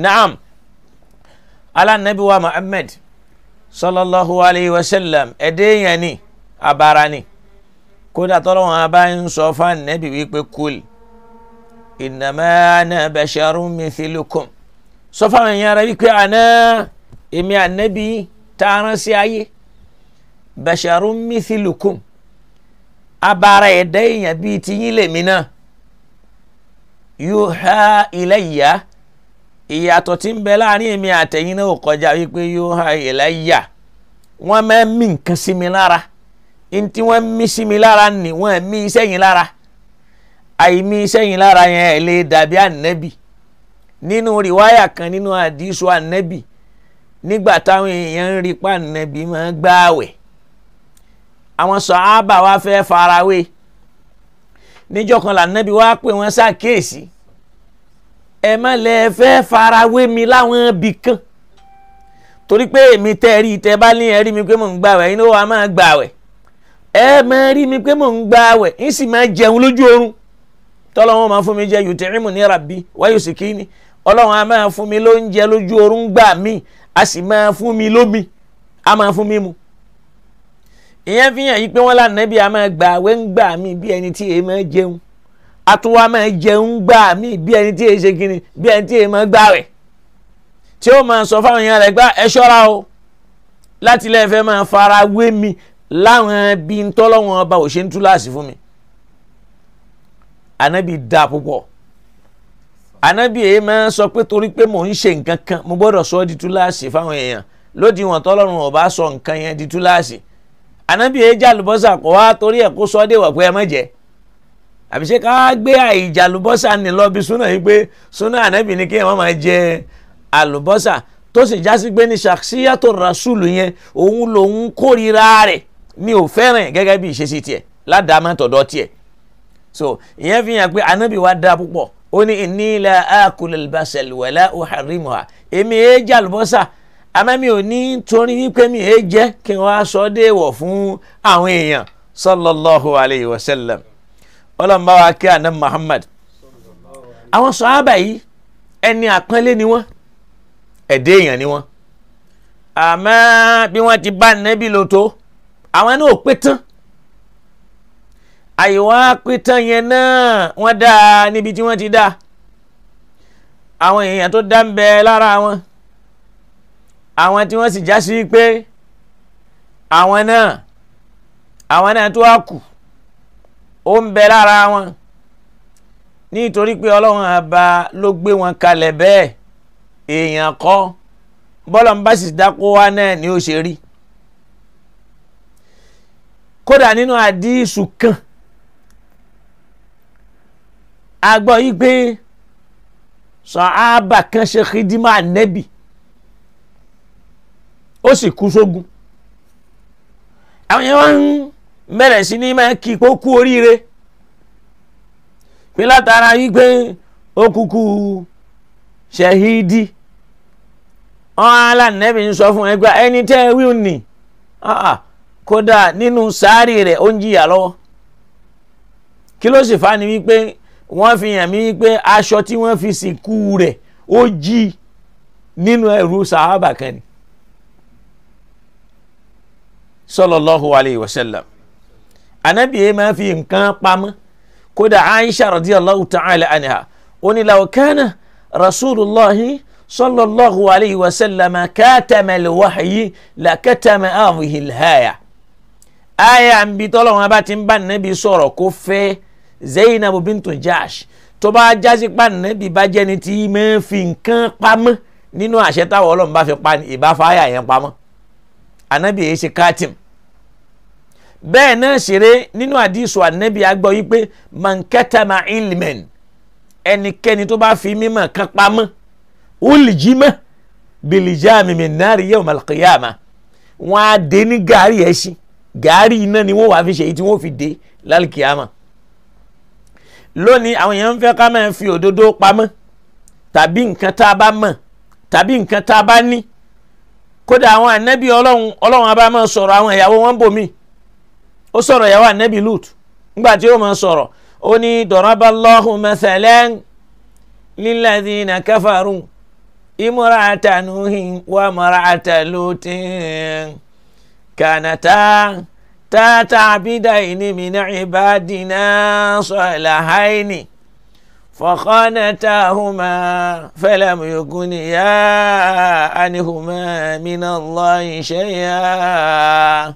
naam alanabi wa muhammed sallallahu alayhi wa sallam ẹ̀dẹ́ yẹn ni abara ni kódà tọ́lọ́wọ́n abá ń sọ fún anabi wípé kúl innama ana basharun mithlukum sọ fún àwọn èèyàn rẹ wípé àná èmi anabi tààrán sí ayé basharun mithlukum abara ẹ̀dẹ́ yẹn bíi tiyín lèmi náà yuha ilayya. ìyàtọ̀ tí ń bẹ láàrin èmi àtẹ̀yìn náà kọjá wípé yóò ha ìlàyà ya. máa ń mí nǹkan sí mi lára n tí wọ́n mí sí mi lára ni wọ́n mí lára àìmí sẹ́yìn lára yẹn lè dàbí ànẹ́bì nínú rìwáyà kan nínú àdìsù ànẹ́bì nígbà táwọn èèyàn ń rí pa ànẹ́bì máa ń àwọn wa fẹ́ níjọ́ kan pè wọ́n ẹ má lẹ fẹ́ farawé mi láwọn ibì kan torí pé èmi tẹ́ rí tẹ́ bá ní ẹ rí mi pé mò ń gbàwẹ̀ inú wa máa gbàwẹ̀ ẹ máa rí mi pé mò ń gbàwẹ̀ ń sì máa jẹun lójú oorun tọ́lọ́wọ́n máa fún mi jẹ yùtẹ̀rímù ní rabbi wáyò sì kí ni ọlọ́run a máa fún mi lóúnjẹ lójú oorun gbà mí a sì máa fún mi lómi a máa fún mi mu ìyẹn fi hàn yí pé wọ́n lànà bí a máa gbàwẹ̀ ń gbà mí bí ẹni tí èèyàn jẹun àtúwá máa jẹun gbà mí bí ẹni tí e ṣe kíni bí ẹni tí èyí máa gbà rẹ̀ tí ó máa sọ fáwọn èèyàn rẹ̀ gbá ẹ ṣọ́ra o láti ilé ẹ̀fẹ́ máa fara wé mi láwọn bí n tọ́lọ́wọ́n ọba ò ṣe ń tú láàsì fún mi ànábì dáa púpọ̀ ànábì èyí máa sọ pé torí pé mò ń ṣe nǹkan kan mo gbọ́dọ̀ sọ ọ́ di tú láàsì fáwọn èèyàn lódì wọn tọ́lọ́run ọba sọ nǹkan yẹn di tú láàsì ànábì èyí jálùbọ́sà kọ́ wá torí ẹ̀ kó sọ àbí ṣé ká gbé àìjà àlùbọ́sà ní lọ bí súnà yìí pé súnà ànábì ni kí wọ́n máa jẹ àlùbọ́sà tó sì já sí pé ní ṣàṣíyàtò rasúlù yẹn òun lòun kórìíra rẹ̀ ní ò fẹ́ràn gẹ́gẹ́ bí ìṣesí tiẹ̀ ládàámọ́ tiẹ̀ so ìyẹn fi hàn pé ànábì wa dáa púpọ̀ ó ní inni la akulu albasal wala uharrimuha èmi èé jẹ àlùbọ́sà àmọ́ mi ò ní torí wípé mi èé jẹ kí wọ́n á déèwọ̀ fún àwọn èèyàn sallallahu alayhi wa sallam ọlọ́run wa kí àná Muhammad àwọn sọ̀hábà yìí ẹni àpọ́nlé ni wọ́n ẹ̀dẹ́ èèyàn ni wọ́n àmọ́ bí wọ́n ti bá nẹ́bí lò tó àwọn náà ò pé tán àyíwá pé tán yẹn náà wọ́n dá níbi tí wọ́n ti dá àwọn èèyàn tó dá ń bẹ lára wọn àwọn tí wọ́n sì já sí pé àwọn náà àwọn náà tó wá kù ó ń bẹ lára wọn nítorí pé ọlọ́run àbá ló gbé wọn kalẹ̀ bẹ́ẹ̀ èèyàn kọ́ bọ́lọ̀ ń bá sì dákó wá náà ni ó ṣe rí kódà nínú àdísù kan a gbọ́ yí pé sàhábà kan ṣe kìdímà nẹ́bì ó sì kú sógun àwọn yẹn wọ́n ń. bẹ̀rẹ̀ si n'ime máa kí kó kú oríire pé okuku shehidi ó kúkú ṣẹ̀hídì ọ̀hún alánẹ́bí fún ẹ gba ẹni tẹ́ ẹ ni nì kódà nínú sáárì rẹ̀ ó ń jìyà lọ́wọ́ kí ló sì fa ni wípé wọ́n fi hàn mí wípé aṣọ tí wọn fi sìnkú rẹ̀ ó jí nínú ẹ̀rú sàhábà kan ni sọlọ alayhi wa sallam. anabi yẹn máa fi nǹkan pamọ́ kódà aisha radiyallahu ta'ala anha onílàwọ̀kánà rasulullahi sallallahu alayhi wa sallam katama alwahyi la katama ahihi alhaya aya nbi tọ́lọ̀ wọn bá ti ń bá nàbí sọ̀rọ̀ kó fẹ́ zainab bintu jash tó bá jásí pa nàbí bá jẹni tí máa fi nǹkan pamọ́ nínú àṣẹ táwọn ọlọ́run bá fi pa ìbáfáyà yẹn pamọ́ anabi ṣe kátìm bẹ́ẹ̀ náà ṣeré nínú àdìsù ànẹ́bí agbọ́ yìí pé mankẹ́tàmà ilmen ẹnikẹ́ni tó bá fi mímọ̀ kan pamọ́ olùjímọ̀ bìlìjà mímì náírà yẹ ọmọlùkìyàmà wọn á dé ní gàárì ẹṣin gàárì iná ni wọn wàá fi ṣe èyí tí wọn fi dé lálùkìyàmà lónìí àwọn èèyàn ń fẹ́ ká máa fi òdodo pamọ́ tàbí nǹkan tá a bá mọ̀ tàbí nǹkan tá a bá ní kódà àwọn ànẹ́bí ọlọ́run ọlọ́run a máa sọ̀rọ̀ àwọn ìyàwó wọn bòmíì ó sọ̀rọ̀ ìyàwó ànábì lut nígbà tí ó máa sọ̀rọ̀ ó ní daraballahu mathalan lilladhina kafaru imra'ata nuhin wa imra'ata lutin kanata tata abidayni min ibadina salihayni فخانتاهما فلم يغنيا عنهما من الله شيئا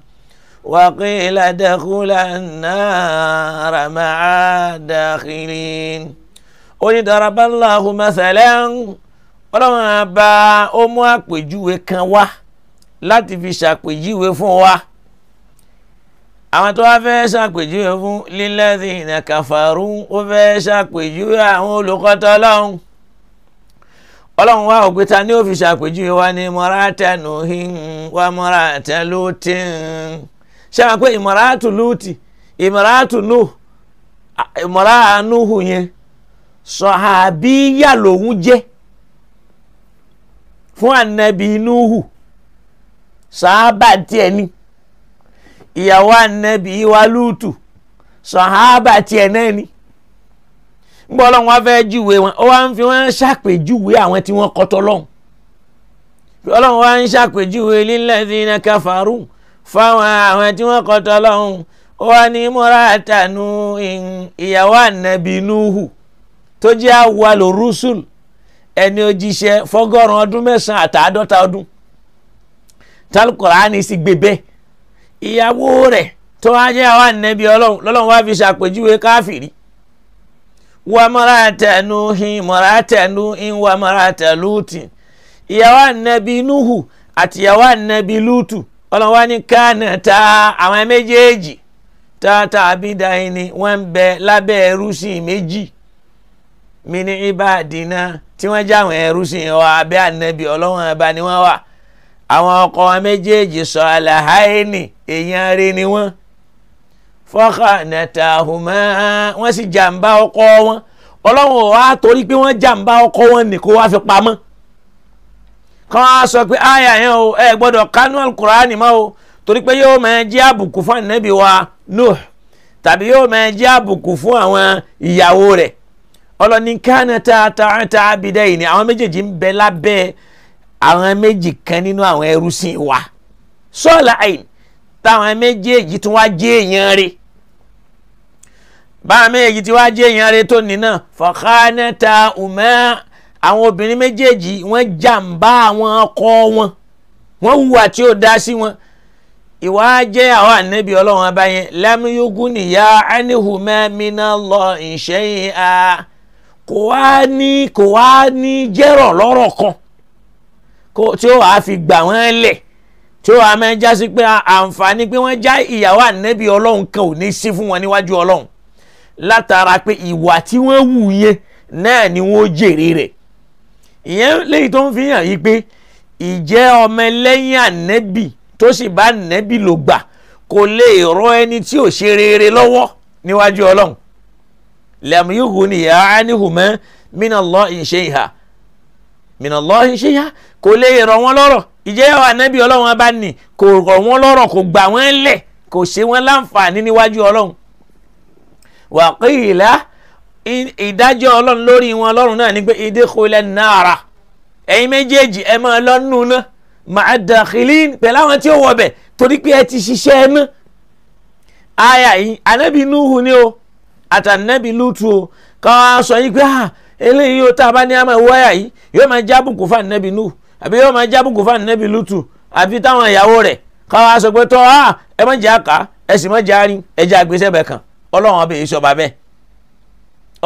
وقيل دخل النار مع الداخلين ضرب الله مثلا ọlọ́run àbá ó mú àpèjúwe kan wá láti fi ṣàpèjúwe fún wa àwọn tó wá fẹ́ ṣàpèjúwe fún lilladhina kafaru ó fẹ́ ṣàpèjúwe àwọn olùkọ́tọ́ ọlọ́run ọlọ́run wa ògbé ta ni ó fi ṣàpèjúwe wa ní mọ́ràtà nùhìn wa mọ́ràtà lótìn ṣé wọn pé ìmọ̀ràtù lúùtì ìmọ̀ràtù nù ìmọ̀ràánúhù yẹn sọ̀hábíyà lòun jẹ́ fún ànábì núhù sàábà tiẹ̀ ni ìyàwó ànábì wa lúùtù sọ̀hábà tiẹ̀ náà ni ngbọ́ ọlọ́run wá fẹ́ júwe wọn ó wá ń fi wọ́n ṣàpèjúwe àwọn tí wọ́n kọ́tọ́ lọ́hùn ọlọ́run wá ń ṣàpèjúwe lilladhina kafaru fáwọn àwọn tí wọ́n kọ́ tọ́lọ́hún ó wá ní múrata nu ìyàwó ànábì nuhu tó jẹ́ àwàlò rúṣùl ẹni òjíṣẹ́ fọ́gọ́rùn ọdún mẹ́sàn-án àtàádọ́ta ọdún tálùkùránì sì gbé bẹ́ẹ̀ ìyàwó rẹ̀ tó wá jẹ́ àwọn ànábì ọlọ́run lọ́lọ́run wá fi ṣàpèjúwe káfìrí wa marata nuhin marata nuhin wa marata lutin ìyàwó ànábì nuhu àti ìyàwó ànábì lutu ọlọ́run wá ní kánà tá àwọn méjèèjì tata abidahin ni wọ́n ń bẹ lábẹ́ ẹrúsìn méjì mi ní ibadina tí wọ́n jáwọn ẹrúsìn wa abẹ́ ànábì ọlọ́run ọba ni wọ́n wà àwọn ọkọ wọn méjèèjì sọ àlàháìní èèyàn rẹ ni wọ́n fọ́kà nàtàhùmá wọ́n sì jàǹbá ọkọ wọn ọlọ́run ò torí pé wọ́n jàǹbá ọkọ wọn nìkó wá fi pamọ́ kan á sọ pé àyà yẹn o ẹ gbọ́dọ̀ kánú alukur'ani mọ́ o torí pé yóò máa jẹ́ àbùkù fún ànábì wa Nuh tàbí yóò máa jẹ́ àbùkù fún àwọn ìyàwó rẹ̀ ọlọ́ni kánà tààtà àbídẹ́ yìí ni àwọn méjèèjì ń bẹ lábẹ́ àwọn méjì kan nínú àwọn ẹrú sìn wa sọ́ọ̀lá àyìn táwọn méjèèjì tún wá jẹ́ èèyàn rẹ̀ báwọn méjèèjì tí wá jẹ́ èèyàn rẹ̀ tó nínà fọ̀kánà ta ùmẹ́ àwọn obìnrin méjèèjì wọ́n jàǹbá àwọn ọkọ wọn wọ́n hùwà tí ó dá sí wọn ìwà jẹ́ àwọn ànábì ọlọ́run abáyẹn lámúyógún nìyá ánìhùmẹ́ mina lọ ìṣẹ́yìn a kò wá ní kò wá ní jẹ́rọ̀ lọ́rọ̀ kan tí ó wàá fi gbà wọ́n lẹ̀ tí ó wàá máa já sí pé àǹfààní pé wọ́n já ìyàwó ànábì ọlọ́run kan ò ní sí fún wọn níwájú ọlọ́run látara pé ìwà tí wọ́n wù yẹn náà ni wọ́n jèrè rẹ̀ ìyẹn léyìí tó ń fi hàn yìí pé ìjẹ́ ọmọ ẹlẹ́yìn ànẹ́bì tó sì bá ànẹ́bì ló gbà kò lè rọ ẹni tí ò ṣe rere lọ́wọ́ níwájú ọlọ́run lam yughni anhuma minallahi shay'a minallahi shay'a kò lè rọ wọn lọ́rọ̀ ìjẹ́ ànẹ́bì ọlọ́run bá nì kò rọ wọn lọ́rọ̀ kò gbà wọ́n lẹ̀ kò ṣe wọ́n láǹfààní níwájú ọlọ́run wa ìdájọ́ ọlọ́run lórí wọn ọlọ́run náà ni pé ìdíkòlẹ̀ náírà ẹ̀yin méjèèjì ẹ máa lọ́nù náà màá dàkìlín pẹ̀lú àwọn tí ó wọ̀ bẹ̀ torí pé ẹ ti ṣiṣẹ́ ẹ náà. aya yìí anabi nuhu ni o àtànàbí lutu o káwọn aṣọ yìí pé ah, eléyìí o tá a bá ní àmọ́ ìwọ aya yìí yóò máa jábùkù fún anabi nuhu àbí yóò máa jábùkù fún anabi lutu àbí táwọn ìyàwó rẹ̀ káwọn aṣọ pé tọ́ ah, ẹ má jẹ́ àká ẹ sì má jẹ́ àárín ẹ jẹ́ àgbésẹ́ bẹ̀ kan ọlọ́run ọbẹ̀ yìí sọ bàbẹ́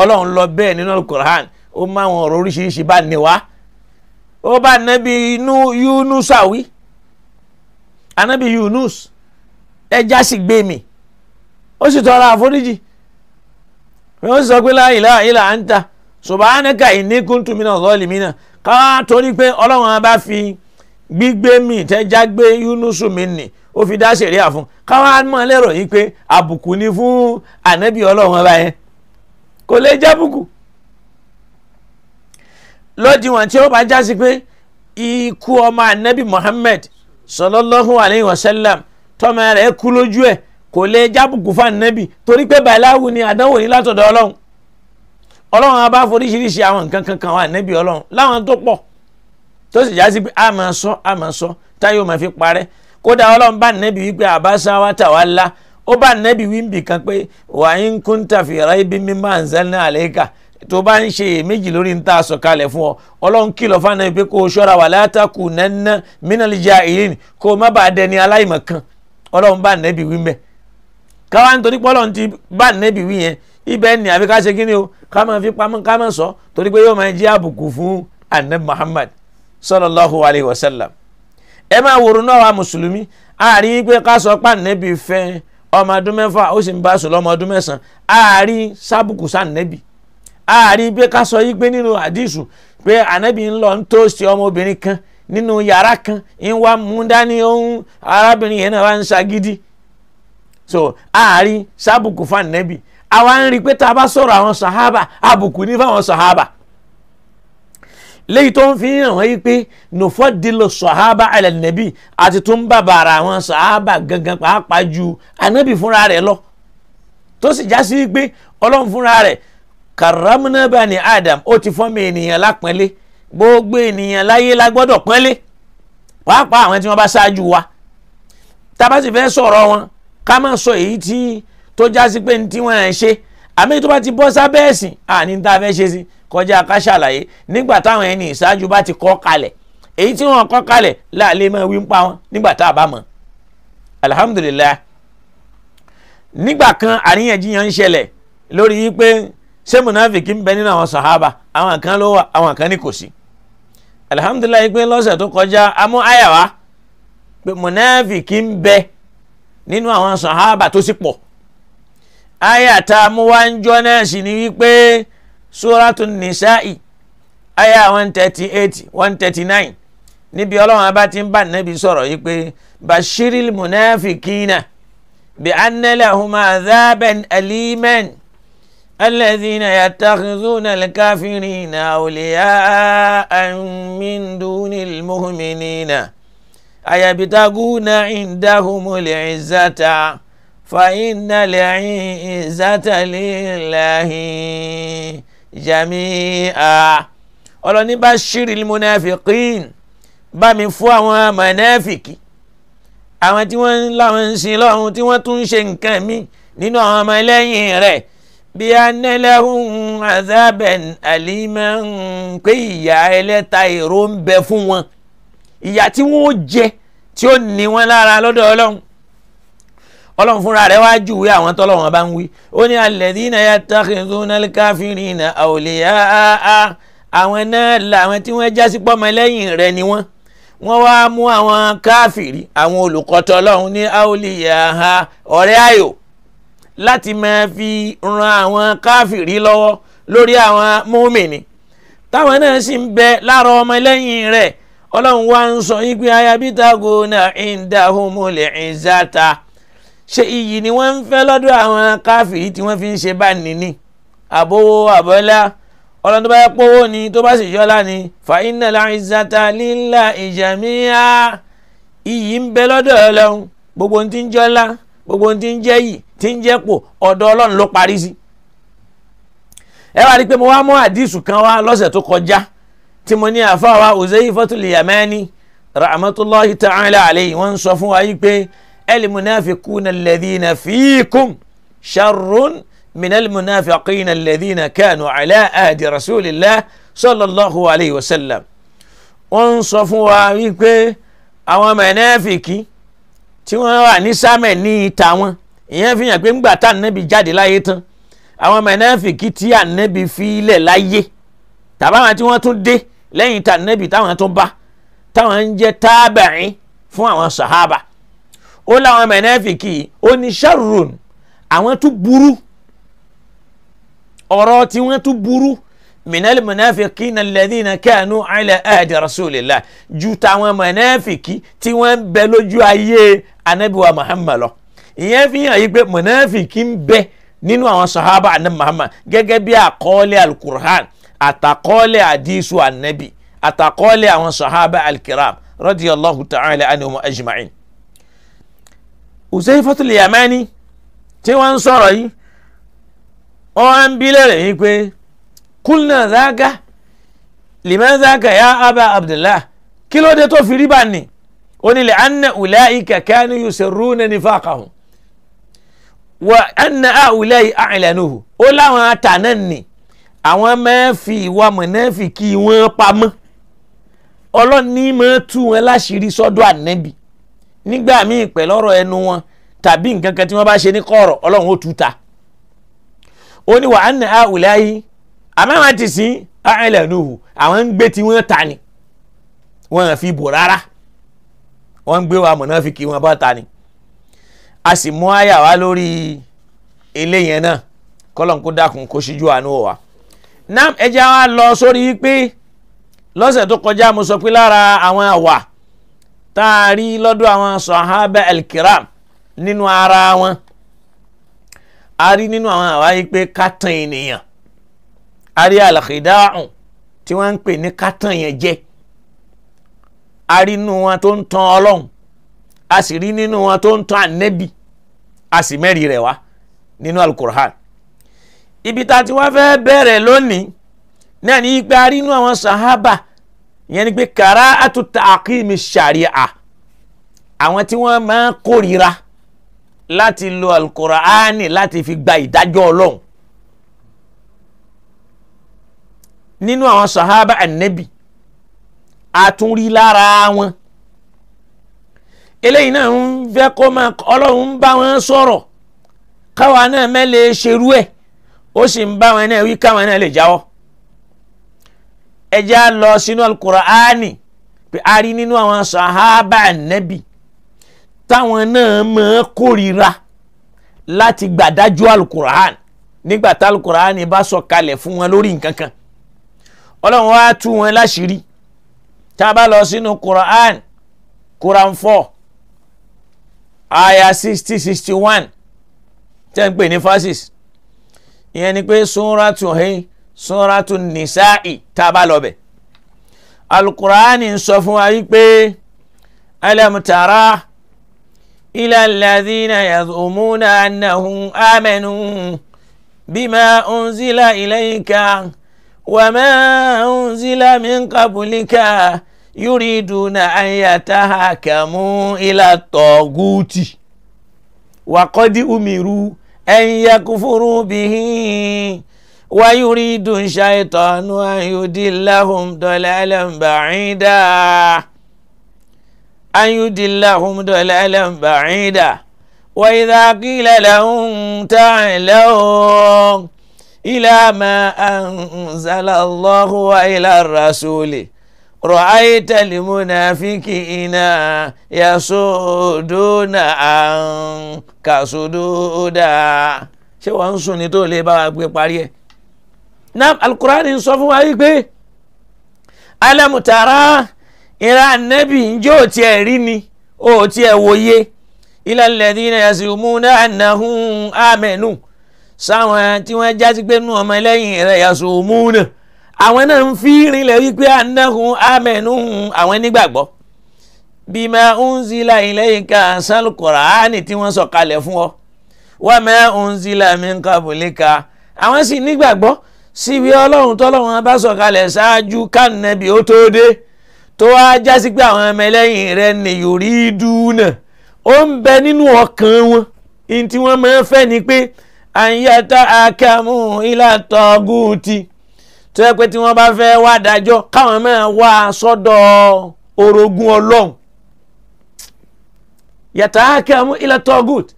ọlọ́run lọ bẹ́ẹ̀ nínú alukur'an ó máa wọn ọ̀rọ̀ oríṣiríṣi bá ní wá ó bá anabi inú yunus àwí anabi yunus ẹja sì gbé mi ó sì tọrọ àforíjì ó sì sọ pé la ilaha illa anta subhanaka inni kuntu minaz zalimina ká torí pé ọlọ́run bá fi gbígbé mi tẹ́já gbé yunus mi nì ó fi dá sẹ̀ríà fún káwọn á mọ̀ yìí pé àbùkù ni fún anabi ọlọ́run ọba yẹn. kò lè jábùkù lọ́dìwọ̀n tí ó bá jásí pé ikú ọmọ anabi Muhammad sallallahu alayhi wa sallam tọ́mọ rẹ̀ kú lójú ẹ̀ kò lè jábùkù fún anabi torí pé bàláwù ni àdánwò ní látọ̀dọ̀ ọlọ́run ọlọ́run abá foríṣiríṣi àwọn nǹkan kankan wà anabi ọlọ́run láwọn tó pọ̀ tó sì jásí pé a máa sọ a máa sọ táyọ̀ máa fi parẹ́ kódà ọlọ́run bá anabi wípé àbáṣá wa tà wá lá ó bá nẹ́bí wíńbì kan pé wà ń kún tàfi raibi mimma anzalna alayka tó bá ń ṣe èméjì lórí ń ta sọ̀kalẹ̀ fún ọ ọlọ́run kìlọ̀ fún anabi pé kó o ṣọ́ra wala takunanna minal jahilin kó o má bàa dẹni aláìmọ̀ kan ọlọ́run bá nẹ́bí wí mẹ́ káwá nítorí pé ti bá nẹ́bí wí yẹn ibẹ̀ ni àbí ká ṣe kí ni o ká máa fi pamọ́ ká máa sọ torí pé yóò máa jẹ́ àbùkù fún anabi Muhammad sallallahu alayhi wa sallam ẹ máa wòrán náà wa mùsùlùmí àárín pé ká sọ pé fẹ́ẹ́ ọmọ ọdún o ó sì ń bá sùn lọ́mọ ọdún mẹ́sàn-án sábùkù sànẹ́bì àárí bí ká sọ yí pé nínú àdìsù pé ń lọ ń kan nínú yàrá kan ń wá mú dání ohun arábìnrin yẹn náà wá ń ṣagídí so a sábùkù fànẹ́bì àwa ń rí i pé a bá sọ̀rọ̀ àwọn sàhábà àbùkù ní fáwọn sàhábà léyìí tó ń fi hàn wọ́n yí pé nùfọ́ dìlọ sọ̀hábà àlẹ́nẹ́bì àti tó ń bàbàrà àwọn sọ̀hábà gangan pàápàá ju ànábì fúnra rẹ̀ lọ tó sì já sí pé ọlọ́run fúnra rẹ̀ kàrámúnábà ní Adam ó ti fọ́n mi ènìyàn lápọ́nlé gbogbo ènìyàn láyé la gbọ́dọ̀ pọ́nlé pàápàá àwọn tí wọ́n bá ṣáájú wa tá sì fẹ́ sọ̀rọ̀ wọn ká má sọ èyí tí tó já sí pé ní tí wọ́n ń ṣe àmì tó bá ti bọ́ sábẹ́ẹ̀sì àní ní tá a fẹ́ ṣe sí i kọjá ká ṣàlàyé nígbà táwọn ẹni ìṣáájú bá ti kọ́ kalẹ̀ èyí tí wọ́n kọ́ kalẹ̀ láàlẹ́ máa wí ń pa wọn nígbà tá a bá mọ̀ alhamdulillah nígbà kan àríyànjiyàn ń ṣẹlẹ̀ lórí yìí pé ṣé munafiki ń bẹ nínú àwọn sàhábà àwọn kan ló wà àwọn kan ní kò sí alhamdulillah pé lọ́sẹ̀ tó kọjá amú àyàwá pé munafiki ń bẹ nínú àwọn sàhábà tó sì pọ̀ àyà mú wá ń jọ náà sì ni wípé suratun nisa'i aya one thirty eight one thirty nine níbi ọlọ́run abá ti ń bá nẹ́bi sọ̀rọ̀ yìí pé bashiril munafikina bi annalahuma azaban aliman alladhina yattakhizuna alkafirina awliyaa min dunil mu'minina ayabitaguna indahumul izzata fa innal izzata lillahi jami'a ọlọ́ni bashiril munafiqin bá mi fún àwọn mọ̀nẹ́fìkì àwọn tí wọ́n láwọn ń sin lọ́hùn tí wọ́n tún ń ṣe nǹkan mi nínú àwọn ọmọ ẹlẹ́yìn rẹ̀ bí anẹ́lẹ́hùn azaben alimẹ́ ń pé ìyá ẹlẹ́ta èrò ń bẹ fún wọn ìyá tí wọ́n jẹ tí ó ní wọn lára lọ́dọ̀ ọlọ́run ọlọ́run fúnra rẹ̀ wá júwe àwọn tọ́lọ́run bá ń wí ó ní alladhina yattakhidhuna al-kafirina awliya'a àwọn náà làwọn tí wọ́n jásí pọ́mọlẹ́yìn rẹ̀ ni wọ́n wọ́n wá mú àwọn káfìrí àwọn olùkọ́tọ̀ ọlọ́run ní awliya'a ọ̀rẹ́ ayò láti máa fi ran àwọn káfìrí lọ́wọ́ lórí àwọn mùmínì táwọn náà sì ń bẹ lára ọmọlẹ́yìn rẹ̀ ọlọ́run wá ń sọ yín pé ayabitago náà indahumul izzata ṣe iyì ni wọ́n ń fẹ́ lọ́dọ̀ àwọn káfíì tí wọ́n fi ń ṣe bá nìní àbówó àbọ́lá ọlọ́run tó bá yẹ pówó ni tó bá sì yọ́lá ni fàínà láìsàtà lílà ìjàmíà iyì ń bẹ lọ́dọ̀ ọlọ́run gbogbo ohun tí ń jọ́lá gbogbo ohun tí ń jẹ́ yìí tí ń jẹ́ pò ọ̀dọ̀ ọlọ́run ló parí sí. ẹ wá rí i pé mo wá mú àdìsù kan wá lọ́sẹ̀ tó kọjá tí mo ní àfáà wa Uzayfatul Yamani rahmatullahi ta'ala alayhi wọ́n ń sọ fún wa yìí pé المنافقون الذين فيكم شر من المنافقين الذين كانوا على عهد رسول الله صلى الله عليه وسلم wọ́n sọ fún wa wípé àwọn mẹ̀nẹ́fìkì tí wọ́n wà ní sámẹ̀ ní ìta wọn ìyẹn fi hàn pé ńgbà tá ànábì jáde láyé tán àwọn mẹ̀nẹ́fìkì tí ànábì fi ilẹ̀ láyé tàbáwọn tí wọ́n tún dé lẹ́yìn tá ànábì táwọn tún bá táwọn ń jẹ́ tábàárín fún àwọn sàhábà ó láwọn mẹ̀nẹ́fìkì ó ní sharrun àwọn tún burú ọ̀rọ̀ tí wọ́n tún burú minal mẹ̀nẹ́fìkì na alladhina kanu ala ahdi rasulillah ju táwọn mẹ̀nẹ́fìkì tí wọ́n ń bẹ lójú ayé anabiwa muhammad lọ ìyẹn fi hàn yí pé mẹ̀nẹ́fìkì ń bẹ nínú àwọn sahaba anabi muhammad gẹ́gẹ́ bí àkọọ́lẹ̀ alukur'an àtàkọọ́lẹ̀ àdísù anabi àtàkọọ́lẹ̀ àwọn sahaba alkiram radiyallahu ta'ala anhum ajma'in. Uzaifatul Yamani tí wọ́n ń sọ̀rọ̀ yìí wọ́n ń bí lẹ́rẹ̀ yìí pé kulna zaka liman zaka ya aba abdullah kí ló dé tó fi rí bá ní ó ní li'anna ulaika kanu yusirruna nifaqahum wa anna a'ulai a'lanuhu ó láwọn àtànà ni àwọn máa fi ìwà mọ̀nẹ́fì kí wọ́n pamọ́ ọlọ́ni máa tú wọn láṣìírí sọ́dọ̀ ànẹ́bì nígbà míì pẹ̀lú ọ̀rọ̀ ẹnu wọn tàbí nǹkan kan tí wọ́n bá ṣe ní kọ̀rọ̀ ọlọ́run ó tú ta ó ní wàá nà á wùlẹ̀ ayé àmọ́ àwọn ti sìn àìlẹ̀ nùhù àwọn ń gbé tí wọ́n ta ni wọ́n fi bò rárá wọ́n ń gbé wa mùnáfíkì wọn bá ta ni a sì mú àyà wá lórí eléyẹn náà kọ́lọ́n kó dákun kó ṣíjú àánú wa nam ẹja wa lọ sórí pé lọ́sẹ̀ tó kọjá mo sọ pé lára àwọn àwà tá a rí lọ́dọ̀ àwọn sọ̀hábà elkiram nínú ara wọn a rí nínú àwọn àwáyé pé kátàn ènìyàn a rí alàkìdáhùn tí wọ́n ń pè ní kátàn yẹn jẹ́ a rí nínú wọn tó ń tan ọlọ́run a sì rí nínú wọn tó ń tan ànẹ́bì a sì mẹ́rì rẹ̀ wá nínú alukur'an ibi tá a ti wá fẹ́ bẹ̀rẹ̀ lónìí náà ní ipa a rí nínú àwọn sọ̀hábà ìyẹn ni pé kàrá àtúntà àkíyèmí ṣàríà àwọn tí wọ́n máa ń kórira láti lo alukóraani láti fi gba ìdájọ́ ọlọ́run nínú àwọn sahaba anabi àtúnrí lára wọn eléyìí náà ń fẹ́ kó máa ọlọ́run ń bá wọn sọ̀rọ̀ káwa náà mẹ́lẹ̀ ṣerú ẹ̀ ó sì ń bá wọn náà wí káwọn náà lè jáwọ́ ẹjẹ́ á lọ sínú alukur'ani pé a rí nínú àwọn sahaba nẹ́bì táwọn náà máa kórìíra láti gbàdájú alukur'an nígbà tá alukur'an bá sọ kalẹ̀ fún wọn lórí nǹkan kan ọlọ́run wá tú wọn láṣìírí tá a bá lọ sínú kur'an quran four aya sixty sixty one tẹ́ ń pè ní fasis ìyẹn ni pé sunra tuhẹ́ suratu nisa'i tá a bá lọ bẹ̀. alukur'ani ń sọ fún wa wípé alam tara ila alladhina yazumuna annahum amanu bima unzila ilayka wama unzila min qablika yuriduna an yatahakamu ila taguti wa qad umiru an yakfuru bihi wáyúrídù ṣàìtọ́nù ayùdíláhùn dọ̀lẹ́lẹ́mbàáyídà ayùdíláhùn dọ̀lẹ́lẹ́mbàáyídà wàyíláàkílẹ̀ lẹ́hùn táìlẹ́hùn ìlàmà àǹzàlálọ́hùn wàyíláàrásólè rọ̀áyítàlì múnàfíkì iná yasódónà àǹkàsódódà ṣé wọ́n ń sùn ní tó lè bá wa gbé parí ẹ̀ náà alukurani ń sọ fún wa wípé alamutara ìran anabi njẹ́ ò tiẹ̀ rí ni ò tiẹ̀ wòye ilal ladina yasumuna annahum amanu sáwọn tí wọ́n jásí pé nú ọmọ ẹlẹ́yìn rẹ̀ yasumuna àwọn náà ń fi rinlẹ̀ wípé annahum amanu àwọn nígbàgbọ́ bima unzila ilayka sálùkùránì tí wọ́n sọ̀kalẹ̀ fún ọ wa ma unzila min qabulika àwọn sì nígbàgbọ́ síbi ọlọ́run tọ́lọ́run bá sọ̀kalẹ̀ ṣáájú kánẹ́bì ó tó dé tó wá jásí pé àwọn ọmọ ẹlẹ́yìn rẹ̀ ní yorí dúnà ó ń bẹ nínú ọkàn wọn ní tí wọ́n máa ń fẹ́ ni pé àyàtà akamu ìlàtọ̀gùtì tó yẹ pé tí wọ́n bá fẹ́ wá dájọ́ káwọn máa wá sọ́dọ̀ orogún ọlọ́run yàtà akamu ìlàtọ̀gùtì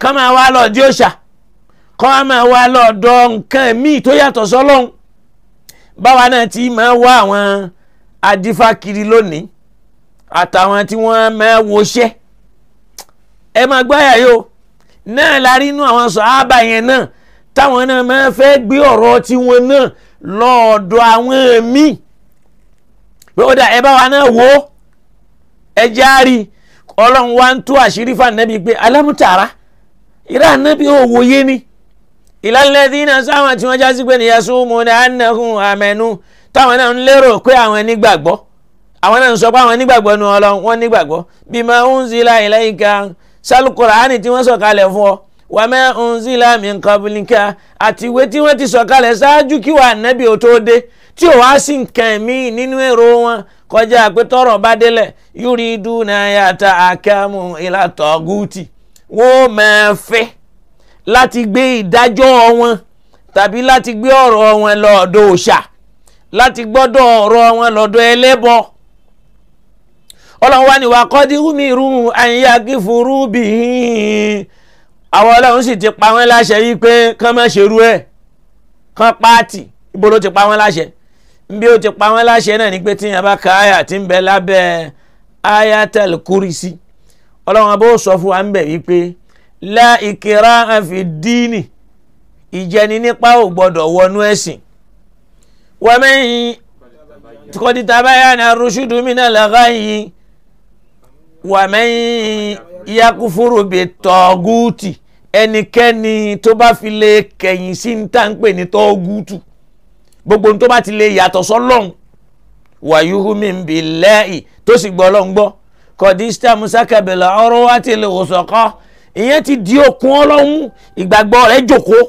ká máa wá lọ di òòṣà kọ́ a máa wá lọ́dọ̀ nǹkan míì tó yàtọ̀ sọ́lọ́hún báwa náà ti máa wá àwọn adífákiri lónìí àtàwọn tí wọ́n máa wọṣẹ́ ẹ máa gbáyà yóò náà la rí inú àwọn sọ̀hábà yẹn náà táwọn náà máa fẹ́ gbé ọ̀rọ̀ tiwọn náà lọ́ọ̀dọ̀ àwọn míì lọ́dà ẹ bá wa náà wò ó ẹ járí ọlọ́run wa ń tú àṣírí fún ànábì pé alámùtàrà ìrá ànábì òwòye ni ìlàlẹ́dínà sáwọn tí wọ́n já sí pé nìyẹn sún mu ní anahun amẹnu táwọn náà ń lérò pé àwọn nígbàgbọ́ àwọn náà ń sọ pé àwọn nígbàgbọ́ nu ọlọ́run wọ́n nígbàgbọ́ bima unzila ilayka sálùkùránì tí wọ́n sọ̀kalẹ̀ fún ọ wàmẹ́ unzila min qablika àti ìwé tí wọ́n ti sọ̀kalẹ̀ ṣáájú kí wà nẹ́bí ò tó dé tí ò wá sí nǹkan mí nínú èrò wọn kọjá pé tọrọ bá délẹ̀ yuriduna yàtà àkàmù ìlàtọ̀ gúùtì wọ́n máa fẹ́ láti gbé ìdájọ́ wọn tàbí láti gbé ọ̀rọ̀ wọn lọ́dọ̀ òòṣà láti gbọ́dọ̀ ọ̀rọ̀ wọn lọ́dọ̀ ẹlẹ́bọ ọlọ́run wá ní wa kọ́ dín mi rú àyíyá kí furu bì í àwọn ọlọ́run sì ti pa wọ́n láṣẹ yìí pé kán má ṣerú ẹ̀ kán pààtì ibo ló ti pa wọ́n láṣẹ bí ó ti pa wọ́n láṣẹ náà ni pé tíyẹn bá ka àyà tí ń bẹ lábẹ́ ayatel kurisi ọlọ́run abó sọ fún wa ń bẹ̀ wípé la ikraha fi díìnì ìjẹni nípa ò gbọdọ̀ wọnú ẹ̀sìn wọ́mẹ́yìn kọ́dí tabáyà ní arúṣúdú mínà làgáyìn wọ́mẹ́yìn yakufuru bi tọ́gùtì ẹnikẹ́ni tó bá fi lè kẹ̀yìn sí ń tà ń pè ní tọ́gùtù gbogbo tó bá ti lè yàtọ̀ sọ́lọ́hún wàyúhùmí bi lẹ́yìn tó sì gbọ́ lọ́n kọ́dí sítà musakabela ọ̀rọ̀ wá ti wòsàn kọ́ ìyẹn ti di okun ọlọ́run ìgbàgbọ́ rẹ̀ jókòó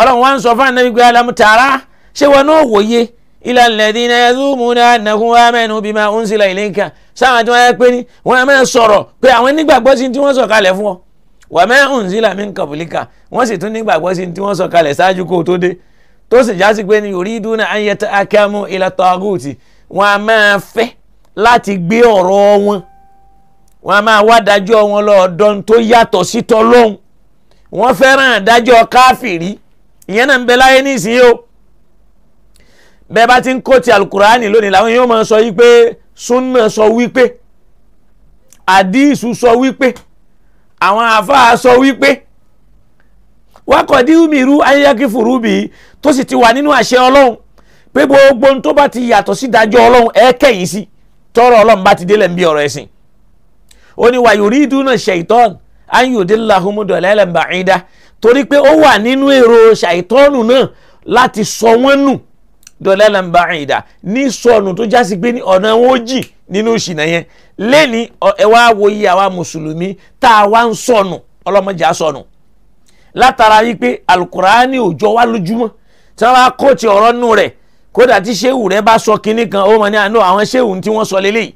ọlọ́run wa ń sọ fún ànábì pé alam tara ṣé wọn náà wòye ila alladhina yazumuna annahum amanu bima unzila ilayka sáwọn tí wọ́n yẹ pé ní wọ́n máa sọ̀rọ̀ pé àwọn nígbàgbọ́ sí tí wọ́n sọ̀ kalẹ̀ fún ọ wa ma unzila min qablika wọ́n sì tún nígbàgbọ́ sí tí wọ́n sọ̀ kalẹ̀ ṣáájú kó tó dé tó sì já sí pé ní yuriduna an yatahakamu ila taguti wọ́n a máa fẹ́ láti gbé ọ̀rọ̀ wọn wọn a máa wá dájọ́ wọn lọ ọ̀dọ́n tó yàtọ̀ sí tọ́lọ́hún wọ́n fẹ́ràn dájọ́ káfìrí ìyẹn náà ń bẹ láyé nísìnyí o bẹ́ẹ̀ bá ti ń kó ti alukurani lónìí làwọn yóò máa sọ wípé sunna sọ wípé àdíìsù sọ wípé àwọn àfáà sọ wípé wákọ̀dí umiru ayéyákí furubi tó sì ti wà nínú àṣẹ ọlọ́run pé gbogbo ohun tó bá ti yàtọ̀ sí dájọ́ ọlọ́run ẹ̀ẹ́kẹ́yìn sí tọ́rọ̀ ọlọ́run bá ti délẹ̀ ń bí ọ̀rọ̀ ẹ̀sìn ó ní wàá yorí dúnà ṣèitán ayọ̀dẹ́lá humudọ̀lẹ́lẹ̀ bàáyídá torí pé ó wà nínú èrò ṣàìtọ́nù náà láti sọ wọ́n nù dọ̀lẹ́lẹ̀ bàáyídá ní sọnù tó jásí pé ní ọ̀nà wọn ó jì nínú ìṣìnà yẹn lẹ́ni ẹ wá wo iye àwa mùsùlùmí tá a wá ń sọnù ọlọ́mọdé á sọnù látara wípé alukurani òjọ wa lójúmọ́ tí wọ́n bá kó ti ọ̀rọ̀ nù rẹ̀ kódà tí ṣéwù rẹ̀ bá sọ kinní kan ó mọ̀ ní àná àwọn ṣéwù tí wọ́n sọ lélẹ́yìí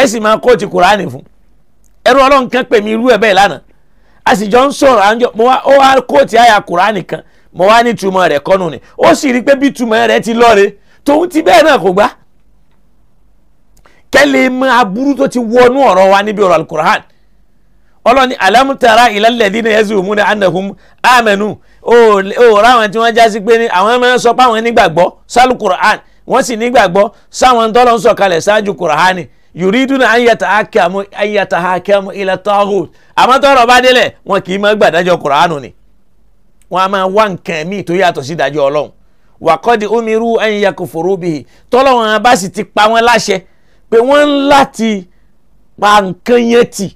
ẹ sì máa kó ti kùránì fún un ẹrú ọlọ́run kan pè mí irú ẹ̀ bẹ́ẹ̀ lánàá a sì jọ ń sọ̀rọ̀ àjọ mo wá ó wá kóòtì àyà kùránì kan mo wá ní túmọ̀ rẹ̀ kọ́nù ni ó sì rí i pé bí túmọ̀ rẹ̀ ti lọ́ọ̀rẹ́ tòun ti bẹ́ẹ̀ náà kò gbá kẹ́lẹ́ mọ aburú tó ti wọnú ọ̀rọ̀ wa níbi ọ̀rọ̀ alukur'an ọlọ́ni alamutara ilalladhina yazumuna annahum amanu ó ráwọn tí wọ́n já sí pé àwọn máa ń sọ pé àwọn nígbàgbọ́ sálùkùrán wọ́n sì nígbàgbọ́ sáwọn tọ́lọ́ ń sọ̀kalẹ̀ ṣáájú kùránì yuriduna an yatahakamu an yatahakamu ila taghut àmọ́ tọ́rọ̀ bá délẹ̀ wọn kì í máa gbàdájọ́ kuranu ni wọn a máa wá nǹkan míì tó yàtọ̀ sí ìdájọ́ ọlọ́run wàkọ́dí umiru an yakufuru bihi tọ́lọ́wọ́n bá sì ti pa wọ́n láṣẹ pé wọ́n ń láti pa nǹkan yẹn tì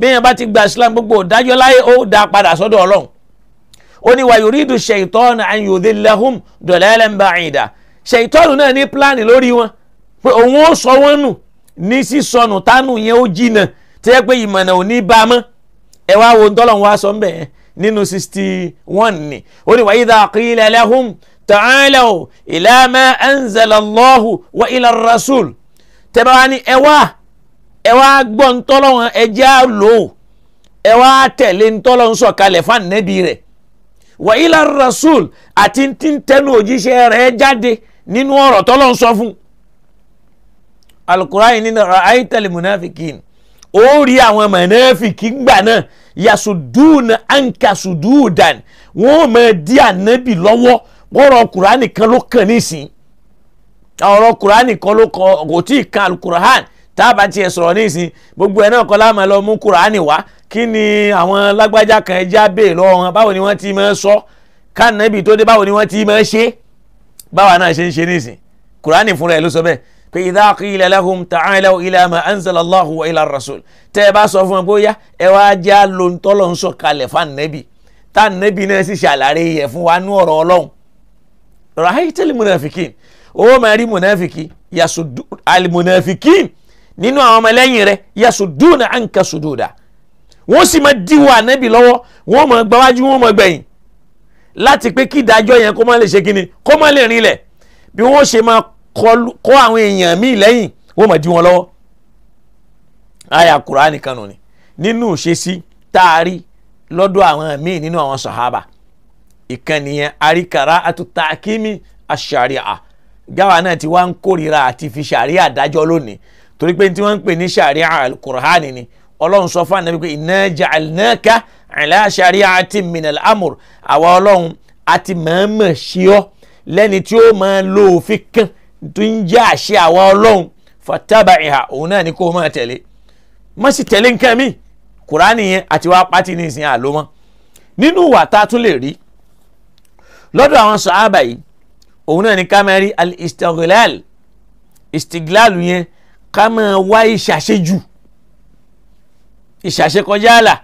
bẹ́ẹ̀ bá ti gba islam gbogbo ìdájọ́ láyé ó dá padà sọ́dọ̀ ọlọ́run ó ní wa yuridu ṣèyítọ́nù an yudhillahum dọ̀lẹ́lẹ̀ ń ṣèyítọ́nù náà ní pílánì lórí wọn pé òun ó sọ wọn nù ní sísọnù tánù yẹn ó jìnà tí ẹ pé ìmọ̀nà ò ní bá mọ́ ẹ wá wo ntọ́lọ́hún wá sọ mbẹ́ nínú sixty one ni ó ní wa idha qila lahum ta'alaw ila ma anzala Allahu wa ila ar-rasul tẹ́ bá wá ní ẹ wá ẹ wá gbọ́ ntọ́lọ́hún ẹ jẹ́ àlò ẹ wá tẹ̀lé ntọ́lọ́hún sọ̀kalẹ̀ fún ànábì rẹ̀ wa ila rasul àti tí òjíṣẹ́ rẹ̀ jáde nínú ọ̀rọ̀ tọ́lọ́hún sọ fún un alukurani nínú ra'aytali munafikin ó rí àwọn mọ̀nàfìkì gbà náà yasuduna anka sududan wọ́n máa di ànábì lọ́wọ́ ọ̀rọ̀ kurani kan ló kàn nísìn ọ̀rọ̀ kurani kan ló kọ kò tí ì kan alukurahan tá a bá tiẹ̀ sọ̀rọ̀ nísìn gbogbo ẹ̀ náà kọ́ láàmú lọ mú kurani wá kí ni àwọn lágbájá kan ẹja béè lọ́wọ́ wọn báwo ni wọ́n ti máa sọ kánàbì tó dé báwo ni wọ́n ti máa ṣe báwa náà ṣe ń ṣe nísìn kurani fúnra ẹ̀ ló sọ bẹ́ẹ̀ pé idha qila lahum ta'alaw ila ma anzala Allahu wa ila rasul tẹ́ ẹ bá sọ fún wọn pé ó yá ẹ wá já lo ntọ́lọ́ ń sọ kalẹ̀ fún ànẹ́bì tá ànẹ́bì náà sì ṣàlàyé yẹ fún wa ní ọ̀rọ̀ ọlọ́run rahaitel munafikin ó máa rí munafiki yasudu alimunafikin nínú àwọn ọmọlẹ́yìn rẹ̀ yasuduna anka sududa wọ́n sì máa díwọ́ ànẹ́bì lọ́wọ́ wọ́n máa gbáwájú wọ́n máa gbẹ̀yìn láti pé kí ìdájọ́ yẹn kó má lè ṣe kíni kó má lè rinlẹ̀ bí wọ́n ṣe máa kó àwọn èèyàn míì lẹ́yìn wọ́n mọ̀ dí wọn lọ́wọ́ àyà kùránì kan nù ni nínú ìṣesí tá a rí lọ́dọ̀ àwọn míì nínú àwọn sàhábà ìkànnì yẹn àríkàrá àtúntàkìmí àṣàríà gáwa náà ti wá ń kórira àti fi ṣàríà dájọ́ lónìí torí pé tí wọ́n ń pè ní ṣàríà alukur'ani ni ọlọ́run sọ fún ànábi pé inna ja'alnaka ala shari'atin minal amur àwa ọlọ́run àti mọ̀ọ́mọ̀ ṣe lẹ́ni tí ó máa lo òfin kan tó ń jẹ́ àṣẹ àwa ọlọ́run fataba ìhà òun náà ni kó o máa tẹ̀lé má sì tẹ̀lé nǹkan mi kùránì yẹn àti wàá pátì ní ìsìn àló mọ́ nínú ìwà tá a tún lè rí lọ́dọ̀ àwọn sàhábà yìí òun náà ni ká máa rí al-istiglal istiglal yẹn ká máa wá ìṣàṣejù ìṣàṣekọjá àlà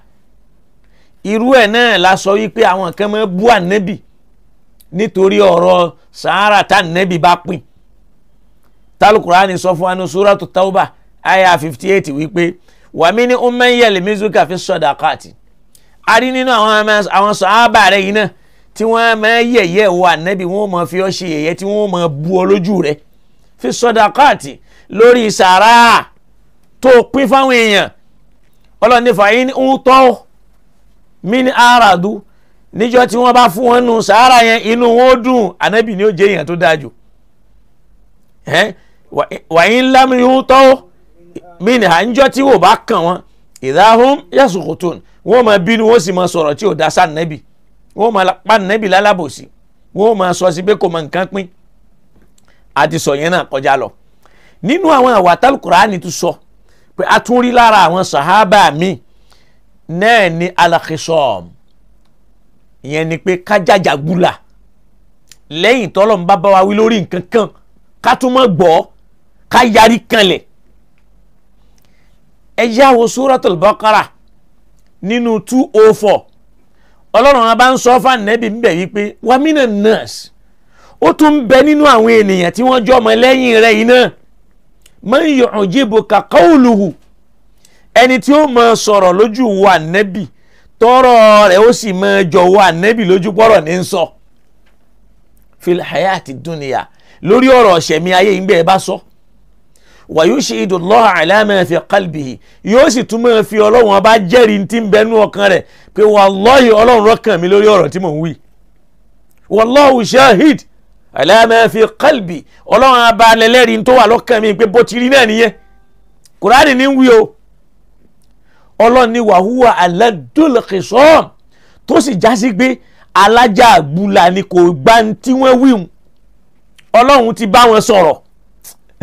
irú ẹ̀ náà la sọ wípé àwọn kan máa bú ànẹ́bì nítorí ọ̀rọ̀ sahara tá ànẹ́bì bá pín talukurani sọ fún wa ní suratu tauba aya fifty eight wípé wàmí ní umeyyẹlì mizuka fi sadaqati a rí nínú àwọn sàábà rẹ yìí náà tí wọ́n máa yẹ̀yẹ́ wo ànábì wọ́n máa fi ọ́ ṣe yẹ̀yẹ́ tí wọ́n máa bu ọ lójú rẹ fi sadaqati lórí sàrà tó pín fáwọn èèyàn ọlọ́ni fàyín ń tọ́ mí ní aradu níjọ́ tí wọ́n bá fún wọn nù sàrà yẹn inú wọn ó dùn ànábì ni ó jẹ́ èèyàn tó dáa jù wàyí ńlámi yóò tọ́ mí ni à ń jọ́ tí wò bá kàn wọ́n ìdáhùn yasukutun wọ́n máa bínú wọ́n sì máa sọ̀rọ̀ tí ò dá sáà nẹ́bì wọ́n máa pa nẹ́bì lálábòsí wọ́n máa sọ sí pé kò mọ nǹkan pín àti sọ yẹn náà kọjá lọ nínú àwọn àwa tálùkùránì tún sọ pé a tún rí lára àwọn sàhábà mi náà ni alakisọm ìyẹn ni pé kájàjàgbùlà lẹ́yìn tọ́lọ́mùbá bá wa wí lórí nǹkan kan ká tún mọ̀ gbọ́ ká yarí kanlẹ̀ ẹ yá wo suratul baqara nínú two oh four ọlọ́run ọba ń sọ fáànẹ́bí ń bẹ̀ wípé wàmínà nurse ó tún ń bẹ nínú àwọn ènìyàn tí wọ́n jọ ọmọ lẹ́yìn rẹ̀ yìí náà man yu'jibuka qawluhu ẹni tí ó máa sọ̀rọ̀ lójú wo ànẹ́bì tọ́rọ̀ rẹ̀ ó sì máa jọ wo ànẹ́bì lójú pọ́rọ̀ ní sọ fil hayati dunya lórí ọ̀rọ̀ ọ̀sẹ̀mi ayé ń bẹ́ẹ̀ bá sọ. So wàyúṣìdù lọ́hà àlámẹ́fẹ́ kálbìhì yóò sì tún máa fi ọlọ́run ọba jẹ́rìí tí ń bẹnu ọkàn rẹ̀ pé wàlọ́hì ọlọ́run rọ́kàn mi lórí ọ̀rọ̀ tí mò ń wí wàlọ́hù ṣahid àlámẹ́fẹ́ kálbì ọlọ́run ọba lẹ́lẹ́rìí tó wà lọ́kàn mi pé bó ti rí náà nìyẹn kùránì ní wí o ọlọ́run ní wàhúwà aládùlùkìsọ́ọ̀m tó sì já sí pé alájà àgbùlà ni kò gbá tí wọ́n wí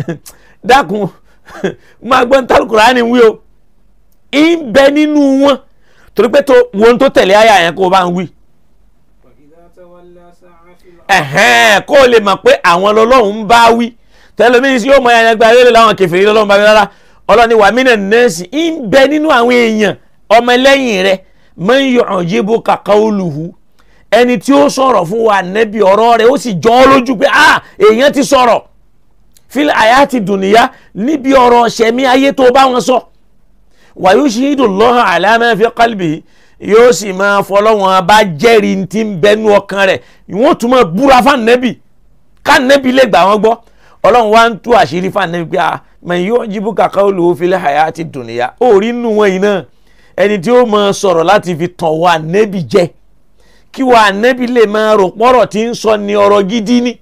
dákun máa gbọ́n tálùkùrá ni wí o ń bẹ nínú wọn torí pé tó wọn tó tẹ̀lé àyà yẹn kó o bá ń wí. kó o lè mọ̀ pé àwọn lọ́lọ́run ń bá wí tẹlẹmíín sí yóò mọ ẹyàn gba eré làwọn kẹfìrí lọ́lọ́run bá mi rárá ọlọ́ni wà mí náà ń bẹ nínú àwọn èèyàn ọmọ ẹlẹ́yìn rẹ máa ń yọ ọ̀jẹ̀ kàkà olùhù ẹni tí ó sọ̀rọ̀ fún wa nẹ́bí ọ̀rọ̀ rẹ̀ ó sì jọ́ lójú pé ah èèyàn ti sọ̀rọ̀ fil ayati dunya níbi ọ̀rọ̀ ṣẹ̀mí ayé tó bá wọn sọ wa yushidu Allaha ala ma fi qalbi yóò sì máa fọlọ́wọ́n bá jẹ́rìí tí ń bẹnu ọkàn rẹ̀ wọ́n tún máa búra fáànẹ́bì káànẹ́bì lè gbà wọ́n gbọ́ ọlọ́run wá ń tú àṣírí fáànẹ́bì pé àmọ́ yóò jíbú kàkà olùwò fil hayati dunya òórí nù wọn yìí náà ẹni tí ó máa sọ̀rọ̀ láti fi tàn wá ànẹ́bì kí wọ́n ànẹ́bì lè máa rò pọ́rọ̀ tí ń sọ ní ọ̀rọ̀ gidi ni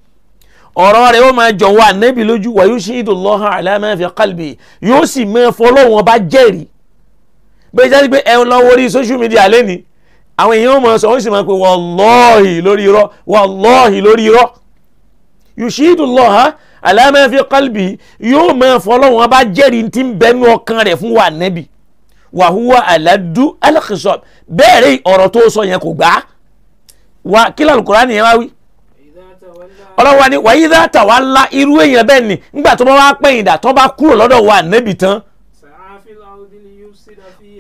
ọ̀rọ̀ rẹ̀ ó máa jọ̀wọ́ ànábì lójú wa yushidu Allaha ala ma fi qalbi yóò sì máa fọlọ́wọ́n bá jẹ́rìí bẹ́ẹ̀ jáde pé ẹ ń lọ wọrí social media lẹ́ni àwọn èèyàn mọ̀ sọ wọ́n sì máa pe wallahi lórí irọ́ wallahi lórí irọ́ yushidu Allaha ala ma fi qalbi yóò máa fọlọ́wọ́n bá jẹ́rìí tí ń bẹnu ọkàn rẹ̀ fún wa ànábì ọlọ́wà ni wàyí dá tàwa ńlá irú èèyàn bẹ́ẹ̀ ni nígbà tó bá wá pẹ̀yìn dà tó bá kúrò lọ́dọ̀ wa ànẹ́bì tán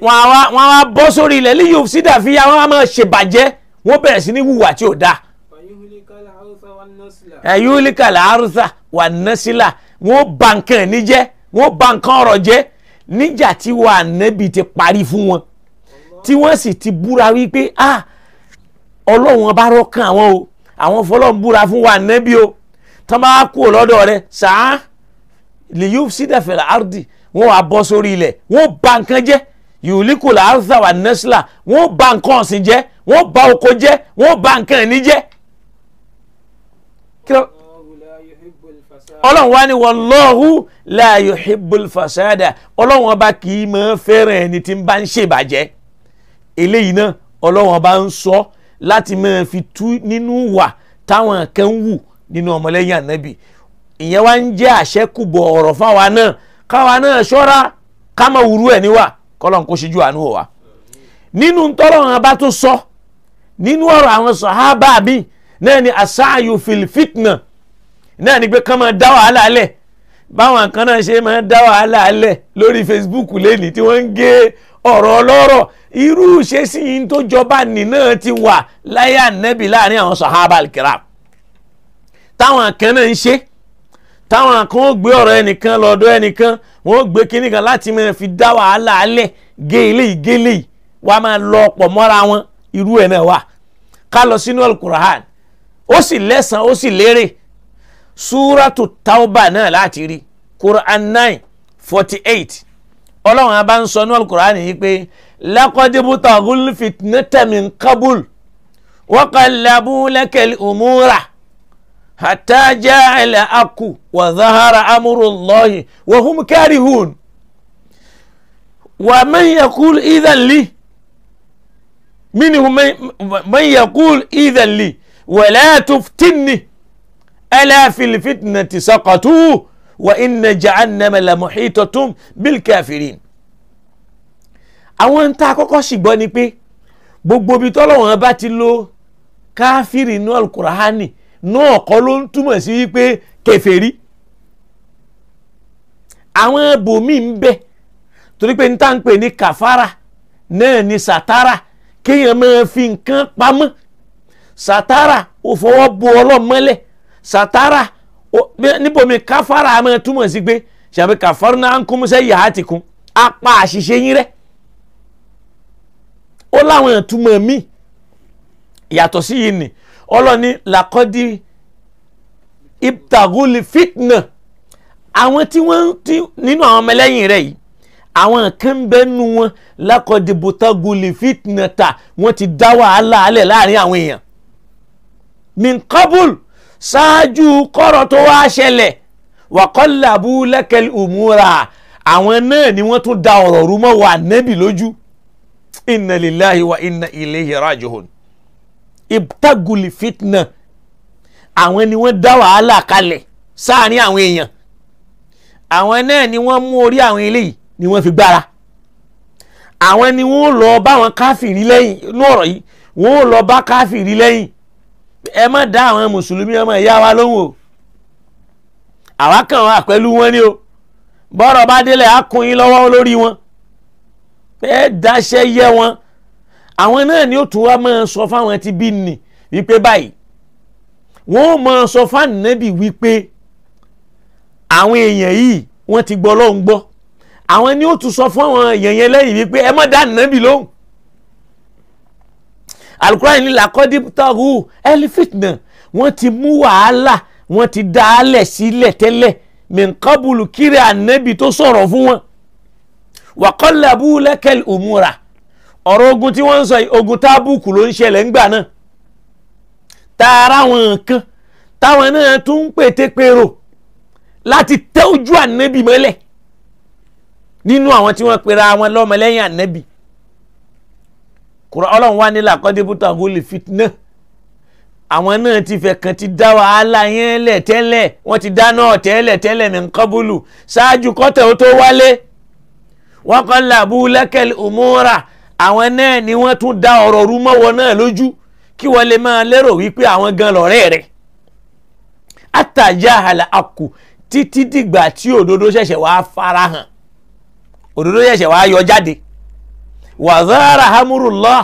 wọn á bọ́ sórí ilẹ̀ lè yóò sí dàfi ya wọn á máa ṣèbàjẹ́ wọn bẹ̀rẹ̀ sí ní wùwà tí ò dáa. ẹ̀yún líkàlà arúsà wà násìlà wọn bà nǹkan ẹ̀ní jẹ́ wọn bà nǹkan ọ̀rọ̀ jẹ́ níjà tí wọn ànẹ́bì ti parí fún wọn tí wọ́n sì ti búra wípé ah ọlọ́run ọba rọ́kàn àwọn o àwọn fọlọ́n búra fún wa nẹ́bí o tán bá kú ò lọ́dọ̀ rẹ sàn lìyú sídẹ̀fẹ̀lá àrùdì wọn wà bọ́ sórí ilẹ̀ wọn bà nǹkan jẹ́ yòlíkò làárùsà wà nẹ́sìlà wọn bà nǹkan ọ̀sìn jẹ́ wọn bà oko jẹ́ wọn bà nǹkan ẹ̀ní jẹ́. ọlọ́run wá ní wallahu la yuhibbul fasada ọlọ́run ọba kì í máa fẹ́ràn ẹni tí ń bá ń ṣèbàjẹ́ eléyìí náà ọlọ́run ọba ń sọ ọ́ láti máa fi tú nínú wà táwọn kan wù nínú ọmọlẹ́yìn ànábì ìyẹn wá ń jẹ́ àṣẹ́kùbọ̀ ọ̀rọ̀ fáwa náà káwa náà ṣọ́ra ká má wúrú ẹ̀ níwà kọ́lọ́n kó ṣíjú àánú wa nínú tọ́rọ̀ wọn bá tó sọ nínú ọ̀rọ̀ àwọn sàhábà mi náà ni asáàyò fìlfìtnà náà ni pé ká máa dá wàhálà lẹ̀ báwọn kan náà ṣe máa dá wàhálà lẹ̀ lórí Facebook lẹ́nìí tí wọ́n ń gé ọ̀rọ̀ ọlọ́rọ̀ irú ìṣesí yìí tó jọba nì náà ti wà láyé ànẹ́bì láàrin àwọn sahaba alkiram táwọn kan náà ń ṣe táwọn kan ó gbé ọ̀rọ̀ ẹnìkan lọ́dọ̀ ẹnìkan wọ́n ó gbé kinní kan láti máa fi dá wàhálà alẹ̀ gé eléyìí gé eléyìí wọ́n á máa lọ ọ̀pọ̀ mọ́ra wọn irú ẹ̀ náà wà ká lọ sínú alukurahan ó sì lẹ́sàn-án ó sì lérè súrátù tauba náà láti rí quran nine forty eight ọlọ́run a bá ń sọ ní alukurahan yìí pé. لقد ابتغوا الفتنة من قبل وقلبوا لك الأمور حتى جاء الحق وظهر أمر الله وهم كارهون ومن يقول إذا لي منهم من يقول إذا لي ولا تفتني ألا في الفتنة سقطوا وإن جهنم لمحيطة بالكافرين àwọn ń ta kọ́kọ́ ṣùgbọ́n ni pé gbogbo ibi tọ́lọ́wọ́n bá ti lo káfíìrì inú alukurahani náà kọ́ ló ń túmọ̀ sí wípé kèfèrí àwọn bòmíì ń bẹ torí pé níta ń pè ní kàfàrà náà ni sàtàrà kéèyàn máa fi nǹkan pamọ́ sàtàrà ò fọwọ́ bo ọlọ́mọlẹ̀ sàtàrà níbomi káfàrà máa túmọ̀ sí pé ṣàbí kàfàrà náà ń kún mọ́sẹ́ yàá ti kún apá àṣìṣe yín rẹ̀ ó láwọn ìtumọ̀ mi yàtọ̀ sí yìí ni ọlọ́ni làkọ́dí ibtaguli fitna àwọn tí wọ́n ti nínú àwọn ọmọlẹ́yìn rẹ̀ yìí àwọn kan ń bẹ nu wọn làkọ́dí butaguli fitna ta wọ́n ti dá wàhálà alẹ̀ láàrin àwọn èèyàn min kabul ṣáájú kọ́rọ̀ tó wá ṣẹlẹ̀ wàkọ́lá abúlẹ́kẹ̀lì òmùra àwọn náà ni wọ́n tún da ọ̀rọ̀ rú mọ́ wà nẹ́bì lójú inna lillahi wa inna ilayhi rajihun ibtaguli fitna àwọn ni wọ́n dá wàhálà kalẹ̀ sáàrin àwọn èèyàn àwọn náà ni wọ́n mú orí àwọn eléyìí ni wọ́n fi gbára àwọn ni wọ́n lọ bá wọn káfìrí lẹ́yìn inú ọ̀rọ̀ yìí wọ́n lọ bá káfìrí lẹ́yìn ẹ má dá àwọn mùsùlùmí ọmọ ìyá wa lóhùn o àwa kàn wá pẹ̀lú wọn ni o bọ́rọ̀ bá délẹ̀ á kún yín lọ́wọ́ lórí wọn ẹ dáṣẹ́ yẹ wọn àwọn náà ni ó tún wá máa sọ fáwọn tí bí nì wípé báyìí wọn ò máa sọ fáànàbì wípé àwọn èèyàn yìí wọ́n ti gbọ́ lọ́hùn gbọ́ àwọn ni ó tún sọ fún àwọn èèyàn yẹn lẹ́yìn wípé ẹ má dá nàbì lóhùn alukurani ni lakọ́dí tọ́hu ẹlifitna ti mú wàhálà wọ́n ti dá a lẹ̀ sílẹ̀ tẹ́lẹ̀ mẹ́ńkọ́bùlù kiri ànábì tó sọ̀rọ̀ fún wọn wàkọ́lẹ̀ abúlẹ́kẹ̀lì òmùra ọ̀rọ̀ ogun tí wọ́n ń sọ yìí ogun tábùkù ló ń ṣẹlẹ̀ ńgbà náà tààrà wọn kan táwọn náà tún ń pète pèrò láti tẹ ojú ànábì mọ́lẹ̀ nínú àwọn tí wọ́n pera wọn lọ́mọlẹ́yìn ànábì kùrọ̀ ọlọ́run wá nílà kọ́débútà gólì fitna àwọn náà ti fẹ́ kàn ti dá wàhálà yẹn lẹ̀ tẹ́lẹ̀ wọ́n ti dáná tẹ́lẹ̀ tẹ́lẹ̀ min ṣáájú kọ́tẹ̀ ó tó wálé wọ́n kọ́ làbú lẹ́kẹ̀lì òmùúra àwọn náà ni wọ́n tún da ọ̀rọ̀ rú mọ́wọ́ náà lójú kí wọ́n lè máa lérò wípé àwọn gan lọ̀rẹ́ rẹ̀ àtàjà àlà àkù títí dìgbà tí òdodo ṣẹ̀ṣẹ̀ wá farahàn òdodo ṣẹ̀ṣẹ̀ wá yọ jáde wàzára hamurullah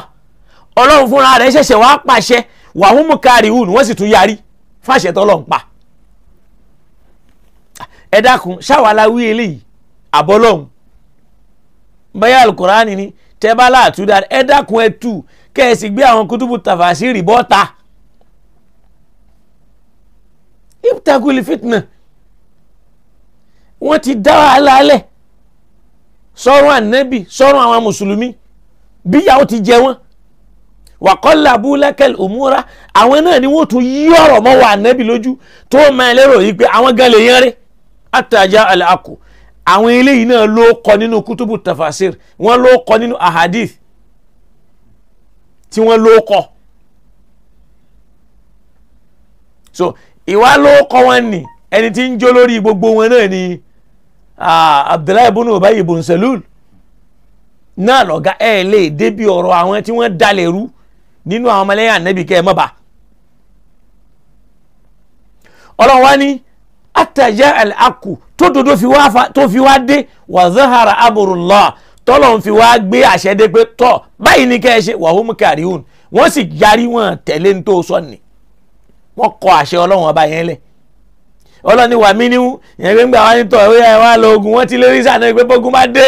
ọlọ́run fúnra rẹ̀ ṣẹ̀ṣẹ̀ wá pàṣẹ wàhùnmù kárìhùn wọ́n sì tún yarí fàṣẹ tọ́lọ̀ ń pa ẹ dákun ṣáwa la wí bẹ́ẹ̀ alukurani ni tẹ́ bá láàtú dáadáa ẹ dákun ẹ tú kẹ́ ẹ sì gbé àwọn kutubu tafasiri bọ́ta ibtakuli fitna wọ́n ti dá wàhálà alẹ́ sọ́run ànábì sọ́run àwọn mùsùlùmí bíyàwó ti jẹ wọ́n wàkọ́lá abúlẹ́kẹ̀lì òmúra àwọn náà ni wọ́n tún yí ọ̀rọ̀ mọ́ wà ànábì lójú tó máa lérò yìí pé àwọn gan lè yẹn àtàjà àlàkù àwọn eléyìí náà ló kọ nínú kútùbù tafasir wọ́n ló kọ nínú ahadith tí wọ́n ló kọ so ìwà ló kọ wọn ni ẹni tí ń jó lórí gbogbo wọn náà ni Abdullahi ibn Ubay ibn Salul náà lọ́gá ẹ̀ lè débi ọ̀rọ̀ àwọn tí wọ́n dalẹ̀ rú nínú àwọn ọmọlẹ́yìn ànábì kẹ́ ẹ ọlọ́run wá ní àtàjà àkù tó dodo tó fi wá dé wà zahara amrullah tọ́lọ̀ ń fi wá gbé àṣẹ dé pé tọ́ báyìí ní kẹ́ẹ̀ ṣe wàhùn kàríhùn wọ́n sì yarí wọn tẹ̀lé ní tó sọ ni wọ́n kọ àṣẹ ọlọ́run ọba yẹn lẹ̀ ọlọ́run ni wà mí níwú yẹn pé gbà wá tọ̀ ẹ̀ wá lọ ogun wọ́n ti lé rí sànà ìpè bógun bá dé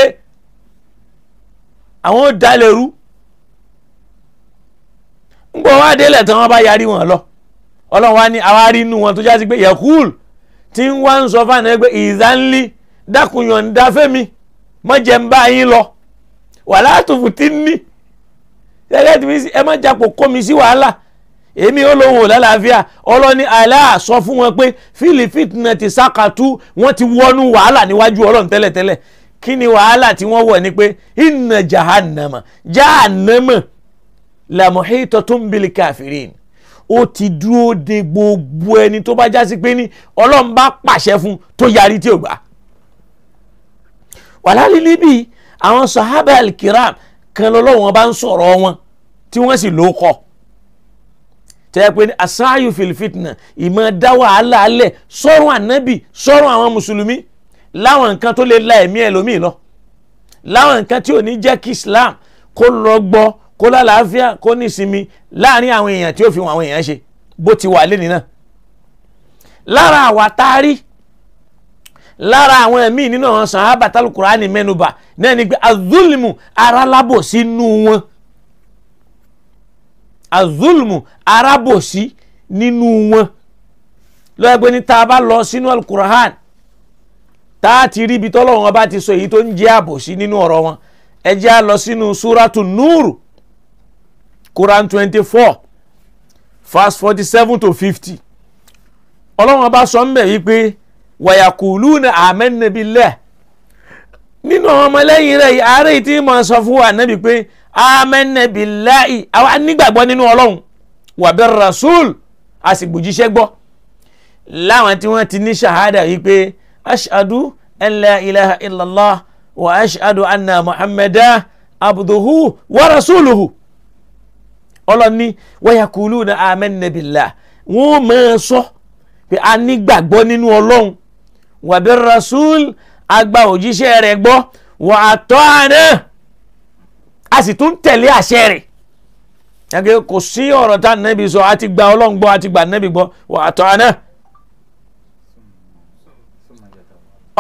àwọn ò dalẹ̀ rú ń gbọ́ wá délẹ̀ tán wọ́n bá yarí wọn lọ ọlọ́run wá ní àwa inú wọn tó já sí pé yẹ̀kúùlù tí ń wá ń sọ fáwọn ẹgbẹ́ ìzánlí dákùnyọ̀ǹda fẹ́mi mọ́jẹ̀ ń bá yín lọ wàhálà àtùfù tí ń ní ṣẹlẹ̀ tí mi ẹ má japò kó mi sí wàhálà èmi ó lóun ò lálàáfíà ọlọ́ni aláà sọ fún wọn pé fíìlì fìtìnà ti sákàtú wọ́n ti wọnú wàhálà níwájú ọlọ́run tẹ́lẹ̀tẹ́lẹ̀ kí ni wàhálà tí wọ́n wọ̀ ni pé inna jahannama jahannama la muhitatun bil kafirin ó ti dúró de gbogbo ẹni tó bá jásí pé ní ọlọ́run bá pàṣẹ fún tó yarí tí ò gbà. wàhálà níbí àwọn sahaba al-kiram kan lọ́lọ́wọ́n bá ń sọ̀rọ̀ wọn tí wọ́n sì ló kọ́ tẹ́lẹ̀ pé asáyù fìlìfìtìnà ìmọ̀ dá wàhálà alẹ̀ sọ́run ànábì sọ́run àwọn mùsùlùmí láwọn nǹkan tó lè la ẹ̀mí ẹlòmíì lọ láwọn nǹkan tí ò ní jẹ́ kí Islam kó lọ gbọ́ kó lálàáfíà kó ní ìsinmi láàrin àwọn èèyàn tí ó fi wọn àwọn èèyàn ṣe bó ti wà lẹ́ni náà lára àwa tá a rí lára àwọn ẹ̀mí nínú àwọn sàhábà tálùkùránì mẹ́nubà náà ni pé azulmu arálábò sínú wọn azulmu arábòsí nínú wọn lọ́yẹ̀ pé ní tá a bá lọ sínú alukur'an tá a ti rí ibi tọ́lọ́wọ́n bá ti sọ èyí tó ń jẹ́ àbòsí nínú ọ̀rọ̀ wọn ẹ jẹ́ a lọ sínú súratu núùrù Quran twenty four verse forty seven to fifty ọlọ́run ọba sọ ń bẹ̀ yí pé wàyàkùlù ní amẹ́nẹ́bílẹ̀ nínú àwọn ọmọlẹ́yìn rẹ̀ ààrẹ tí mo sọ fún wa nẹ́bi pé amẹ́nẹ́bílẹ̀ àwa nígbàgbọ́ nínú ọlọ́run wàbẹ̀ rasul a sì gbòjíṣẹ́ gbọ́ láwọn tí wọ́n ti ní ṣahada yìí pé ashadu an la ilaha illallah wa ashadu anna muhammadu abduhu wa rasuluhu ọlọ́ni wọ́yàkùlù ní amẹ́nẹ́bìlà wọ́n máa sọ pé a nígbàgbọ́ nínú ọlọ́run wàbí rasul agba òjíṣẹ́ rẹ̀ gbọ́ wà á tọ́ àná a sì tún tẹ̀lé àṣẹ rẹ̀ yàgẹ́ kò sí ọ̀rọ̀ tá nẹ́bi sọ a ti gba ọlọ́run gbọ́ a ti gba nẹ́bi gbọ́ wà á tọ́ àná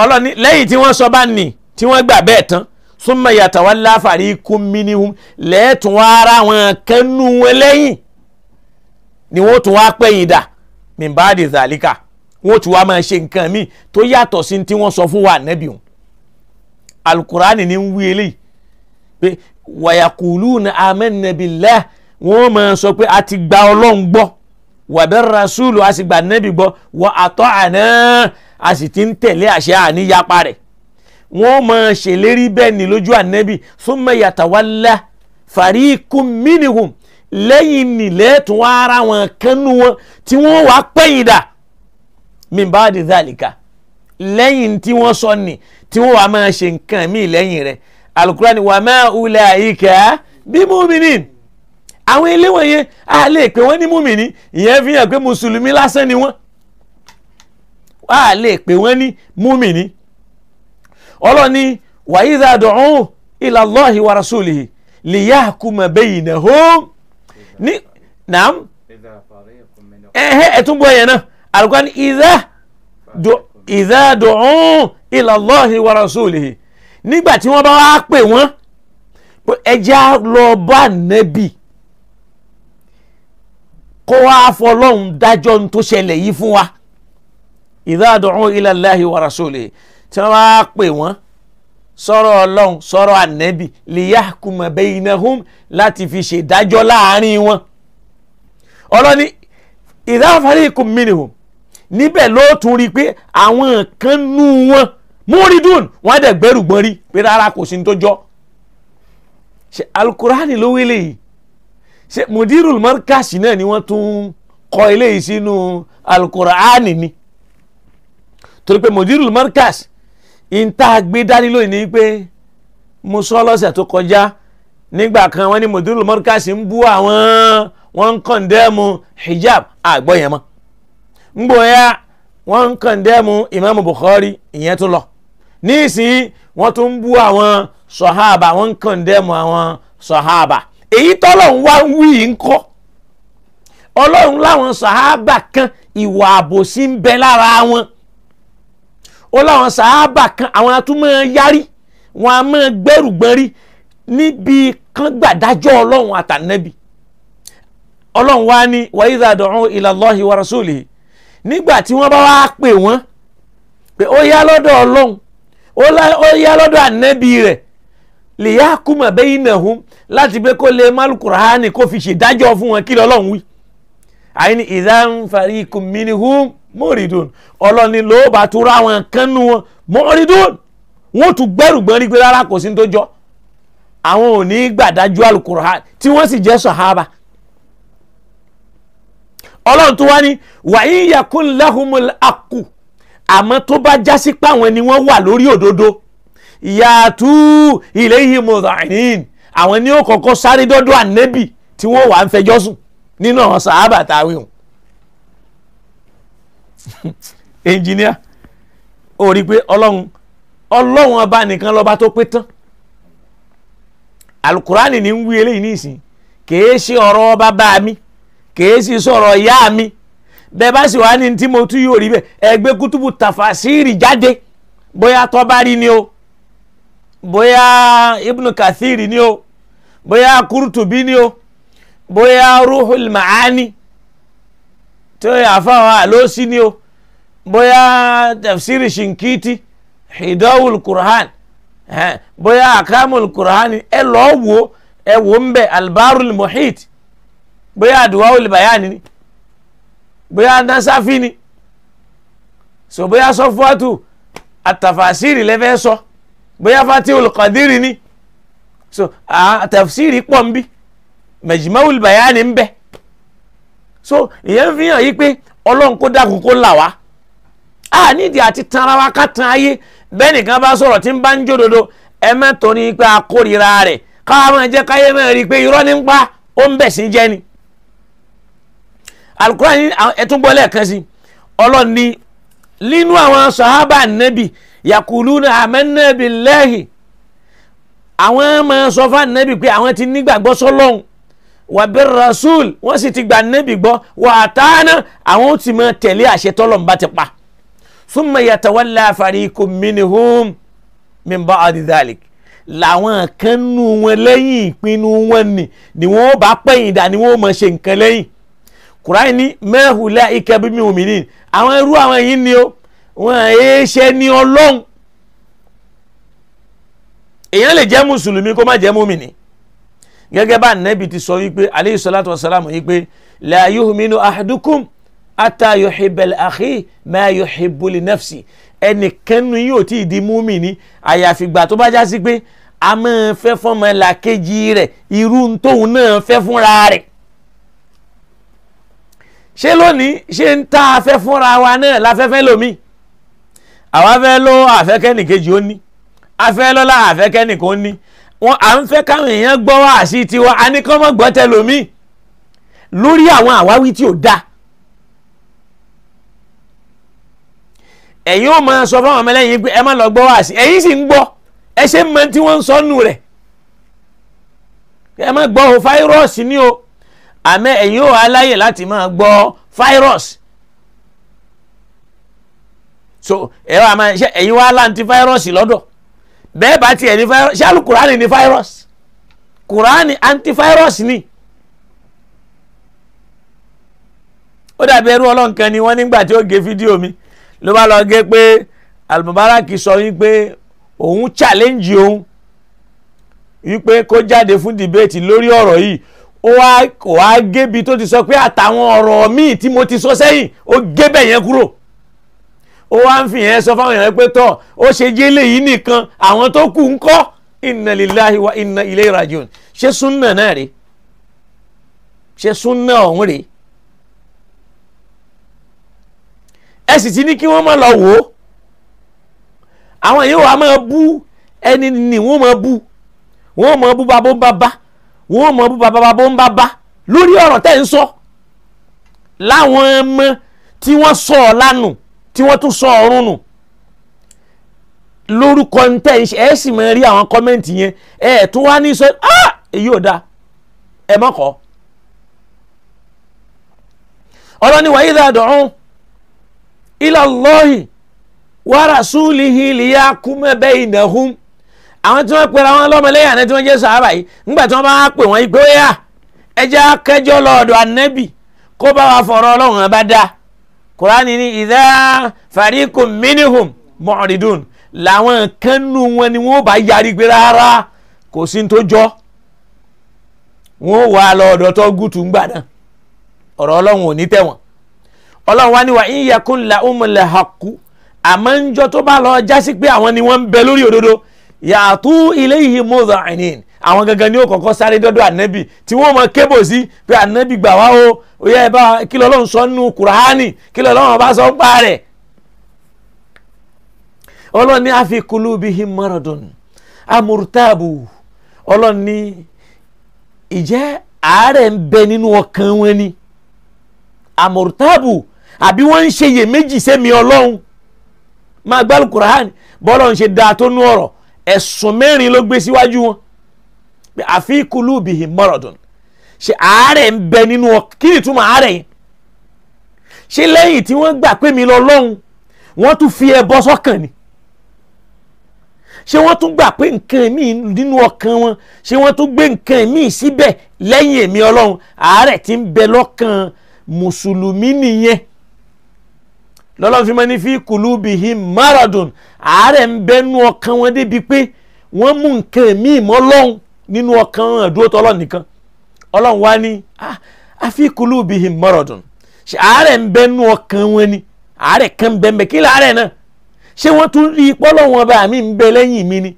ọlọ́ni lẹ́yìn tí wọ́n sọ bá nì tí wọ́n gbà bẹ́ẹ̀ tán súnmọ́ yàtọ̀ wá láfàrí kún mínihùn lẹ́ẹ̀tún wá ara wọn kẹ́nu wọn lẹ́yìn ni wọ́n tún wá pẹ̀yìn dà mìbáàdì zàlíkà wọ́n tún wá máa ṣe nǹkan míì tó yàtọ̀ sí tí wọ́n sọ fún wa nẹ́bí wọn alukurani ni ń wí eléyìí pé wàyàkùlù ní amẹ́nẹ́bìlẹ́ wọ́n máa sọ pé a ti gba ọlọ́run gbọ́ wàbẹ́ rasúlù a sì gba nẹ́bí gbọ́ wọ́n àtọ́ àná a sì ti ń tẹ̀lé àṣẹ àníyapa rẹ̀ wọ́n máa ṣèlérí bẹ́ẹ̀ ni lójú ànẹ́bì súnmọ́ yàtàwálá fàríkùn mínihùn lẹ́yìn nílẹ̀ tún wá ara wọn kánú wọn tí wọ́n wá pẹ́yìn dà mímbáàdì zàlìkà lẹ́yìn tí wọ́n sọ ni tí wọ́n wá máa ṣe nǹkan míì lẹ́yìn rẹ̀ alukurani wà máa wulẹ̀ àyíká bí múmini àwọn eléwọ̀n yẹn a lè pè wọ́n ní múmini ìyẹn fi hàn pé mùsùlùmí lásán ni wọ́n a lè pè wọ́n ní múmini ọlọ́ni wàyídà dùn ila Allahi wa rasulihi liyahkuma baynahum ní naam ẹ̀hẹ́ ẹ̀túnbọ̀ yẹn náà alukani idha du'u ila Allahi wa rasulihi nígbà tí wọ́n bá wá pè wọ́n ẹja lọ bá nẹ́bì kó wá fọlọ́hún dájọ́ tó ṣẹlẹ̀ yìí fún wa idha du'u ila Allahi wa rasulihi tí wọ́n bá pè wọ́n sọ̀rọ̀ ọlọ́run sọ̀rọ̀ ànẹ́bì liyahkuma bainahum láti fi ṣèdájọ́ láàárín wọn ọlọ́ni idha fariqum minhum níbẹ̀ ló tún rí i pé àwọn kan nú wọn múrídùn wọn á dẹ̀ gbẹ́rù gbọ́n rí pé rárá kò sí ní tó jọ. ṣe alukurani ló wí léyìí ṣe mudirul markasi náà ni wọ́n tún kọ eléyìí sínú alukurani ni torí pé mudirul markasi ìta gbé dání lónìí ni pé mo sọ lọ́sẹ̀ tó kọjá nígbà kan wọ́n ní mọ̀dúrú mọ́ríkàsì ń bú àwọn wọ́n ń kọ̀ǹdẹ́mu hijab àgbọ̀ yẹn mọ́ ngbòya wọ́n ń kọ̀ǹdẹ́mu ìmáàmù Bukhari ìyẹn tún lọ nísìnyí wọ́n tún ń bú àwọn sọ̀háàbà wọ́n ń kọ̀ǹdẹ́mu àwọn sọ̀háàbà èyí tọ́lọ́hún wá ń wí yìí ń kọ́ ọlọ́run láwọn sọ̀háàbà kan ìwà àbòsí ń bẹ lára wọn ó láwọn sàábà kan àwọn atúmọ̀ yarí wọn a máa gbẹ́rù gbẹ́rí níbi kan gbàdájọ́ ọlọ́run àtànẹ́bì ọlọ́run wá ní wa idha du'u ila Allahi wa rasulihi nígbà tí wọ́n bá wá pè wọ́n pé ó yá lọ́dọ̀ ọlọ́run ó yá lọ́dọ̀ ànẹ́bì rẹ̀ liyahkuma baynahum láti pé kó lè má Al-Qur'ani kó fi ṣèdájọ́ fún wọn kí lọ́lọ́run wí àyìn idhan fariqun minhum muridun ọlọ́ni ló bá tó ra àwọn kan nu wọn muridun wọ́n tún gbẹ́rù gbọ́n rí pé rárá kò sí ní tó jọ àwọn ò ní gbàdájú alukur'an tí wọ́n sì jẹ́ sàhábà ọlọ́run tó wá ní wàyí yakun lahumul akku àmọ́ tó bá jásí páwọn ni wọ́n wà lórí òdodo ìyàtú ilayhi mudha'inin àwọn ni ó kọ́kọ́ sáré dọ́dọ̀ ànẹ́bì tí wọ́n wà ń fẹjọ́ sùn nínú àwọn sàábà tá a wí hùn ẹnjìníà ó rí i pé ọlọ́run ọlọ́run ọba nìkan lọ́ba tó pé tán alukurani ní ń wí eléyìí nísìn kèé ṣe ọ̀rọ̀ ọba bá mi kèé sì sọ̀rọ̀ ìyá mi bẹ́ẹ̀ bá sì wá ní tí mo tún yóò rí bẹ́ẹ̀ ẹgbẹ́ kútùbù tàfàṣírì jáde bóyá tọ́bárì ni o bóyá ibnu kathiri ni o bóyá kúrútùbí ni o. bóyá ruhul maani tó yà fáwọn àlóòsí ni o bóyá tafsiri shinkiti hidawul qur'an bóyá akamul qur'an ẹ lọ́ọ́ wo ẹ wò ń bẹ albarul muhit bóyá aduwawul bayani ni bóyá nasafi ni so bóyá sọfọ́tù atafasiri lẹ́fẹ́ sọ bóyá fatiwul qadiri ni so ah, tafsiri pọ̀ ń mẹ̀jìmáwùl bàyánì ń bẹ so ìyẹn fi hàn yí pé ọlọ́run kó dákun kó là wá a nídìí àti tan ara wa ká tan ayé bẹ́ẹ̀ nìkan bá sọ̀rọ̀ tí ń bá ń jódodo ẹ mẹ́tọ́ ni pé a kórìíra rẹ̀ káwa máa jẹ́ káyé máa rí i pé irọ́ ní ń pa ó ń bẹ̀ sí jẹ́ ni alukura ni ẹtúgbọ́ lẹ́ẹ̀kan sí ọlọ́run ni nínú àwọn sahaba nẹ́bì yakuluna amanna billahi àwọn máa sọ fún ànẹ́bì pé àwọn ti nígbàgbọ́ sọlọ́hún wà bí rasul wọ́n sì ti gba nẹ́bì gbọ́ wà á tánà àwọn tí máa tẹ̀lé àṣẹ tọ́lọ̀ ń bá ti pa summa yatawalla fariqum minhum min ba'di dhalik làwọn kan nù wọn lẹ́yìn ìpinnu wọn ni ni wọ́n bá pẹ̀yìn dà ni wọ́n mọ̀ ṣe nǹkan lẹ́yìn kùráì ní mẹ́hùlá ikẹ́bí mi òmìnir àwọn irú àwọn yìí ni ó wọn èé ṣe ni ọlọ́run èèyàn lè jẹ́ mùsùlùmí kó má jẹ́ mùmìnir gẹ́gẹ́ bá nẹ́bi ti sọ wípé aleyhi salatu wa salam wípé la yuhminu ahadukum ata yuhibbal akhi ma yuhibbu li nafsi ẹnìkan nu yóò tí ì di múmìnì àyàfi gbà tó bá já sí pé a máa fẹ́ fọ́mọ làkejì rẹ̀ irú tóun náà fẹ́ fúnra rẹ̀ ṣé lónìí ṣé ń tá a fúnra wa náà láfẹ́fẹ́ lómi àwa fẹ́ lọ àfẹ́kẹ́ nìkejì ó ní afẹ́ lọ́la àfẹ́kẹ́ nìkan ó ní wọn à ń fẹ́ káwọn èèyàn gbọ́ wá àṣì tiwa a ní kán mọ́ gbọ́ tẹlomi lórí àwọn àwáwí tí ò dáa ẹ̀yin ò máa sọ fáwọn ọmọlẹ́yìn pé ẹ má lọ gbọ́ wá àṣì ẹ̀yin sì ń gbọ́ ẹ ṣe ń mọ tí wọ́n ń sọ nù rẹ̀ ẹ má gbọ́ o fáírọ́ọ̀sì ni o àmọ́ ẹ̀yin ò aláyè láti máa gbọ́ fáírọ́ọ̀sì so ẹ̀rọ àmọ́ ẹ̀yin wá láǹtí fáírọ́ọ̀sì lọ́dọ̀ bẹ́ẹ̀ bá tiẹ̀ ní fáírọ́ọ̀sì ṣáàlù kùránì ní fáírọ́ọ̀sì kùránì antivirus ni ó dàbí ẹrú ọlọ́nkan ni wọ́n nígbà tí ó gé fídíò mi ló bá lọ gé pé Al-Mubarak sọ wípé òun challenge òun wípé kó jáde fún debate lórí ọ̀rọ̀ yìí ó wá kò wá gébi tó ti sọ pé àtàwọn ọ̀rọ̀ míì tí mo ti sọ sẹ́yìn ó gébẹ̀ yẹn kúrò ó wá ń fi yẹn sọ fáwọn èèyàn pé tọ́ ó ṣe jélé yìí nìkan àwọn tó kù ń kọ́ inna lillahi wa inna ilayhi rajiun ṣé súnà náà rèé ṣe súnà ọ̀hún rèé ẹ sì ti ní kí wọ́n máa lọ wò ó àwọn yìí wàá máa bú ẹni nì wọ́n máa bú wọ́n máa bú babó ń bá wọ́n máa bú babá babó ń bá lórí ọ̀rọ̀ tẹ́ ń sọ láwọn ọmọ tí wọ́n sọ ọ́ lánàá tí wọ́n tún sọ ọ̀run nù lórúkọ ntẹ́ ẹ sì máa àwọn kọ́mẹ́ǹtì yẹn ẹ tún wá ní ah èyí ò da ẹ má ọ̀rọ̀ ni wàyí dàdọ̀rún ila Allahi wa rasulihi liyakuma àwọn tí wọ́n wọn lọ́mọlẹ́yìn àná tí wọ́n jẹ́ yìí tí wọ́n bá pè wọ́n yìí yà ẹ jẹ́ akẹ́jọ́ lọ́ọ̀dọ̀ kùránì ní ìdá fàríkù mínihùn mọ̀rìndùn làwọn kan nù wọn ni wọn bá yarí gbé rárá kò sí tó jọ wọn wà lọ́dọ̀ tó gùtù ń gbàdán ọ̀rọ̀ ọlọ́run ò ní tẹ̀wọ̀n ọlọ́run wa ni wà ń yẹkùn la umùlẹ̀ hàkú àmọ́ ń jọ tó bá lọ jásí pé àwọn ni wọ́n ń bẹ lórí òdodo yàtú ilé yìí mọ́tò àìníyàn àwọn gangan ni ó kọ́kọ́ sáré dọ́dọ̀ ànábì tí wọ́n mọ kébò sí pé ànábì gbà wá o ó yẹ bá kí lọ́lọ́run sọ nínú kùránì kí lọ́lọ́run bá sọ ń pa rẹ̀. ọlọ́run ní àfi kulubihim maradun amurtabu ọlọ́run ní ìjẹ́ àárẹ̀ ń bẹ nínú ọkàn wọn ni amurtabu àbí wọ́n ń ṣe iyèméjì sẹ́mi ọlọ́run máa gbálù kùránì bọ́lọ́run ṣe dáa tó nú ọ̀rọ̀ ẹ̀sùn mẹ́rin ló gbé síwájú wọn àfi kulubihi maradun ṣe àárẹ̀ ń bẹ nínú ọ kí ni túmọ̀ àárẹ̀ yẹn ṣe lẹ́yìn tí wọ́n gbà pé mi lọ lọ́hùn wọ́n tún fi ẹbọ sọ́kàn ni ṣé wọ́n tún gbà pé nǹkan míì nínú ọkàn wọn ṣé wọ́n tún gbé nǹkan míì síbẹ̀ lẹ́yìn èmi ọlọ́run àárẹ̀ tí ń bẹ lọ́kàn mùsùlùmí nìyẹn lọ́lọ́run fi máa ní fi kulubihim maradun àárẹ̀ ń bẹ nú ọkàn wọn débi pé wọ́n mú nǹkan míì mọ́ lọ́hùn nínú ọkàn ẹ̀dúró tọ́ nìkan ọlọ́run wá ní àfikúlù bíi him ṣe àárẹ̀ ń bẹ nínú ọkàn wọn ni àárẹ̀ kan bẹ́ẹ̀ kí láàárẹ̀ náà ṣé wọ́n tún rí ipọ́ lọ́wọ́n ọba mi ń bẹ lẹ́yìn mi ni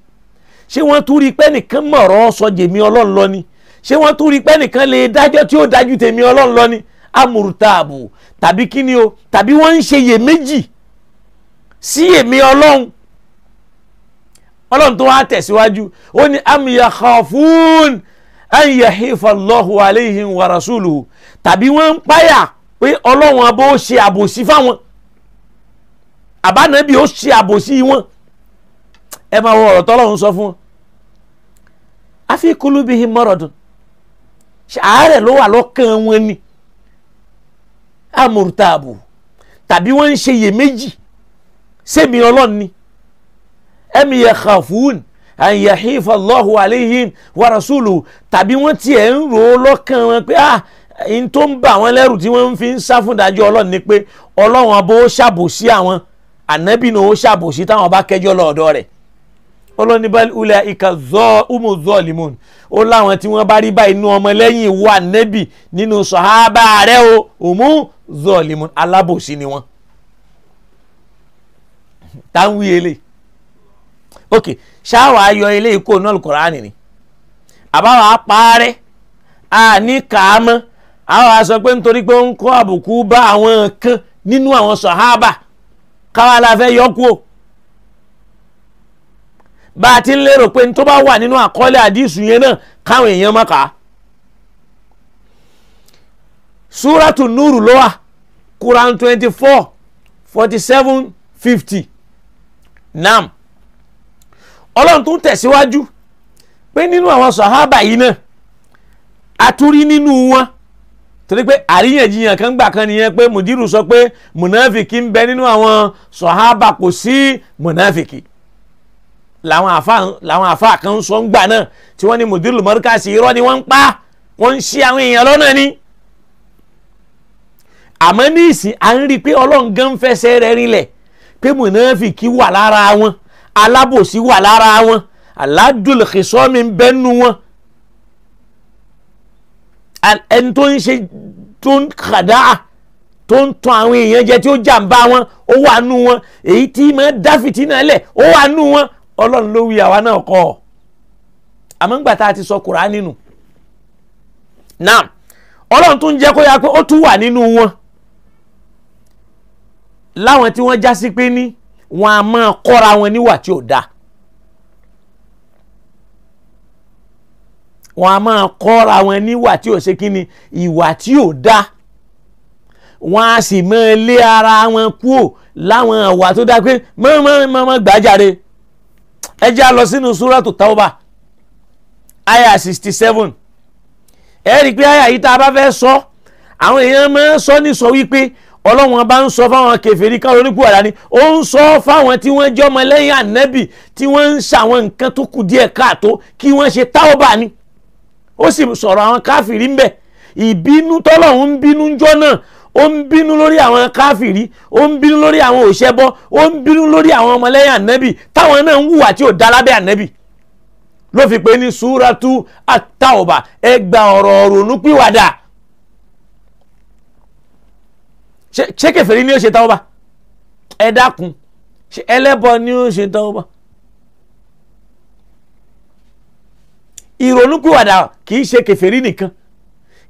ṣé wọ́n tún rí pẹ́ nìkan mọ̀rọ̀ sọ jèmi ọlọ́run lọ ni ṣé wọ́n tún rí pẹ́ nìkan lè dájọ́ tí ó dájú tèmi ọlọ́run lọ ni amúrútààbù tàbí kíni o tàbí wọ́n ń ṣe iyèméjì sí èmi ọlọ́run ọlọ́run tó wá tẹ̀síwájú ó ní am yakhafun an yahifa Allahu alayhim wa rasuluhu tàbí wọ́n ń páyà pé ọlọ́run abó ṣe àbòsí fáwọn àbánábì ó ṣe àbòsí wọn ẹ máa wọ ọ̀rọ̀ tọ́lọ́run sọ fún wọn afi kulubihim maradun àárẹ̀ ló wà lọ́kàn wọn ni amurtabu tàbí wọ́n ń ṣe iyèméjì sẹ́mi ọlọ́run ẹ̀mí yẹ kàfún àyè hífa Allahu alayhim wa rasuluhu tàbí wọ́n tiẹ̀ ń rò ó lọ́kàn wọn pé ah n tó ń bà wọ́n lẹ́rù tí wọ́n fi ń sá fún ìdájọ́ ọlọ́run ni pé ọlọ́run abó ṣàbòsí àwọn ànábì náà ó ṣàbòsí táwọn bá kẹjọ́ lọ́ọ̀dọ́ rẹ̀ ọlọ́ni bá ulẹ̀ ìka zọ́ umu zọ́ limon ó láwọn tí wọ́n bá rí bá inú ọmọlẹ́yìn wa nẹ́bì nínú sọ̀hábà rẹ̀ o umu zọ́ limon alábòsí ni wọ́n táwọn wíyẹlẹ̀ ok ṣáwà ayọ ilé ikú ònà alukurani ni àbáwá apárẹ́ àní kàámọ́ àwọn aṣọ pé nítorí pé ó ń kó àbùkù bá àwọn kan nínú àwọn sọ̀hábà káwa la fẹ́ yọkú o bá a ti ń lérò pé tó bá wà nínú àkọọ́lẹ̀ àdìsù yẹn náà káwọn èèyàn má kà súrátù núrù ló wà Quran twenty four forty seven fifty nam ọlọ́run tún tẹ̀síwájú pé nínú àwọn sàhábà yìí náà atúrí nínú wọn torí pé àríyànjiyàn kan gbà kan nìyẹn pé mùdírù sọ pé mùnàfìkì ń bẹ nínú àwọn sàhábà kò sí mùnàfìkì làwọn àfa làwọn àfa kan ń sọ ń gbà náà tí wọ́n ní mùdírù mọ́ríkàsì irọ́ ni wọ́n ń pa wọ́n ń ṣí àwọn èèyàn lọ́nà ni. àmọ́ ní ìsìn à ń rí i pé ọlọ́run gan fẹsẹ̀ rẹ̀ rinlẹ̀ pé mùnàfìkì wà lára wọn alábòsí wà lára wọn aládùn ìsọ́mi ń bẹ́nu wọn ẹni tó ń ṣe tó ń kàdáà tó ń tan àwọn èèyàn jẹ tí ó jàǹbá wọn ó wà nù wọn èyí tí máa dá fìtínà lẹ̀ ó wà nù wọn ọlọ́run ló wí àwa náà kọ́ ọ àmọ́ ńgbà tá a ti sọ Kùránì nù náà ọlọ́run tún jẹ́ kó yá pé ó tún wà nínú wọn láwọn tí wọ́n já sí pé ní wọn a máa kọ́ra wọn níwà tí ò dáa wọn a máa kọ́ra wọn níwà tí ò ṣe kí ni ìwà tí ò dáa wọn a sì máa lé ara wọn kúò láwọn àwà tó dáa pé mọ́mọ́mọ́ gbàjáre ẹ a lọ sínú súrọ́tù tàwọ́bà aya sixty seven ẹ rí i pé aya yìí tá a bá fẹ́ sọ àwọn èèyàn máa ń sọ ní sọ wípé ọlọ́wọ́n bá ń sọ fáwọn kèfèrí káwọn onípòwàdà ni ó ń sọ fáwọn tí wọ́n jẹ́ ọmọ lẹ́yìn ànẹ́bì tí wọ́n ń ṣàwọn nǹkan tó kù díẹ̀ káàtó kí wọ́n ṣe táwọ́bà ni ó sì sọ̀rọ̀ àwọn káfìrí ń bẹ̀ ìbínú tọ́lọ́hún ń bínú jọ́ náà ó ń bínú lórí àwọn káfìrí ó ń bínú lórí àwọn òṣẹ́bọ ó ń bínú lórí àwọn ọmọlẹ́yìn ànẹ́bì táwọn náà ń ṣé kèfèrí ni ó ṣe tàwọ́bà ẹ dákun ṣé ẹlẹ́bọ ni ó ṣe tàwọ́bà. ìrònúkúwàdà kì í ṣe kèfèrí nìkan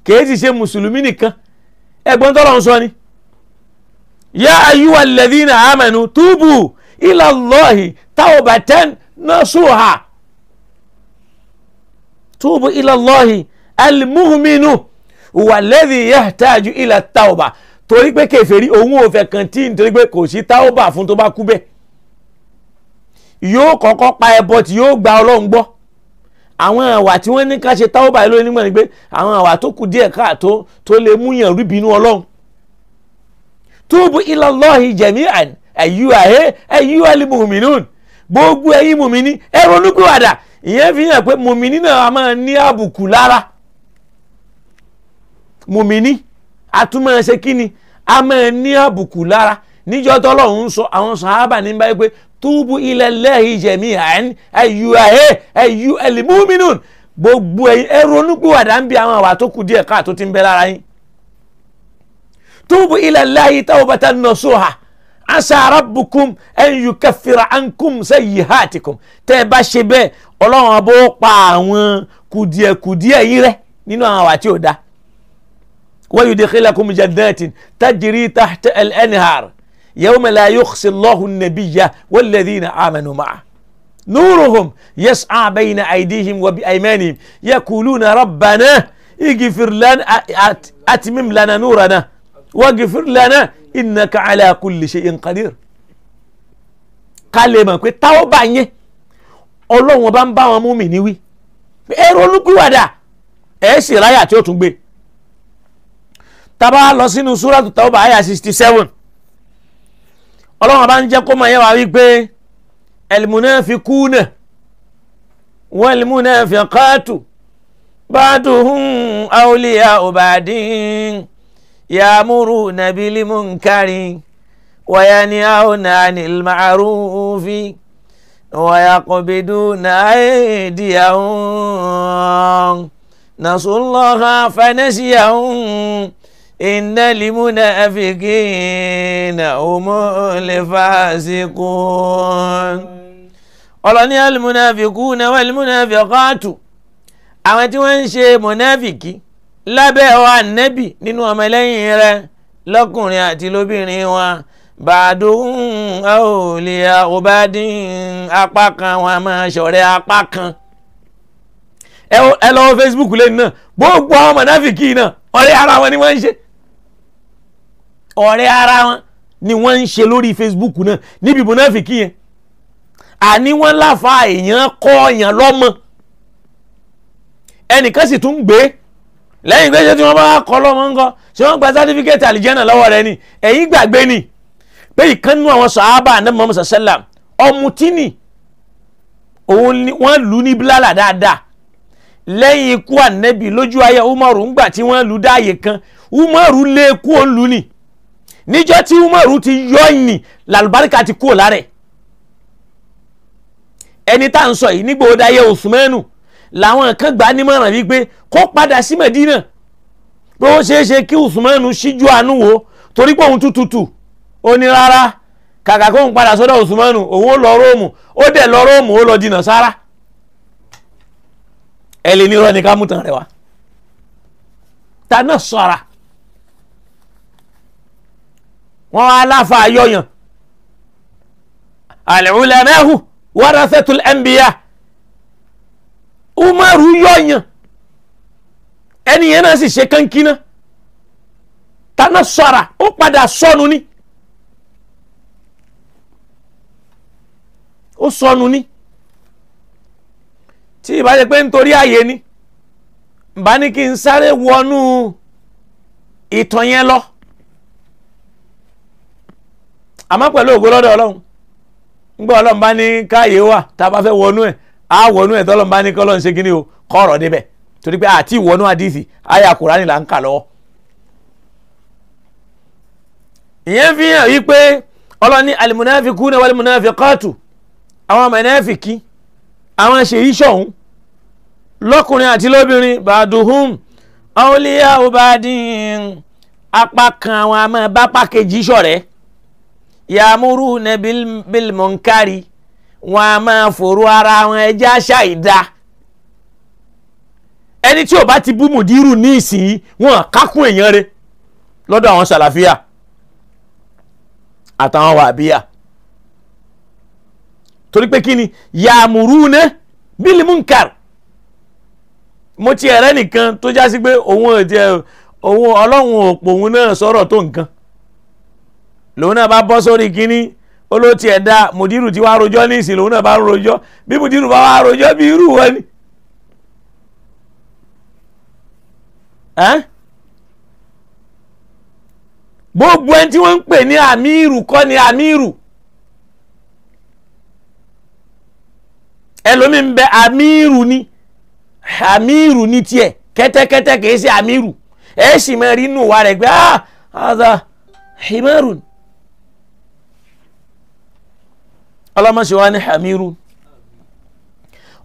kì í sì ṣe mùsùlùmí nìkan ẹ̀gbọ́n tọ́lọ̀ ń sọ ni. yá ayúwa lẹ́dínà àmánù túbù ilà lọ́ọ̀hì tawbatan nasuha túbù ilà lọ́ọ̀hì alimuhuminu wàlẹ́dí yahtaju ilà tawba torí pé kèfèrí òun ò fẹ́ kàn tí nítorí pé kò sí táwọ́bà fún tó bá kú bẹ́ẹ̀ yóò kọ́kọ́ pa ẹbọ tí yóò gba ọlọ́run gbọ́ àwọn àwà tí wọ́n ní ká ṣe táwọ́bà lórí nígbà ni pé àwọn àwà tó kù díẹ̀ káàtó tó lè mú yàn rí bínú ọlọ́run túbú ilallahi jami'an ayyuha ayyuha al-mu'minun gbogbo ẹ̀yin mùmíní ẹ ronú ìyẹn fi hàn pé mùmíní náà máa ní àbùkù lára mùmíní a tún kí ni a máa ní àbùkù lára níjọ́ tọ́lọ́run ń sọ àwọn sàhábà ní báyìí pé túbú ilẹ̀ lẹ́yìn jẹ̀mí àẹ́n ẹ̀yù àẹ́ ẹ̀yù ẹ̀lìmúmínún gbogbo ẹ̀rọnú gbòwàdà ń bi àwọn àwà tó kù díẹ̀ káà tó ti ń bẹ lára yín. túbú ilẹ̀ lẹ́yìn tawbatan nasuha asa rabbukum an yukaffira ankum sayyi'atikum tẹ́ ẹ bá ṣe bẹ́ẹ̀ ọlọ́run abó pa àwọn kùdìẹ̀kùdìẹ̀ yín rẹ́ nínú àwà tí ò dáa ويدخلكم جنات تجري تحت الأنهار يوم لا يخزي الله النبي والذين آمنوا معه نورهم يسعى بين أيديهم وبأيمانهم يقولون ربنا اغفر لنا أتمم لنا نورنا واغفر لنا إنك على كل شيء قدير kalẹ̀ mọ̀ pé táwọn bá yẹn ọlọ́run ọba ń bá wọn mú mi níwí ẹ ronúkúwàdà ẹ sì tábà lọ sínú súrátù Tawbah àyà sixty seven ọlọ́run bá ń jẹ́ kó mọ̀ yẹ́ wá wípé al-munafiquna wal-munafiqatu ba'duhum awliya'u ba'din ya'muruna bil-munkari wa yanhawna 'anil ma'rufi wa yaqbiduna aydiyahum nasu Allaha fanasiyahum inna limunafikina humul fasiqun ọlọ́ni alimunafikuna walimunafikatu àwọn tí wọ́n ń ṣe munafiki lábẹ́ wa nẹ́bì nínú ọmọlẹ́yìn rẹ̀ lọ́kùnrin àti lóbìnrin wa bàdùn àwòlíà òbádìn apá kan wọn a máa ṣọ̀rẹ́ apá kan ẹ lọ́wọ́ Facebook lẹ́nu náà gbogbo àwọn munafiki náà ọ̀rẹ́ ara wọn ni wọ́n ń ṣe ọ̀rẹ́ ara wọn ni wọ́n ń ṣe lórí Facebook náà níbi mùnáfìkì yẹn àní wọ́n láfa èèyàn kọ́ èèyàn lọ́mọ ẹnìkan sì tún gbé lẹ́yìn pé ṣé tí wọ́n bá kọ́ lọ́mọ ńkọ́ ṣé wọ́n gba sátífíkẹ́tì àlìjẹ́nà lọ́wọ́ rẹ ni ẹ̀yin gbàgbé ni pé ìkànnú àwọn sàhábà àná mọ́mọ́ sàṣẹ́là ọ̀mùtínì ni wọ́n lù ní bílálà dáadáa lẹ́yìn ikú ànẹ́bì lójú ayé umaru ńgbà tí wọ́n lù dáàyè kan umaru lé ikú òun lù ní níjọ́ tí umaru ti yọ ìyìn làlùbáríkà ti kúrò lára ẹ̀ ẹni tá à ń sọ yìí nígbà ó dáyé Usmanu làwọn kan gbà á nímọ̀ràn wípé kó padà sí Medina pé ó ṣeé ṣe kí Usmanu ṣíjú àánú wò torí pé òun tútùtù ó ní rárá kàkà kó ń padà sọ́dọ̀ Usmanu òun ó lọ Róòmù ó dẹ̀ lọ Róòmù ó lọ di Nàsárà ẹ lè ní ká mú tàn rẹ ta náà sọ̀ra wọ́n wá láfa yọyàn al-ulama'u warathatul anbiya umaru yọyàn ẹni yẹn náà sì ṣe kankí náà tana sọra ó padà sọnù ni ó sọnù ni tí ìbá pé nítorí ààyè ni bá ní kí n sáré wọnú ìtàn yẹn lọ. àmọ́ pẹ̀lú ògo lọ́dọ̀ ọlọ́run ńgbọ́ ọlọ́run bá ní káàyè wà tá a bá fẹ́ wọnú ẹ̀ á wọnú ẹ̀ tọ́lọ́run bá ní kọ́lọ́run ṣe kíní o kọ́ọ̀rọ̀ débẹ̀ torí pé àti ìwọnú àdìsí là ń kà lọ́wọ́. ìyẹn fi hàn pé ọlọ́run ní àwọn àwọn ṣọ̀hún lọ́kùnrin àti lóbìnrin bàdùhùn dín apá kan àwọn àmọ́ bá pàkejì ṣọ̀rẹ́ yàmúrú nabil bilmunkari wọn a máa fòrò ara wọn ẹjẹ àṣà ìdá ẹni tí ò bá ti bú mùdírù ní ìsìn wọn kákún èèyàn rẹ̀ lọ́dọ̀ àwọn sàlàfíà àtàwọn wàbíà torí pé kí ni yàmúrú ná bilmunkar mo ti ẹ̀rẹ́ nìkan tó já pé òun ọlọ́run òpòun náà sọ̀rọ̀ tó nǹkan lòun náà bá bọ́ sórí kínní ó ló mùdírù tí wàá rojọ́ ní ìsìn lòun náà bá rojọ́ bí mùdírù bá wàá rojọ́ bí wọn ni. gbogbo ẹni tí wọ́n ń pè ní kọ́ ni àmírù ń bẹ ni àmírù ni tiẹ̀ kẹ́tẹ́kẹ́tẹ́ kìí ṣe àmírù ẹ̀ sì mẹ́rin nù wa rẹ̀ pé ah himarun ọlọ́mọṣẹ́ wa ní hamiru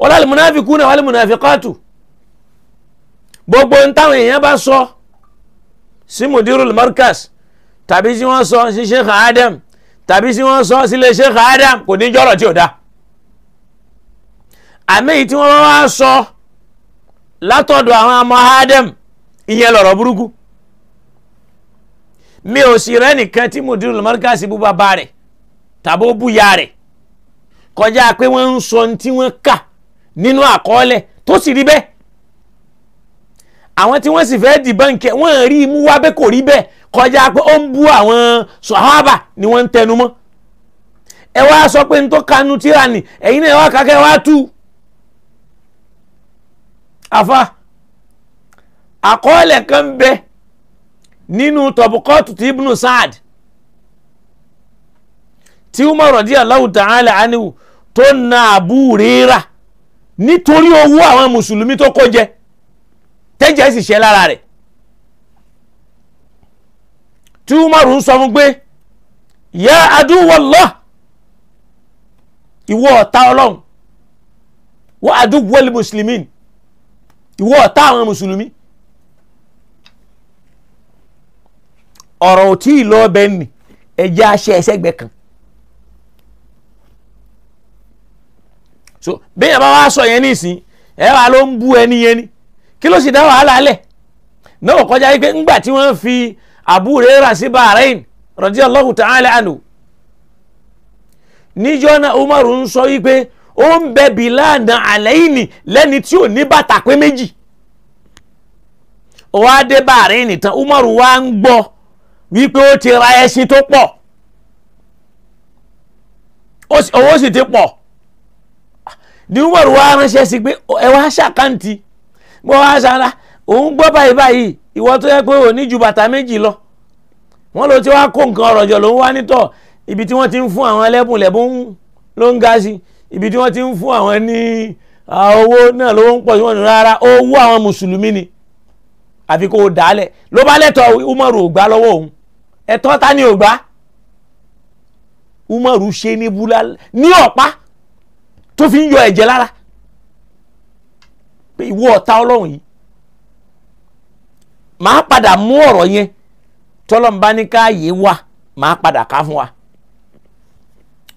wal munafiquna wal munafiqatu gbogbo ntáwọn èèyàn bá sọ sí mudirul markas tàbí tí wọ́n sọ sí sheikh adam tàbí tí wọ́n sọ sílé sheikh adam kò ní jọ́rọ̀ tí ò dáa àmì èyí tí wọ́n bá wá sọ látọ̀dọ̀ àwọn ọmọ adam ìyẹn lọ̀rọ̀ burúkú mi ò sì rẹ́ nìkan tí mudirul markas bú bàbá rẹ̀ tàbí ó bú ya rẹ̀ kọjá pé wọ́n ń sọ tí wọ́n kà nínú àkọọ́lẹ̀ tó sì rí bẹ́ẹ̀ àwọn tí wọ́n sì fẹ́ dìbọ́nkẹ́ wọ́n rí i mú wá bẹ́ẹ̀ kò rí bẹ́ẹ̀ kọjá pé ó ń bú àwọn sọ̀hábà ni wọ́n ń tẹnu mọ́ ẹ wá sọ pé n tó kanu tíra nì ẹ̀yin náà ẹ wá kakẹ́ wá tú àfa àkọọ́lẹ̀ kan bẹ nínú tọ̀bùkọ́tù ti Ibnu Saad tí Umar radiyallahu ta'ala anhu tó na Abu Hurairah nítorí owó àwọn mùsùlùmí tó kó jẹ tẹ́jẹ̀ sì ṣe lára rẹ̀ tí Umaru ń sọ fún pé ya aduwallah ìwọ ọ̀tá ọlọ́run wa aduwal muslimin ìwọ ọ̀tá àwọn mùsùlùmí ọ̀rọ̀ ò tí ì lọ bẹ́ẹ̀ ni ẹ̀jẹ̀ aṣẹ ẹ̀sẹ̀gbẹ̀ kan so béèyàn bá wá sọ yẹn nísìn ẹ wà ló ń bú ẹni yẹn ni kí ló sì dá wàhálà lẹ̀ náà kọjá yìí ńgbà tí wọ́n fi Abu Hurairah sí Bahrain radiyallahu ta'ala Umaru ń sọ yìí pé ó ń bẹ lẹ́ni tí ò ní bàtà pé Umaru wá ń gbọ́ wípé ó ti ra ẹṣin tó ti pọ̀ ni Umar wá ránṣẹ́ sí pé ẹ wá ṣàkáǹtì bó wá ṣara òun gbọ́ báyìí báyìí ìwọ tó yẹ pé òní ju bàtà méjì lọ wọ́n ló ti wá kó nǹkan ọ̀rọ̀ jọ lòun wá nítọ̀ ibi tí wọ́n ti ń fún àwọn ẹlẹ́bùn lẹ́bùn ló ń ga sí ibi tí wọ́n ti ń fún àwọn ní owó náà ló ń pọ̀ sí wọn rárá owó àwọn mùsùlùmí ni àfi kó o ló bá lẹ́tọ̀ Umaru ò gbà lọ́wọ́ òun ẹ̀tọ́ ta ni ò gbà Umaru ṣe ní búlá ní ọ̀pá tó fi ń yọ ẹ̀jẹ̀ lára pé ìwọ ọ̀tá ọlọ́run yìí màá padà mú ọ̀rọ̀ yẹn tọ́lọ́n bá ní káàyè wà màá padà ká fún wa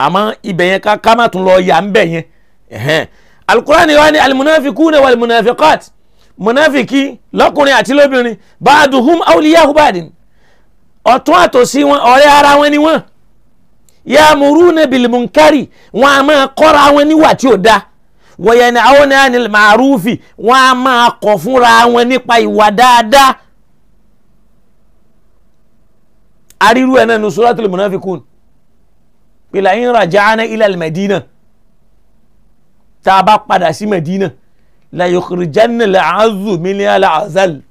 àmọ́ ibẹ̀ yẹn ká má tún lọ yà ń bẹ̀ yẹn alukurani wa ni alimunafikuna wa alimunafikat munafiki lọ́kùnrin àti lóbìnrin baaduhum awliyahu baadin ọ̀tún àtòsí wọn ọ̀rẹ́ ara wọn ni ya'muruna bil munkari wọn a máa kọ́ra wọn níwà tí ò da wa yanhauna anil ma'rufi wọn a máa kọ̀ fúnra wọn nípa ìwà dáadáa ariru ẹ̀ náà ní suratul munafikun pé la in raja'na ila al-madina tá a bá padà sí Medina la yukhrijanna al-azzu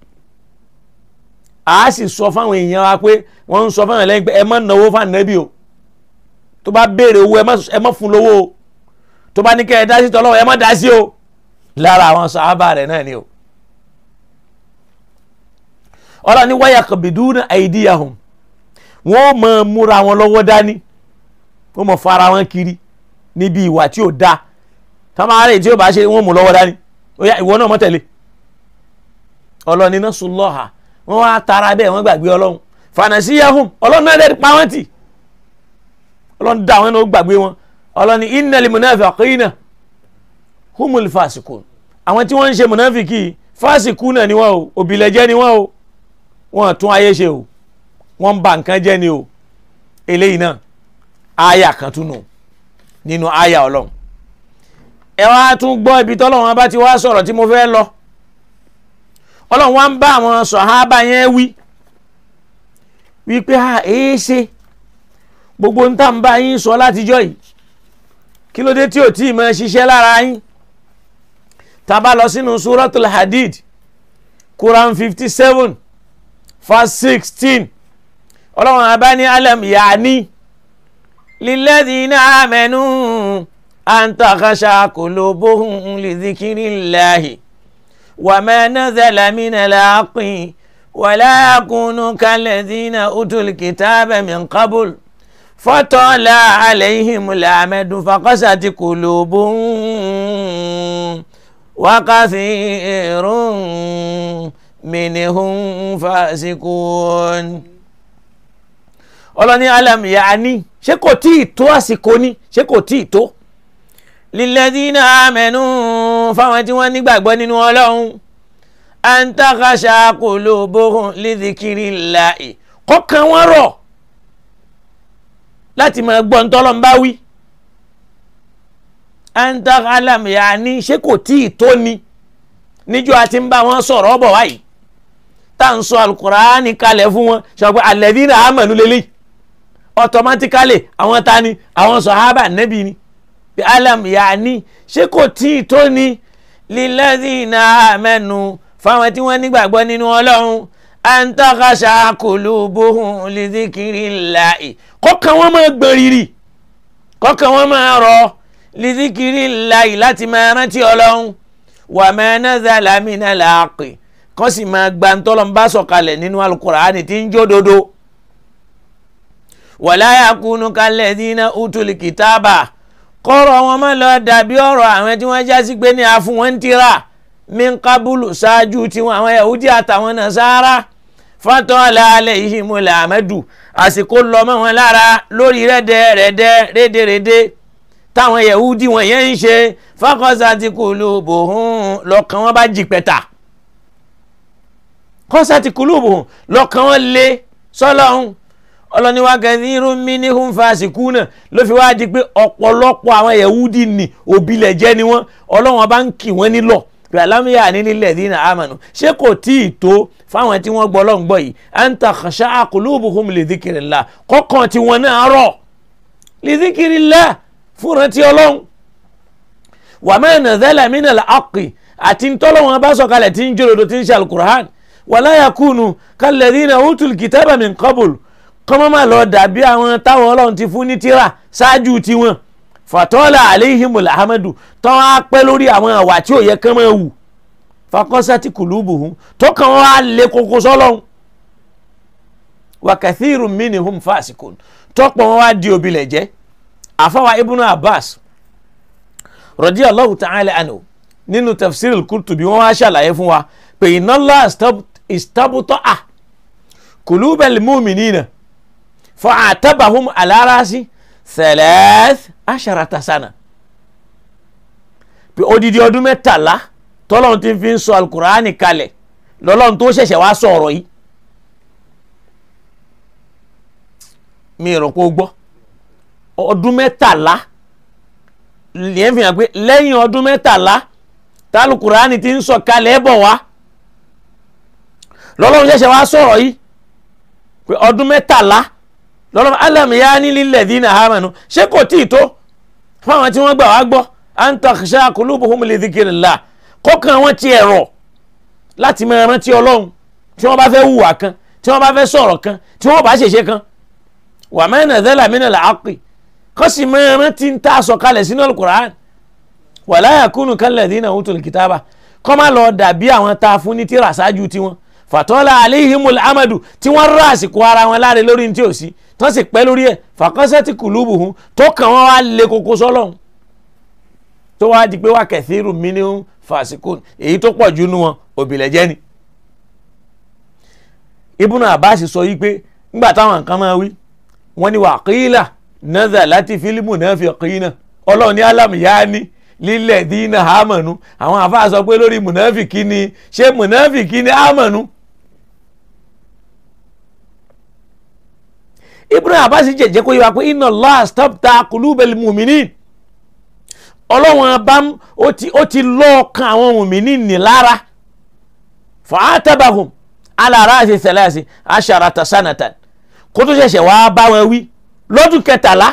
a sì sọ fáwọn èèyàn wa pé wọ́n ń sọ fáwọn ẹlẹ́yìn ẹ má náwó fún ànábì o tó bá béèrè owó ẹ má fún lówó o tó bá ní kẹ́ ẹ dá sí tọ́lọ́wọ́ ẹ má dá sí o lára àwọn sàábà rẹ̀ náà ni o. ọlọ́ni wáyà kọ̀bìdúnà àìdíyàhùn wọ́n ò mọ̀ múra wọn lọ́wọ́ dání wọ́n mọ̀ fara wọn kiri níbi ìwà tí ò dáa tọ́mọ rẹ̀ tí ò bá ṣe wọ́n mú lọ́wọ́ dání oya ìwọ náà mọ́ tẹ̀lé ọlọ́ni náà sùn lọ́ha wọ́n wá tara bẹ́ẹ̀ wọ́n gbàgbé ọlọ́run fànàsíyàhùn ọlọ́run náà dẹ̀ pa wọ́n tì ọlọ́run dá àwọn ẹni ó gbàgbé wọn ọlọ́run ní innal munafiqina humul fasikun àwọn tí wọ́n ń ṣe munafiki fasikuna ni wọ́n o òbílẹ̀jẹ́ ni wọ́n o wọ́n tún ayé ṣe o wọ́n ń ba nǹkan jẹ́ ni o eléyìí náà aya kan tún nù nínú aya ọlọ́run ẹ wá tún gbọ́ ibi tọ́lọ́run bá ti wá sọ̀rọ̀ tí mo fẹ́ lọ ọlọ́run wá ń bá àwọn sọ̀hábà yẹn wí wípé a èé ṣe. E gbogbo ń tà ń bá yín sọ látijọ́ yìí kí ló dé tí ò tí ì máa ṣiṣẹ́ lára yín tá bá lọ sínú suratul hadid quran fifty seven verse sixteen ọlọ́run abáni alam yaani lilladhina amanu an takhasha qulubuhum lidhikrillahi wa ma nazala minal haqqi wa la yakunu kalladhina utul kitaba min qabl fọ́tọ́lá àlẹ́yìnmùlẹ̀ àmẹ́dùn fàkọ́sà ti kò lóbó wákàtí irun mìnìhún fàṣíkún. ọlọ́ni alamiya ni ṣé kò tí ì tó àsìkò ni ṣé kò tí ì tó. lílẹ́dínà àmẹ́nu fáwọn tí wọ́n nígbàgbọ́ nínú ọlọ́run àǹtàkàṣà kò lóbó lídìkiri láì kọ́kàn wọ́n rọ̀ láti máa gbọ́ ń tọ́lọ́ ń bá wí antar alam yaani ṣé kò tí ì tó ni níjọ́ a ti ń bá wọn sọ̀rọ̀ ọ̀bọ̀ wáyìí tá à ń sọ alukuraani kalẹ̀ fún wọn ṣàpẹ́ alẹ́bí náà àmàlú lélẹ́yìí automatically àwọn ta ni àwọn sọ̀hábà nẹ́bí ni bí alam yaani ṣé kò tí ì tó ni lílẹ́sìn náà mẹ́nu fáwọn tí wọ́n nígbàgbọ́ nínú ọlọ́run antakasa kulubuhum lidhikirillahi kọ́kàn wọn máa gbọ̀n rírì kọ́kàn wọn máa rọ lidhikirillahi láti máa rántí ọlọ́run wa ma nazala minal haqq kàn sì máa gba ntọ́lọ́n bá sọ̀kalẹ̀ nínú alukur'ani tí ń jó dodo wala yakunu kalladhina utul kitaba kọ́rọ̀ wọn máa lọ dàbí ọ̀rọ̀ àwọn tí wọ́n já sí pé ní àfún wọn ń tira min qabulu ṣáájú tiwọn àwọn Yahudi àtàwọn Nasara fọ́tọ́lá aléhìmúlà àmẹ́dù àsìkò lọ mọ́ wọn lára lórí rẹ́dẹ́ rẹ́dẹ́ rédèrèdè táwọn yẹ̀húdí wọn yẹn ń ṣe fọ́kọ́sá ti kùlù bòhún lọ́kàn wọn bá jì pẹ́ta kọ́sá ti kùlù bòhún lọ́kàn wọn lé sọ́lọ́hún ọlọ́niwákẹ́ni irúnmí ní húnfàṣìkú náà ló fi wá di pé ọ̀pọ̀lọpọ̀ àwọn yẹ̀húdí ni òbílẹ̀ jẹ́ ni wọ́n ọlọ́wọ́n bá ń kì wọ́n nílọ̀ bàlámíyà nílẹ̀ dínà àmànù ṣé kò tí ì tó fáwọn tí wọ́n gbọ́ lọ́n gbọ́ yìí à ń ta ṣá àkùlùbùhùn lè dìkìrì ńlá kọ́kàn tí wọ́n náà rọ̀ lè dìkìrì ńlá fúnra ti ọlọ́run wà mẹ́rin zẹ́là mínà àkì àti ntọ́lọ́wọ́n bá sọ̀kalẹ̀ tí ń jòròdò tí ń ṣe alukur'an wà láyà kùnú kálẹ̀ dínà hútùl kìtàbà min qabul lọ dàbí àwọn táwọn ọlọ́run ti fún ní tíra ṣáájú tiwọn fàtọ́lá aleihimul ahmadu tó wá pẹ́ lórí àwọn àwà tí ò yẹ kán máa wù fakọ́sẹ́tì kùlùbùhùn tó kàn wá lé koko sọ́lọ́hún wàkàtírù mínìhùn fásikùn tọ́pọ̀ wọn wá di òbí lẹ̀jẹ́ àfáwà ibùnú abbas radiyallahu ta'ala anhu nínú tafsiril kurtubi wọn wá ṣàlàyé fún wa pé iná lọ ìstabutọ́ à kùlùbẹ̀lì múmi nínà fọ́ àtàbàhùn alárásí thalath asharata sana pe odidi ọdún mẹ́tàlá tọ́lọ́run ti fi ń sọ alukur'ani kalẹ̀ lọ́lọ́run tó ṣẹ̀ṣẹ̀ wá sọ ọ̀rọ̀ yìí mi rò kó gbọ́ ọdún mẹ́tàlá yẹn fi hàn pé lẹ́yìn ọdún mẹ́tàlá talukur'ani ti ń sọ kalẹ̀ bọ̀ wá lọ́lọ́run ṣẹ̀ṣẹ̀ wá sọ̀rọ̀ yìí pé ọdún mẹ́tàlá lọ́lọ́run alam yá ní lílẹ̀ dín náà ṣé kò tí ì tó fáwọn tí wọ́n gbà wá gbọ́ antakhsha qulubuhum li dhikrillah kọ́kàn wọn ti ẹ̀rọ láti máa rántí ọlọ́run tí wọ́n bá fẹ́ hùwà kan tí wọ́n bá fẹ́ sọ̀rọ̀ kan tí wọ́n bá ṣèṣe kan wa ma nazala mina al-haqqi kọ́ sì máa rántí ń sọ̀kalẹ̀ sínú al-Qur'an wala yakunu kalladhina utul kitaba kọ́ má lọ dàbí àwọn tá a fún ní tíra ṣáájú tiwọn fàtọ́lá alihimul amadu tí wọ́n rà àsìkò ara wọn láre lórí ní tí ò sí tán sì pẹ́ lórí ti kùlùbù hun tó kàn wọ́n wá lé koko sọ́lọ́hún tó wá di pé wà kẹ̀síìrù mínú fàṣíkò èyí tó pọ̀ jù nú wọn òbílẹ̀ jẹ́ ni. Ibn Abbas sọ yìí pé ńgbà táwọn nǹkan máa wí wọ́n nàzà láti fílímù náà fi náà ni lílẹ̀ dín náà àwọn àfáà sọ pé lórí ni ṣé ni Ibrahim Abbas jẹjẹ kó yẹ wá pé inna Allah stapta kulubel muminin ọlọ́wọ́n abá ó ti lọ́ọ̀kan àwọn muminin ní lára fàátàbàhùn alára àti sẹlẹ̀sì aṣarata sanatan kó tó ṣẹ̀ṣẹ̀ wá bá wọn wí lọ́dún kẹtàlá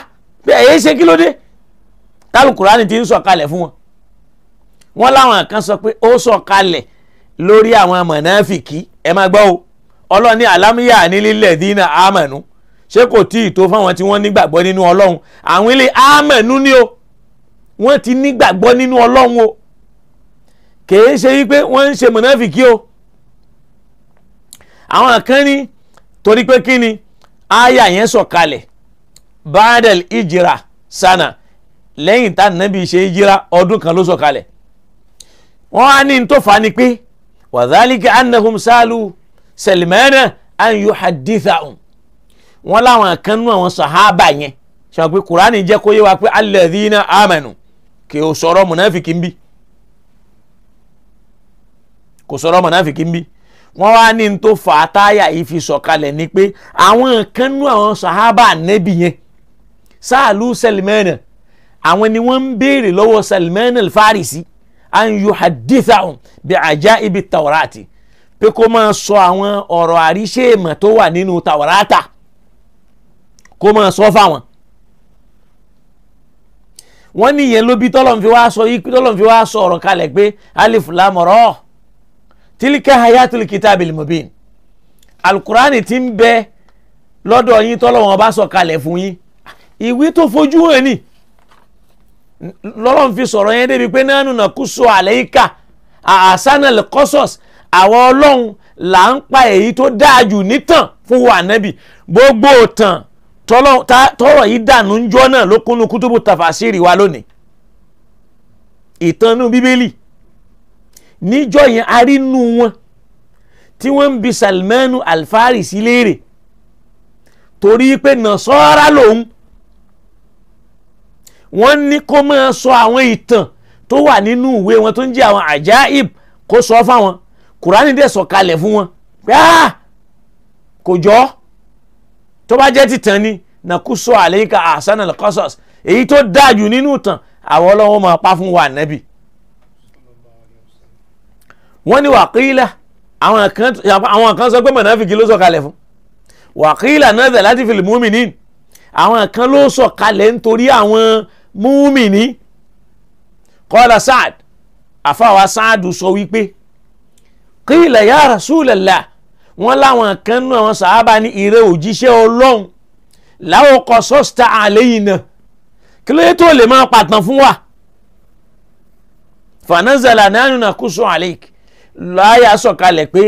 pé ẹ̀yẹ́ ṣe kí ló dé tálùkùránì ti ń sọ̀kalẹ̀ fún wọn wọn láwọn kan sọ pé ó sọ̀kalẹ̀ lórí àwọn mọ̀nàfìkì ẹ máa gbọ́ o ọlọ́ni àlámúyà nílílẹ̀ dínà àmọ̀nù ṣé kò tí ì tó fáwọn tí wọ́n nígbàgbọ́ nínú ọlọ́run àwọn ilé amẹ̀nú ni o wọ́n ti nígbàgbọ́ nínú ọlọ́run o kèé ṣe wípé wọ́n ń ṣe mọ̀nàfìkì o àwọn kan ní torí pé kí ni aya yẹn sọ̀kalẹ̀ badal ijira sana lẹ́yìn tá nàbí ṣe ijira ọdún kan ló sọ̀kalẹ̀ wọ́n á ní tó fa ni pé wàdálíkà annahum salu Salmana an yuhadithahum wọ́n láwọn kan nú àwọn sàhábà yẹn sọ pé kùránì jẹ́ kó yé wa pé alladhina amanu kì í sọ̀rọ̀ mùnáfìkì ń bí kò sọ̀rọ̀ mùnáfìkì ń bí wọ́n wá ní n tó fà á táyà yìí fi sọ̀kalẹ̀ ni pé àwọn kan nú àwọn sàhábà nẹ́bì yẹn sáàlù sẹlẹ̀mẹ́nà àwọn ni wọ́n ń béèrè lọ́wọ́ sẹlẹ̀mẹ́nà fàrìsì an yuhadithahum bi ajaibi tawrati pé kó máa sọ àwọn ọ̀rọ̀ àríṣèmọ̀ tó wà nínú tàwárátà kó máa sọ fáwọn wọ́n ní ìyẹn ló bí tọ́lọ́n fi wá sọ yìí tọ́lọ́n fi wá sọ ọ̀rọ̀ kalẹ̀ pé alif lam ra tilka hayatul kitabil mubin alukurani ti ń bẹ lọ́dọ̀ yín tọ́lọ́n wọn bá sọ kalẹ̀ fún yín ìwé tó fojú hàn ni lọ́lọ́n fi sọ̀rọ̀ yẹn débi pé nánú nà kú sọ àlẹ́yíkà àṣánàl qasas àwọn ọlọ́run là ń pa èyí tó dáa jù nítàn fún wa nábì gbogbo tàn tọ́rọ̀ yìí dànù ń jọ́ náà ló kúnnú kútùbù tàfàṣírì wa lónìí ìtànnú bíbélì níjọ́ yẹn arínú wọn tí wọ́n ń bi Salmanu Alfarisi léèrè torí pé nàṣọ́ra lòun wọ́n ní kó máa sọ àwọn ìtàn tó wà nínú ìwé wọn tó ń jẹ́ àwọn ajaib kó sọ fáwọn Kùránì dẹ̀ sọ̀kalẹ̀ fún wọn pé kò jọ́ ọ́ tó bá jẹ́ tìtàn ni nàkúsọ àlẹ́yìnká àṣánà lọ́kọ́sọ̀s èyí tó dáa jù nínú ìtàn àwọn ọlọ́wọ́ máa pa fún wa nẹ́bì. wọ́n ní wàkílà àwọn kan sọ pé mọ̀nàfíkì ló sọ̀kalẹ̀ fún wàkílà náà láti fìlì múmìnín àwọn kan ló sọ̀kalẹ̀ nítorí àwọn múmìnín kọ́lá Saad àfàwà Saadu sọ wípé kílà ya Rasulullah wọ́n láwọn kan nú àwọn sàábà ní ìrẹ òjíṣẹ́ ọlọ́run láwọn kọ sọ́sítà àléyìn náà kí ló yẹ tó lè máa pàtàn fún wa. fanazala nánú na kúsù àlèkì láyà sọ̀kalẹ̀ pé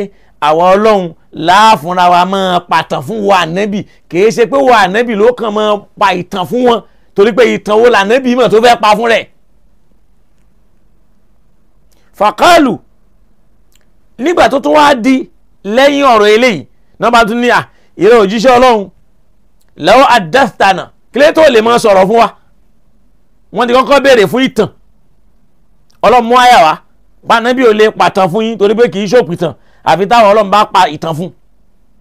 àwa ọlọ́run láàfúnra wa máa pàtàn fún wa ànábì kìí ṣe pé wa ànábì ló kàn máa pa ìtàn fún wọn torí pé ìtàn wo lànábì mọ̀ tó fẹ́ pa fún rẹ̀. fàkàlù nígbà tó tún wá di lẹ́yìn ọ̀rọ̀ eléyìí náà bá tún ní à ìrẹ́ òjíṣẹ́ ọlọ́run lọ́wọ́ àdásítànà kílé tó lè máa sọ̀rọ̀ fún wa wọ́n ti kọ́kọ́ béèrè fún ìtàn ọlọ́run mú àyà wá bánábì ò lè pàtàn fún yín torí pé kì í ṣòpìtàn àfi táwọn ọlọ́run bá pa ìtàn fún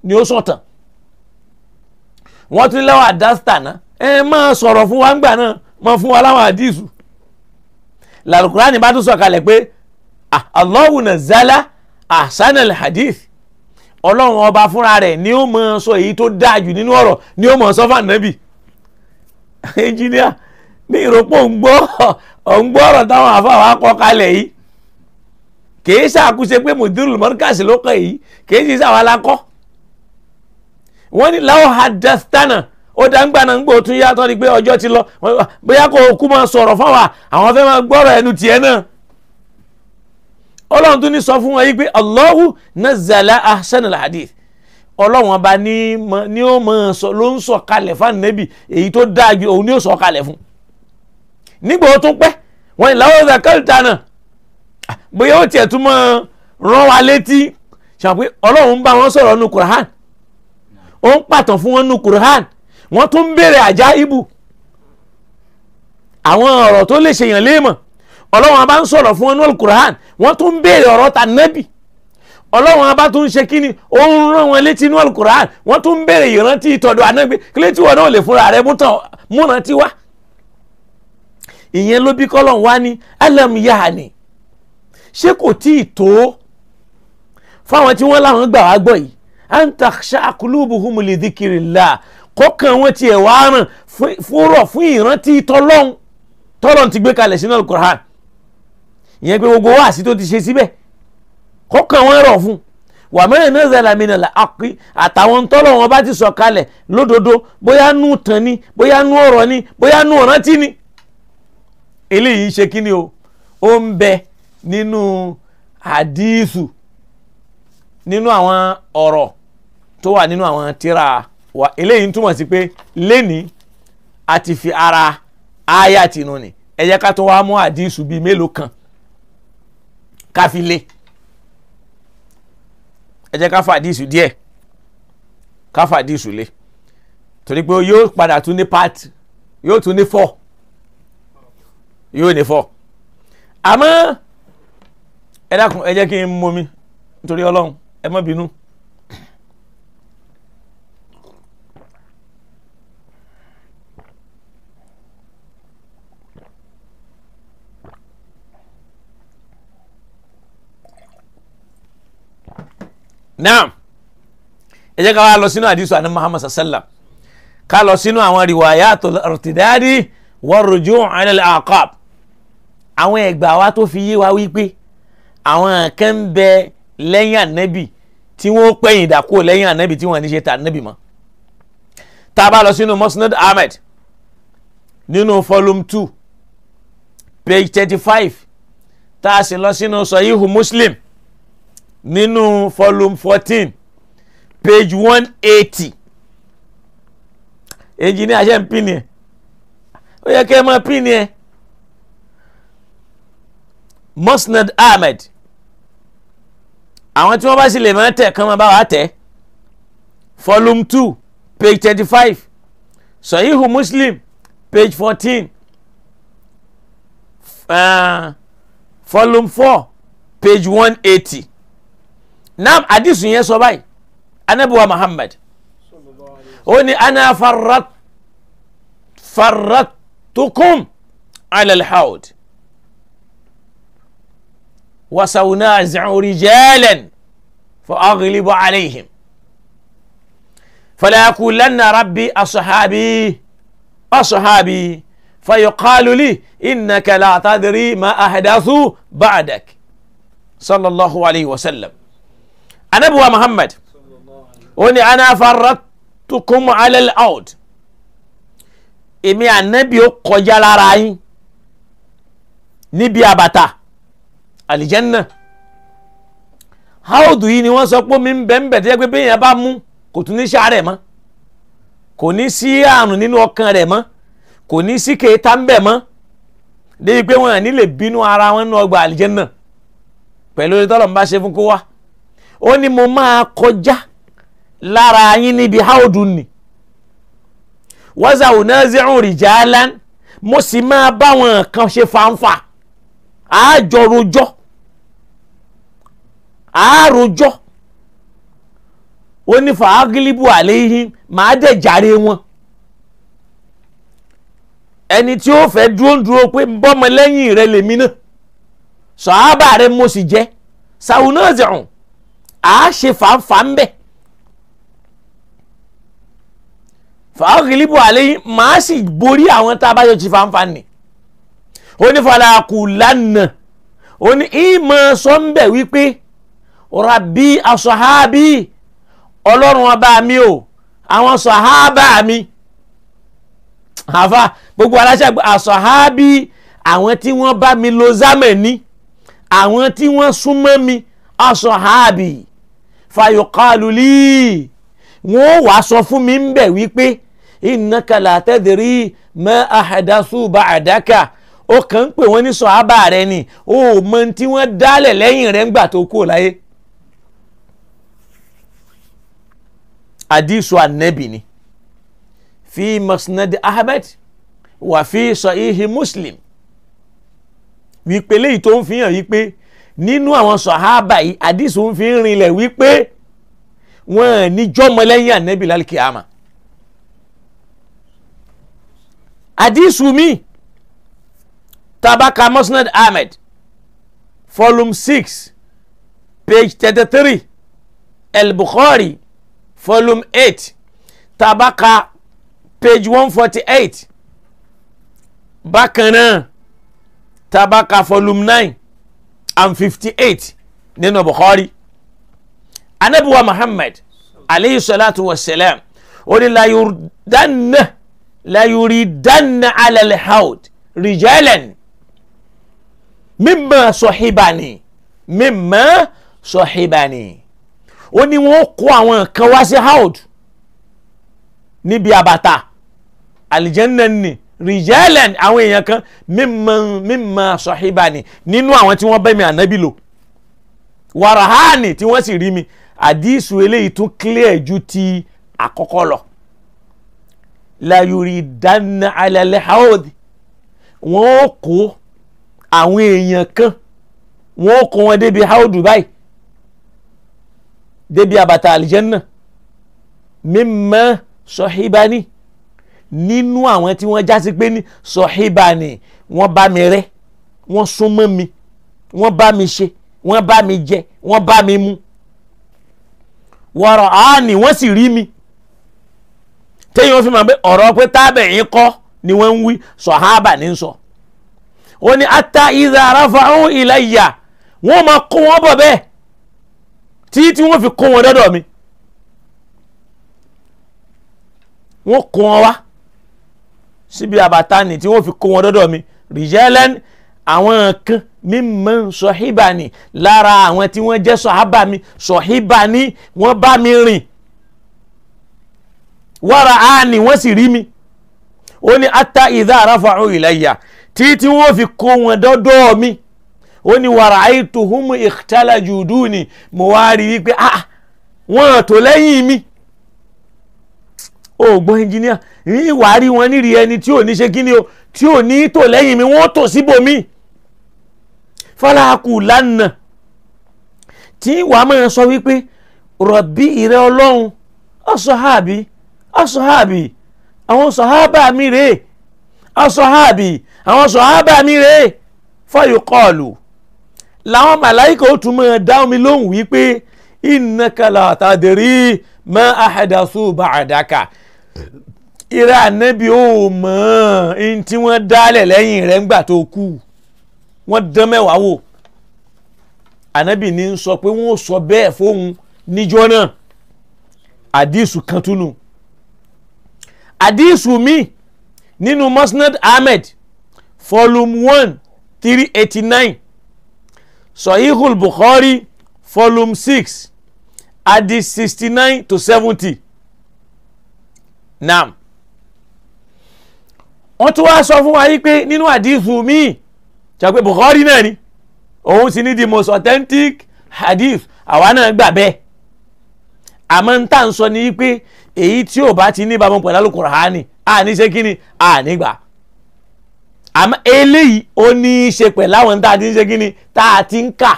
ni ó sọ̀tàn wọ́n tún lọ́wọ́ àdásítànà ẹ máa sọ̀rọ̀ fún wa ńgbà náà máa fún wa láwọn àdìsù làlùkùránì bá tún sọ̀kalẹ̀ pé Allahu nazzala ahsanal hadith ọlọ́run ọba fúnra rẹ̀ ni ó mọ̀ sọ èyí tó dáa jù nínú ọ̀rọ̀ ni ó mọ̀ sọ fànàbì ẹnjìníà ní ìrọ́pò ń gbọ́ ń gbọ́ ọ̀rọ̀ táwọn àfàwà kọ kalẹ̀ yìí kìí ṣàkóso pé mùdírù mọ́ríkàsì ló kọ yìí kìí ṣe ṣàwọn alákọ́ wọ́n ní láwọn hadastana ó dá ń gbà náà ń gbò tún yàtọ̀ ni pé ọjọ́ ti lọ bóyá kò kú máa sọ̀rọ̀ fáwọn àwọn fẹ́ máa gbọ́rọ̀ ẹnu tiẹ̀ náà ọlọ́run tún ní sọ fún wọn yìí pé Allahu nazzala ahsanal hadith ọlọ́run ọba ni ó mọ̀ sọ ló ń sọ kalẹ̀ fún ànábì èyí tó dáa ju òun ni ó sọ kalẹ̀ fún nígbà ó tún pẹ́ wọn ni làwọn ọ̀sẹ̀ kẹ́lìtà náà bóyá ó tiẹ̀ tún mọ́ rán wa létí ṣàpé ọlọ́run ń bá wọn sọ̀rọ̀ nu Qur'an ó ń pàtàn fún wọn nu Qur'an wọ́n tún ń béèrè àjá ibù àwọn ọ̀rọ̀ tó lè ṣèyàn léèmọ̀ ọlọ́run abá ń sọ̀rọ̀ fún wọn ní alukur'an wọ́n tún ń béèrè ọ̀rọ̀ ta nábì ọlọ́run abá tún ń ṣe kíni ó ń rán wọn létí ní alukur'an wọ́n tún ń béèrè ìrántí ìtọ́dọ̀ ànábì kílé tí wọn náà lè fúnra rẹ múnà tí wá. ìyẹn ló bí kọ́lọ̀ wá ní alam yahani ṣé kò tí ì tó fáwọn tí wọ́n láwọn gbà wá gbọ́ yìí anta ṣakulubuhum li dhikrillah kọ́kàn wọn tiẹ̀ wá ràn fúrọ̀ fún ìrántí tọ́lọ́n tọ́lọ́n ti gbé kalẹ̀ sínú alukur'an ìyẹn pé gbogbo wáàsí tó ti ṣe síbẹ̀ kọ́kàn wọn rọ̀ fún wàmẹ́rin náà zàlàmìnà àkí àtàwọn tọ́lọ̀ wọn bá ti sọ kalẹ̀ lódodo bóyá nù tán ni bóyá nù ọ̀rọ̀ ni bóyá nù ọ̀rán tí ni eléyìí ṣe kí ni o ó ń bẹ nínú àdíìsù nínú àwọn ọ̀rọ̀ tó wà nínú àwọn tíra wa eléyìí ń túmọ̀ sí pé lẹ́ni a fi ara áyà tìǹù ni ẹ jẹ́ ká tó wá mú àdíìsù bíi mélòó kan ká fi lé ẹ jẹ́ ká fàdíìsù díẹ̀ ká fàdíìsù lé torí pé yóò padà tún ní part yóò tún ní four yóò ní four àmọ́ ẹ dákun ẹ jẹ́ kí n mọ mi nítorí ọlọ́run ẹ má bínú. naam ẹ jẹ́ ká wá lọ sínú àdìsọ àná muhammad sallam ká lọ sínú àwọn riwayat al-irtidadi war-ruju' ala al-aqab àwọn ẹgbà wa tó fi yé wa wípé àwọn kan ń bẹ lẹ́yìn ànábì tí wọ́n pẹ̀yìn dàkú lẹ́yìn ànábì tí wọ́n ní ta ànábì mọ́ tá a bá musnad ahmed nínú volume two page thirty five tá a sì lọ sínú sahihu nínú volume fourteen page one eighty engineer ṣe ń pin yẹn ó yẹ kẹ́ ẹ máa pin yẹn Musnad Ahmed àwọn tí wọ́n bá sì lè máa tẹ̀ kán máa bá wa tẹ̀ volume two page thirty five Sahihu Muslim page fourteen uh, volume four page one eighty. نعم أديس يا باي أنا بو محمد وني أنا فرط فرطتكم على الحوض وسونازع رجالا فأغلب عليهم فلا أقول لنا ربي أصحابي أصحابي فيقال لي إنك لا تدري ما أحدث بعدك صلى الله عليه وسلم anabi wa muhammad ó ní ana faratukum alal out èmi anabi ó kọjá lára yín níbi àbàtà àlìjẹ́nà haúdù yìí ni wọ́n sọ pé mi ń bẹ̀ ń bẹ̀ tẹ́lẹ̀ pé bẹ́ẹ̀ yẹn bá mú kò tún ní sáré mọ́ kò ní sí àrùn nínú ọkàn rẹ̀ mọ́ kò ní sí kéta ń bẹ̀ mọ́ débi pé wọ́n ní lè bínú ara wọn nínú ọgbà àlìjẹ́nà pẹ̀lú ìtọ́lọ̀ ń bá ṣe fún kó wá ó ní mo máa kọjá lára yín níbi haudu ni wọ́sà onazi'u rijalan mo sì máa bá wọn kan ṣe fanfa àájọ rojọ́ àárojọ́ ó ní fàágìlìbù àléhìn màá dẹ̀ jàre wọn ẹni tí ó fẹ́ dúró dúró pé bọ́mọ lẹ́yìn rẹ lèmi náà sọ̀hábà rẹ mo sì jẹ́ sàwùnà zẹ̀hùn a ṣe fàáfàá ń bẹ̀ fàáhìlìbù àlẹ́yìn màá sì borí àwọn tá a bá yọ ti fàáfàá nì ó ní falakù lánàá ó ní ìmọ̀ sọ́ńbẹ̀ wípé rabbi asahabi ọlọ́run ọba mi o àwọn sahaba mi àfa gbogbo aláṣẹ asahabi àwọn tí wọ́n bá mi lo zámẹ̀ ní àwọn tí wọ́n súnmọ́ mi asahabi fayọ̀kálù lì wọ́n ó wàá sọ fún mi ń bẹ̀ wípé innaka la tadri ma ahdathu ba'daka ó kàn ń pè wọ́n ní sọ̀hábà rẹ ni ó mọ tí wọ́n dálẹ̀ lẹ́yìn rẹ̀ ńgbà tó kú láyé. àdìsù ànẹ́bì ni fi masnadi ahmed wà fi sahihi muslim wípé léyìí tó ń fi hàn yí pé nínú àwọn sọ̀hábà yìí àdìsí òun fi ń rinlẹ̀ wípé wọn ò ní jọ́mọ lẹ́yìn ànẹ́bí lálùkì àmà àdìsí mi tabaka musnad ahmed volume six page thirty-three el-bukhari volume eight tabaka page one forty-eight bákan náà tabaka volume nine and fifty eight nínú bukhari anabiwa muhammad aleyhi salatu wa salam ó ní layuridanna layuridanna alalhaud rijalan mimma sọhibani mimma sọhibani ó ní wọn kó àwọn kan wá sí haud níbi àbàtà alijanna ni rìjẹ́lẹ̀ àwọn èèyàn kan mímọ mímọ sọ̀híbà ni nínú àwọn tí wọ́n bẹ́ mi ànábì lò wàràhánì tí wọ́n sì rí mi àdísù eléyìí tún clear ju ti àkọ́kọ́ lọ layuri dana alalẹ haod wọn ò kó àwọn èèyàn kan wọn ò kó wọn débi haodu báyìí débi àbàtà àlìjẹ́nnà mímọ sọ̀híbà ni nínú àwọn tí wọ́n já sí pé ní sọ̀híbà ni wọ́n bá mi rẹ́ wọ́n súnmọ́ mi wọ́n bá mi ṣe wọ́n bá mi jẹ wọ́n bá mi mu wọ̀rọ̀ àánì wọ́n sì rí mi téèyàn fi mọ̀ pé ọ̀rọ̀ pé tábẹ̀yìn kọ́ ni wọ́n ń wí sọ̀hábà ní sọ ó ní ata ìdá aráfa ọ̀hún ilẹ̀ ìyà wọ́n máa kó wọn bọ̀ bẹ́ẹ̀ títí wọ́n fi kó wọn dọ́dọ̀ mi wọ́n kó wọn wá síbi àbátánì tí wọ́n fi kó wọn dọ́dọ̀ mi rìjẹ́lẹ́n àwọn kan mímọ́ sọ̀híbà ni lára àwọn tí wọ́n jẹ́ sọ̀hábà mi sọ̀híbà wọ́n bá mi rìn wọ́ra á wọ́n sì rí mi ó ní ata ìdá àràfàáhùn ìlàyà tí tí wọ́n fi kó wọn dọ́dọ̀ mi ó ní wàrà àìtòhùnmù ìtàlàjùdù ni mo wá rí wípé ah, ah wọ́n tó lẹ́yìn mi ògbọ́n ẹnjìníà ìwà rí wọn nírì ẹni tí ò ní ṣe kíni o tí ò ní tò lẹ́yìn mi wọ́n tò síbòmí fọláàkù lánàá tí wàá máa sọ wípé rọ̀bí ìrẹ́ ọlọ́run ọ̀sọ̀háàbí ọ̀sọ̀háàbí àwọn sọ̀háàbà mi rèé ọ̀sọ̀háàbí àwọn sọ̀háàbà mi rèé fọyọ kọọlù làwọn màláìkà ó tún máa dá omi lóhùn wípé ìnàkàlà àtàdérí máa àhàdàsó bàdàkà ìrẹ́ ànábì ò mọ̀ ọ́n tí wọ́n dálẹ̀ lẹ́yìn rẹ̀ ńgbà tó kú wọ́n dán mẹ́wàá wò ànábì ní sọ pé wọ́n sọ bẹ́ẹ̀ fóun níjọ́ náà àdìsù kan túnú àdìsù mi nínú Musnad Ahmed volume one three eighty nine Sahihul Bukhari volume six hadith sixty nine to seventy naam wọ́n tún wá sọ fún wa yí pé nínú àdìfù míì sọ pé Bukhari náà ni òun sì ní the most authentic hadith àwa náà gbà bẹ́ẹ̀ àmọ́ n tà ń sọ ni pé èyí tí ò bá ti ní ìbámu pẹ̀lú Al-Qur'ani àní ṣe kí ni àní gbà àmọ́ eléyìí ó ní í ṣe pẹ̀lú àwọn tá a ti ń ṣe kí ni tá a ti ń kà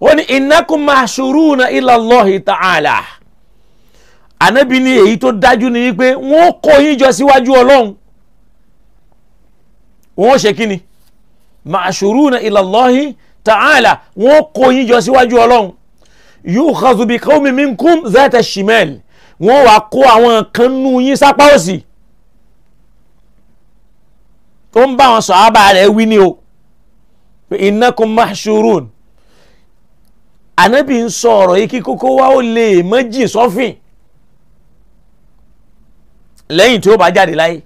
wọ́n ní innakum mahshuruna ila Allahi ta'ala ànábì ní èyí tó dájú ni wípé wọ́n kó yín jọ síwájú ọlọ́run wọ́n ṣe kí ni ma'ashuruna ila Allahi ta'ala wọ́n kó yín jọ síwájú ọlọ́run yukhazu bi qawmin minkum zata shimal wọ́n wá kó àwọn kan nú yín sápá òsì tó ń bá wọn sàhábà rẹ̀ wí ni o innakum ma'ashurun ànábì ń sọ ọ̀rọ̀ yìí kí kókó wa ó lè mọ́ jìn sọ́fìn. So lẹ́yìn tí ó bá jáde láyé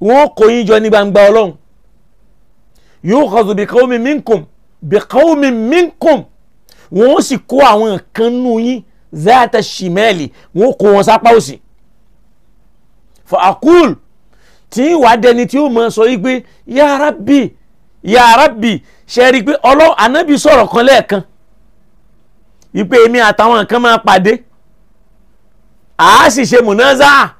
wọ́n kó yín jọ ní gbangba ọlọ́run yukhadhu bi qawmin minkum bi qawmin minkum wọ́n sì kó àwọn nǹkan nù yín zata shimali wọ́n kó wọn sápá òsì fa akul, tí wàá dẹni tí ó mọ sọ yìí pé ya rabbi ya rabbi ṣe rí i pé ọlọ́run ànábì sọ̀rọ̀ kan lẹ́ẹ̀kan ìpè èmi àtàwọn nǹkan máa pàdé àá sì ṣe mùnáza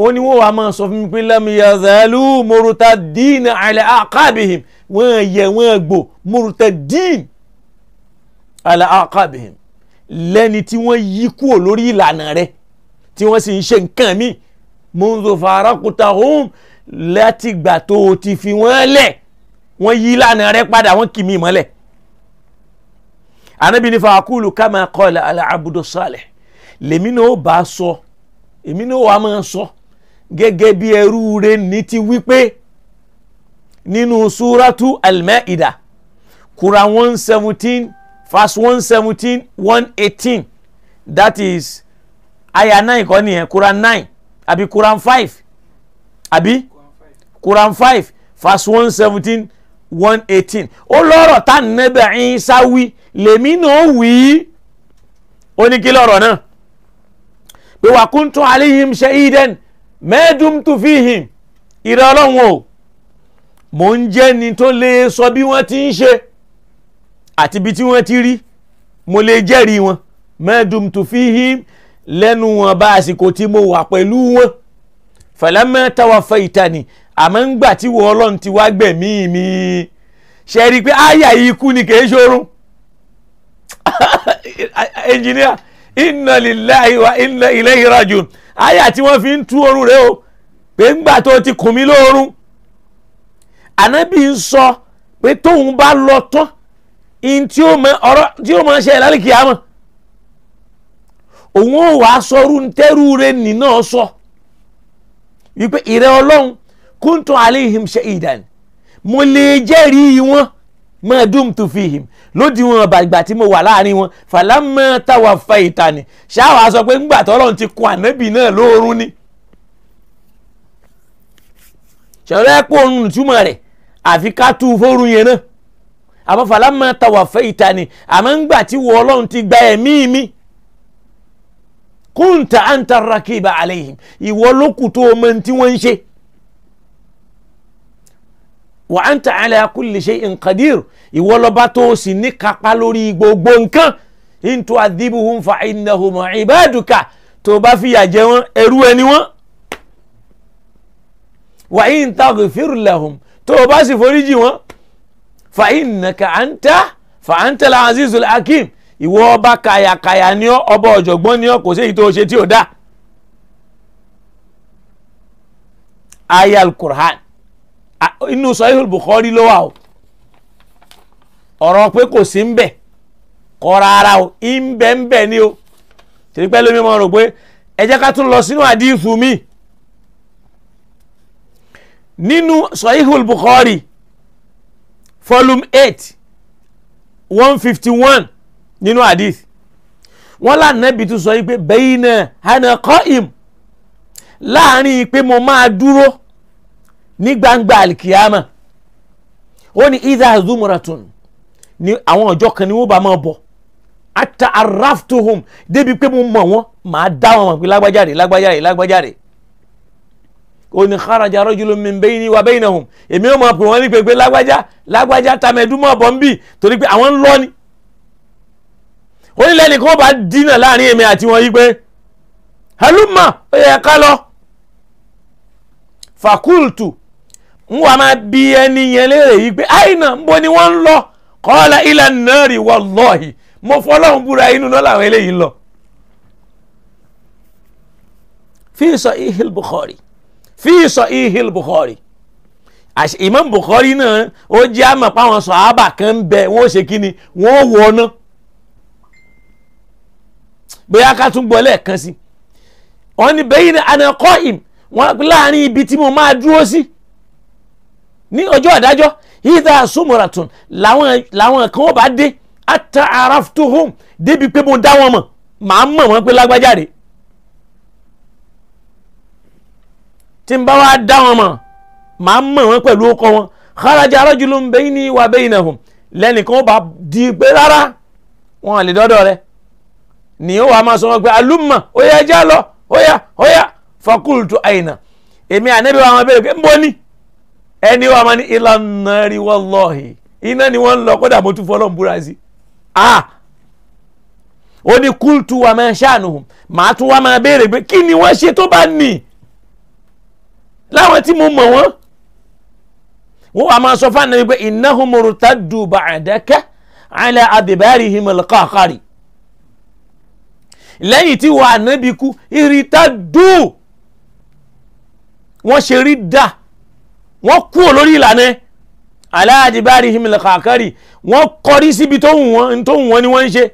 ó ní wọ́n wàá máa sọ fún mi pé lẹ́mu yazalu muruta dín àlẹ́ àkàbìhìm wọ́n yẹ wọ́n gbò muruta dín àlẹ́ àkàbìhìm lẹ́ni tí wọ́n yí kúrò lórí ìlànà rẹ̀ tí wọ́n sì ń ṣe nǹkan mi munzu farakuta hum láti gbà tó o ti fi wọ́n lẹ̀ wọ́n yí ìlànà rẹ̀ padà wọ́n kì mí mọ́lẹ̀ anabi ní fàákùlù kama qala al-abdu salih lèmi náà bá sọ èmi náà wàá máa sọ. So gẹ́gẹ́ bí ẹrú rẹ̀ ní ti wípé nínú súrátù al-Ma'idah Quran one seventeen verse one seventeen one eighteen that is aya nine kọ́ nìyẹn Quran nine àbí Quran five àbí Quran five verse one seventeen one eighteen ó lọ́rọ̀ tá nẹ́bẹ̀ ẹ̀yìn sáwí lèmi náà wí í ó ní kí lọ́rọ̀ náà pé wàkúntún alayhim mẹ́ẹ̀dùm tù fi hìn ìrẹ́ ọlọ́run o mò ń jẹ́ ni tó lè sọ bí wọ́n ti ń ṣe àti bí tí wọ́n ti rí mo lè jẹ́rìí wọn mẹ́ẹ̀dùm tù lẹ́nu wọn bá àsìkò tí mo wà pẹ̀lú wọn fẹ̀lẹ́mẹ́ táwa fẹ́ ìtàní àmọ́ ń gbà tí wọ́n ọlọ́run ti wá gbẹ̀mí mi ṣe rí i pé àyà ikú ni kì í ṣorun ẹnjìníà inna lillahi wa inna ilayhi rajiun. hariya ti won fi n tu oru re o pe ngba gba to ti komi lo orun ana so pe tohun ba lo to ihun ti o ma n se ilaliki ha mo oun o wa soro n teru re ni naa so wipe ire olohun kuntun alihim se idani mo le je ri won ma dumtu fihim lódì wọn bàgbà tí mo wà láàrin wọn falamma tawaffaitani ṣáwà sọ pé ńgbà tọ́lọ́run ti kun ànábì náà lóorun ni. ṣẹ̀rọ ẹ̀pọ̀ òun túmọ̀ rẹ̀ àfi ká tu fóorun yẹn náà àmọ́ falamma tawaffaitani àmọ́ ńgbà tí wọ́n ọlọ́run ti gba ẹ̀mí mi kunta anta rakiba alayhim ìwọ lókùtò ọmọ tí wọ́n ń ṣe wa anta ala kulli shay'in qadir ìwọ lọ́ba tó o sì ní kápá lórí gbogbo nǹkan in tu'adhibuhum fa innahum ibaduka tó o bá fìyà jẹ wọ́n ẹrú ẹni wọ́n wa in taghfir lahum tó o bá sì foríjì wọ́n fa innaka anta fa anta al-azizul hakim ìwọ ọba kàyàkàyà ni ọ́ ọba ọ̀jọ̀gbọ́n ni ọ́ kò sí èyí tó o ṣe tí o dá ayal qur'an inú sahihul bukhari ló wà o ọ̀rọ̀ pé kò sí ń bẹ̀ kọ́ rárá o ń bẹ̀ ń bẹ̀ ni o tìrí pẹ́ lómi mọ́ rò pé ẹ ká tún lọ sínú àdífù mi nínú sahihul bukhari volume eight one fifty one nínú hadith wọ́n lànàbì tún sọ yìí pé bẹ́yìn náà hànà kọ́ im láàrin pé mo máa dúró ní gbangba alikiyama ó ní idha zumuratun ní àwọn ọjọ́ kan ní wọ́n bá máa bọ̀ ata araftuhum débi pé mo mọ̀ wọ́n màá dá wọn mọ̀ pé lágbájáde lágbájáde lágbájáde ó ní kharaja rajulun min bayni wa baynahum èmi ò mọ̀ pé wọ́n ní pé pé lágbájá lágbájá tamẹ̀dúmọ̀ bọ̀ ń bì torí pé àwọn ń lọ ni ó ní lẹ́nu kan bá dínà láàrin èmi àti wọn yí pé halumma ó yẹ ká lọ fakultu ń wà máa bi ẹni yẹn léèrè yìí pé àìnà ń bo ni wọ́n ń lọ kọ́ọ́lá ilẹ̀ náà rí wallahi mo fọlọ́run búra inú náà làwọn eléyìí ń lọ. fi sahihil Bukhari fi sahihil Bukhari Imam Bukhari náà ó jẹ́ àmọ̀ páwọn sàhábà kan bẹ wọ́n ṣe kí ni wọ́n wọ̀ ọ́ bóyá ká tún gbọ́ lẹ́ẹ̀kan sí wọ́n ní bẹ́yìn ni àná kọ́ ìm wọ́n láàrin ibi tí mo máa dúró sí. Si ní ọjọ́ àdájọ́ ìdá sumuratun làwọn kan ó bá dé ata araftuhum débi pé mo dá wọn mọ̀ màá mọ̀ wọ́n pé lágbájá rèé tí n bá wá dá wọn mọ̀ màá mọ̀ wọ́n pẹ̀lú ọkọ wọn kharaja rajulun bayni wa baynahum lẹ́nìkan ó bá di pé rárá wọn lè dọ́dọ̀ rẹ ni ó wàá máa sọ wọn pé alumma ó yá ẹjẹ́ lọ ó yá ó yá fakultu àyìnà èmi ànẹ́bí wa wọn bẹ̀rẹ̀ pé ń bọ́ ni ẹni wàá máa ní ìlànà rí wọ́n lọ́ọ̀hìn iná ni wọ́n ń lọ kódà mo tún fọlọ́n búra sí i ah! ó ní kúltù wa máa ṣàánú màá tún wá máa béèrè pé kí ni wọ́n ṣe tó bá nì láwọn tí mo mọ̀ wọ́n wọ́n wàá máa sọ fáwọn ẹni pé innahum murtaddu ba'daka ala adbarihim al-qaqari lẹ́yìn tí wọ́n ànábi kú ìrìtà dùn wọ́n ṣe rí dáa wọ́n kúrò lórí ìlànà aláàdìbárí himil kàkárì wọ́n kọrí síbi tó wù wọ́n ni wọ́n ń ṣe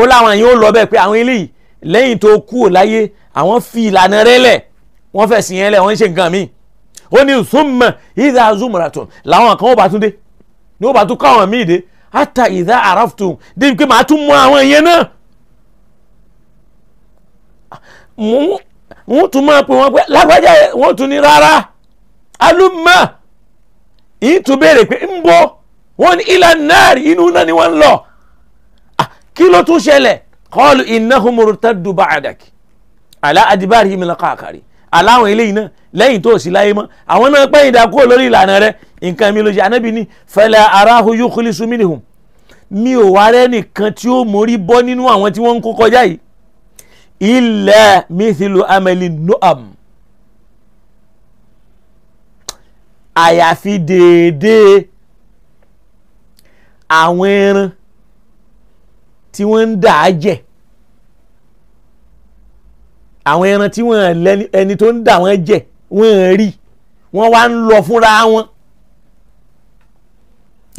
ó láwọn yìí ó lọ bẹ́ẹ̀ pé àwọn eléyìí lẹ́yìn tó kúrò láyé àwọn fi ìlànà rẹ̀ lẹ̀ wọ́n fẹ̀sìn yẹn lẹ̀ wọ́n ń ṣe nǹkan míì ó ní zumma ìdá zumratun làwọn kan ó bá tún dé ni ó bá tún káwọn míì dé ata ìdá araftum débi pé màá tún mọ àwọn ìyẹn náà wọ́n tún máa pè wọ́n pé lágbájá wọ́n tún ní rárá alúmọ̀ yìí tún béèrè pé ń bọ́ wọ́n ní ilà náà inú náà ni wọ́n ń lọ ah, kí ló tún ṣẹlẹ̀ kọ́ọ̀lù innahum murtaddu ba'dak àlá adbarihim min al-qa'qari aláwọn eléyìí náà lẹ́yìn tó sì láyé mọ́ àwọn náà pẹ́yìn dà kúrò lórí ìlànà rẹ nǹkan mi ló ṣe anábì ní fala arahu yukhlisu minhum mi ò wá rẹ́ nìkan tí ó mórí bọ́ nínú àwọn tí wọ́n ń kó kọjá yìí illa mithlu amali noam àyàfi déédéé àwọn ẹran tí wọ́n ń dà á jẹ àwọn ẹran tí wọ́n lẹ́ni ẹni tó ń dà wọ́n jẹ wọ́n rí wọ́n wá ń lọ fúnra wọn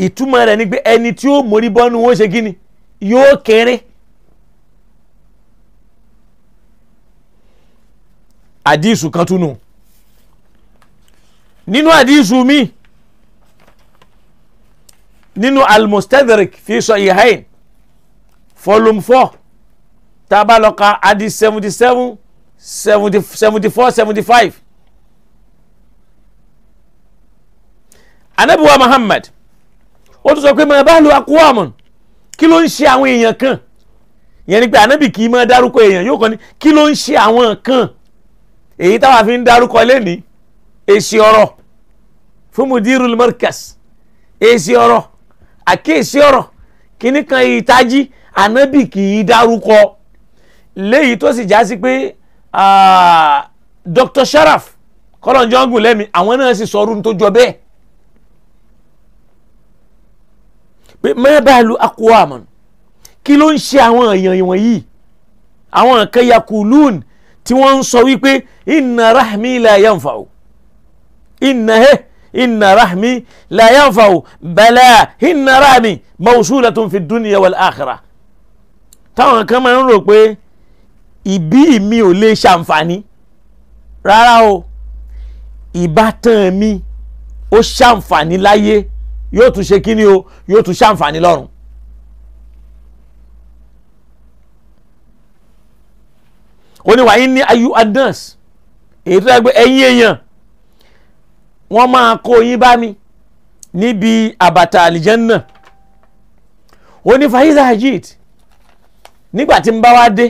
ìtumọ̀ rẹ̀ ni pé ẹni tí ó mórí bọ́nu wọn ṣe kíni yóò kéré. àdìsù kan túnú nínú àdísù mi nínú almustadrik fi sahihain volume four tá a bá lọ adi seventy seven seventy four seventy five anabiwa muhammad ó tún sọ pé mà bá lu akuwamun kí ló ń ṣe àwọn èèyàn kan yẹn ni pé anabi kì í máa dárúkọ èèyàn yóò kàn ní kí ló ń ṣe àwọn kan èyí táwa fi ń dárúkọ lẹ́nìí èsì ọ̀rọ̀ fún mudirul markas èsì ọ̀rọ̀ àkíyèsí ọ̀rọ̀ kìíní kan ìtají ànábì kì í dárúkọ léyìí tó sì já sí pé Dr. Sharaf kọlọ̀njọ́ngùn lẹ́mi àwọn náà sì sọ̀rọ̀ tó jọ bẹ́ẹ̀ pé mẹ́bàálù akọ́wàmọ̀ kí ló ń ṣe àwọn èèyàn ìwọ̀nyí àwọn kan yakulun tí wọ́n ń sọ wípé inna rahmi la yanfa'u إنه إن رحمي لا ينفع بلا إن رحمي موصولة في الدنيا والآخرة táwọn kan máa ń rò pé ìbí mi ò lè ṣàǹfààní rárá o ìbátan mi ó ṣàǹfààní láyé yóò tún ṣe kíni o yóò tún ṣàǹfààní lọ́run. ó ní wàá yín ní ayu adans èyí tó yẹ pé ẹ̀yin èèyàn wọ́n máa kó yín bá mi níbi àbàtà àlìjẹ́nnà ó ní fahiza hajid nígbà tí n bá wá dé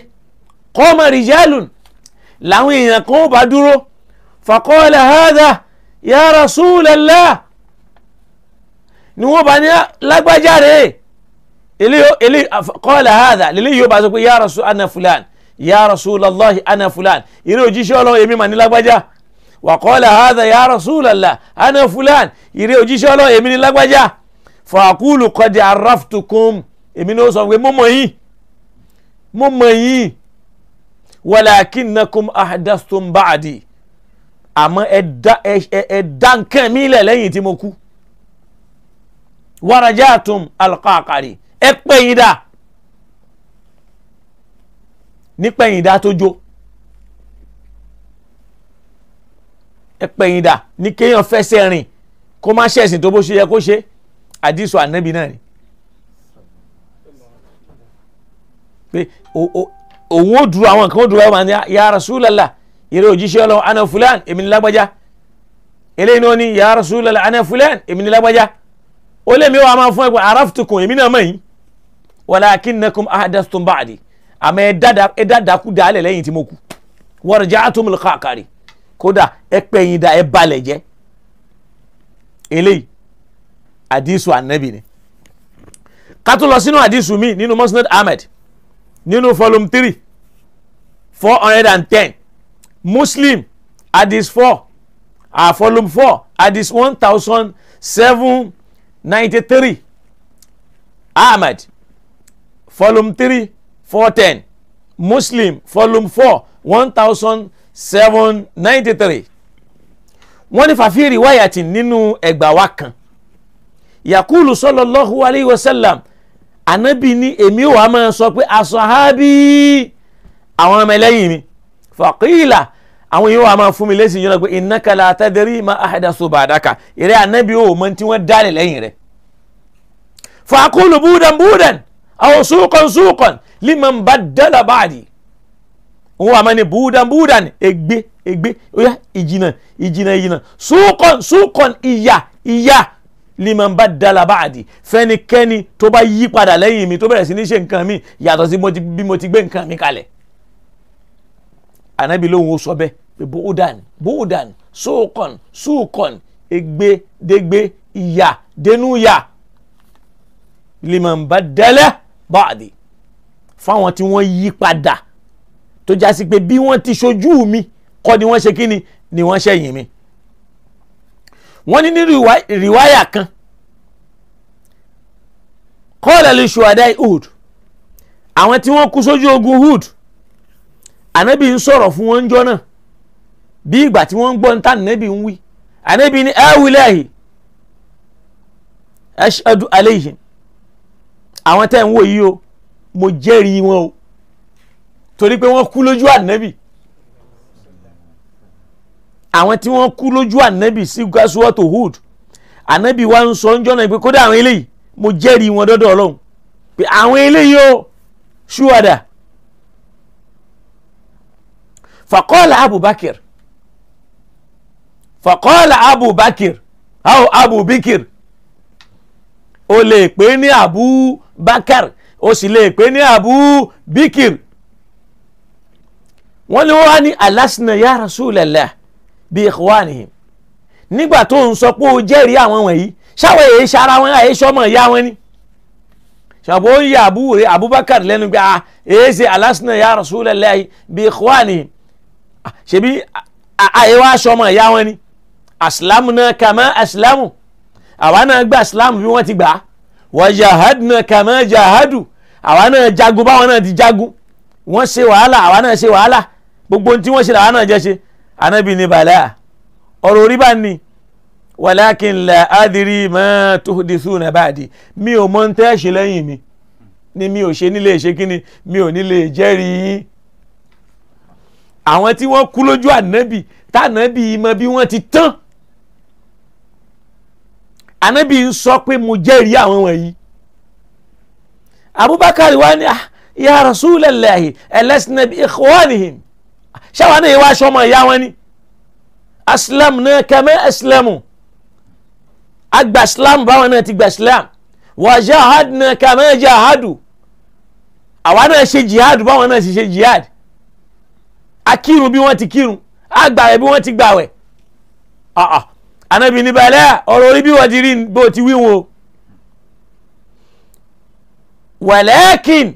kọ́mọ rìjálùn làwọn èèyàn kan ó bá dúró faqala hadha ya rasulallah ni wọ́n bá ní ah, lágbájá rèé kọ́lá hádà lílé yóò bá sọ pé ya rasul ana fulan ya rasulallahi ana fulan ìrẹ́ òjíṣẹ́ ọlọ́run èmi mà ní lágbájá wàkọ́lá hadha ya rasulallah ana fulan ìrẹ́ òjíṣẹ́ ọlọ́run èmi ni lágbájá fàkúlù qad araftukum èmi ni ó sọ pé mo mọ̀ yín mo mọ̀ yín walakinnakum ahdathtum ba'di àmọ́ ẹ dá nǹkan mi lẹ̀ lẹ́yìn tí mo kú warajatum alqaqari ẹ pẹ̀yìn dá nípẹ̀yìn dá tó jó. ẹ̀pẹ̀yìndà ní kéèyàn fẹsẹ̀ rìn kó má ṣẹ̀sìn tó bó ṣe yẹ kó ṣe àdìsọ ànábì náà ni. pé òun ó dúró àwọn nǹkan ó dúró ẹ̀wọ̀n ni ya Rasulallah eré òjíṣẹ́ ọlọ́run ana fulan èmi ní lágbájá eléyìí náà ni ya Rasulallah ana fulan èmi ní lágbájá ó lè mi wá máa fún ẹ pé araftukum èmi náà mọ̀ yín walakinnakum ahdathtum ba'di àmọ́ ẹ dáadáa kú lẹ́yìn tí mo kú warja'tumul khaakari kódà ẹ pẹ́yìn dá ẹ balẹ̀ jẹ́ eléyìí àdìsù ànábì ni ká tó lọ sínú àdìsù mi nínú musnad ahmed nínú volume three four hundred and ten muslim hadith four uh, volume four hadith one thousand seven ninety three ahmed volume three four ten muslim volume four one thousand seven ninety three wọ́n ní fàfi rìwáyàtì nínú ẹgbà wa kan yakulu sallallahu alayhi wa sallam anabi ni èmi wàá máa sọ pé asahabi àwọn ọmọ ẹlẹ́yìn mi fàkìlà àwọn yìí wàá máa fún mi lẹ́sìn yọ̀nà pé innaka la tadri ma ahdathu ba'daka ìrẹ́ anabi ò mọ tí wọ́n dálẹ̀ lẹ́yìn rẹ̀ fàkúlù búdàn búdàn aw suqan suqan liman baddala ba'di òun àmọ́ ni buudan búdàn egbe ègbé oya ijina ijina ijina súnkàn súnkàn iya iya liman badala ba'di fẹ́nikẹ́ni tó bá yí padà mi tó bẹ̀rẹ̀ sí ní ṣe nǹkan mi yàtọ̀ sí bí mo ti gbé nǹkan mi kalẹ̀ ànábì lóhun ó sọ bẹ́ẹ̀ pé búdàn búdàn súnkàn súnkàn ègbé dégbé ìyà dénúyà liman badala ba'di fáwọn tó já sí pé bí wọ́n ti ṣojú mi kọ́ ni wọ́n ṣe kí ni ni wọ́n ṣẹ̀yìn mi wọ́n ní ní rìwáyà kan kọ́ọ̀lá lè ṣùwádà Uhud àwọn tí wọ́n kú sójú ogun Uhud ànábì ń sọ̀rọ̀ fún wọn jọ náà bí ìgbà tí wọ́n ń gbọ́ níta ànábì ń wí ànábì ní ẹ wílẹ̀ àyè ashadu alayhim àwọn tẹ́ ń wò yìí o mo jẹ́rìí wọn o torí pé wọ́n kú lójú ànábì àwọn tí wọ́n kú lójú ànábì sí gasuwato hood ànábì wa ń sọ ń jọ́nà pé kódà àwọn eléyìí mo jẹ́rìí wọn dọ́dọ̀ ọlọ́run pé àwọn eléyìí ó ṣúwàdà fàkọ́ọ̀là abubakar fàkọ́ọ̀là abubakar àwọn abubakar o lè pè ní abubakar o sì lè pè ní abubakar wọ́n lè wá ní alasna ya rasulallah bí ikhwanihim nígbà tó ń sọ pé ó jẹ́rìí àwọn wọ̀nyí ṣáwọn èyí ṣara wọn àyè sọmọ ìyá wọn ni ṣàbò ó yẹ àbúrò abubakar lẹ́nu pé ah, èyí ṣe alasna ya rasulallah bí ikhwanihim ah, ṣebí àyè wá sọmọ ìyá wọn ni asilamu náà kàmá asilamu àwa náà gba asilamu bí wọ́n ti gbà á wa jahadna kama jahadu àwa náà jagun báwọn náà ti jagun wọ́n ṣe wàhálà àwa náà ṣe wàhálà gbogbo ohun tí wọ́n ṣe làwọn náà jẹ́ ṣe anábì ní bàlá ọ̀rọ̀ orí bá ní walakin la adiri ma tuhdithuna ba'di mi ò mọ ń tẹ́ ṣe lẹ́yìn mi ni mi ò ṣe nílé ṣe kíni mi ò nílé jẹ́rìí àwọn tí wọ́n kú lójú ànábì tànábì mọ bí wọ́n ti tán ànábì ń sọ pé mo jẹ́rìí àwọn wọ̀nyí Abubakar wa ni ah ya Rasulallahi alasna bi ikhwanihim ṣáwa náà yẹ wá aṣọ ọmọ ìyá wọn ni asilamu náà kẹmẹ asilamu agba islam báwọn náà ti gba islam wa jahadna kama jahadu àwa náà ṣe jihad báwọn náà ṣe ṣe jihad akírun bí wọ́n ti kírun agbàwẹ̀ bí wọ́n ti gbàwẹ̀ anabi ní balẹ̀ orí bí wọ́n ti rí bó ti wí wọn o walakin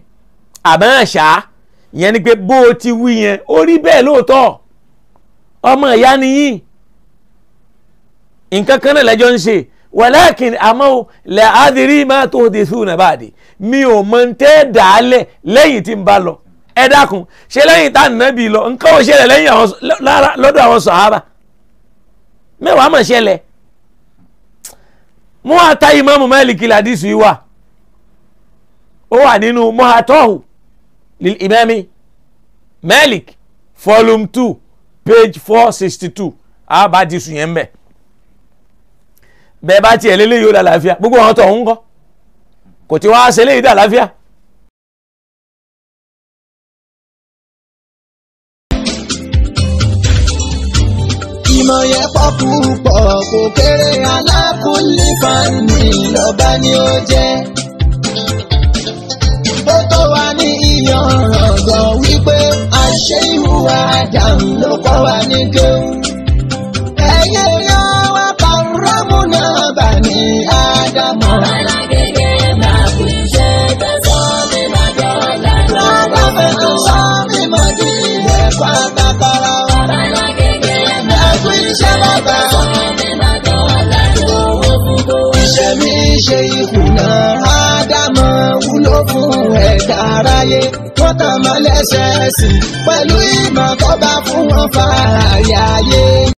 ṣáá ìyẹn ni pé bó o ti wí yẹn ó rí bẹ́ẹ̀ lóòótọ́ ọmọ ìyá nìyí nǹkan kan náà lẹ́jọ́ ń ṣe wàlákin àmọ́ lẹ́ àdìrí máa tó di sùn náà báàdì mi ò mọ ń tẹ́ dàálẹ̀ lẹ́yìn tí ń bá lọ ẹ dákun ṣé lẹ́yìn tá nàbì lọ nǹkan ò ṣẹlẹ̀ lẹ́yìn lọ́dọ̀ àwọn sàhábà mẹ́wàá mọ̀ ṣẹlẹ̀ mú àtàyè mọ́mú Málíkì làdísù yìí wà ó wà nínú mọ́ àtọ́hùn lil imami malik volume two page four sixty two a bá di sùn yẹn mbẹ bẹ́ẹ̀ bá tiẹ̀ lélẹ́yìí ó dà láàfíà gbogbo àwọn tó ń kọ́ kò tí wọ́n á ṣe léyìí dà ìmọ̀ yẹn pọ̀ púpọ̀ kò kéré alákùnlé fani lọ́ba ni ó jẹ́. ó tó wà ní èèyàn ọ̀rọ̀ gan wípé àṣẹ ìhùwà àdàmú ló kọ́ wa ní gé. ẹyẹ yọ wá pàrọ́mù náà bà ní ádámọ̀. alágẹ̀gẹ̀ máa kú iṣẹ́ tó sọ mí máa dọ̀la. lọ́dọ̀ mi tó sọ mí mọ̀ ní ilé ẹ̀kọ́ àgbàkọ́rọ̀. alágẹ̀gẹ̀ máa kú iṣẹ́ bàbá. sọ mí máa dọ̀la. owó fún owó. iṣẹ́ mi ṣe ìkùnà ló fún ẹ̀dá aráyé wọ́n tàn mọ́ lẹ́sẹ̀ẹ́sì pẹ̀lú ìmọ̀ tó bá fún wọn fààyè ayé.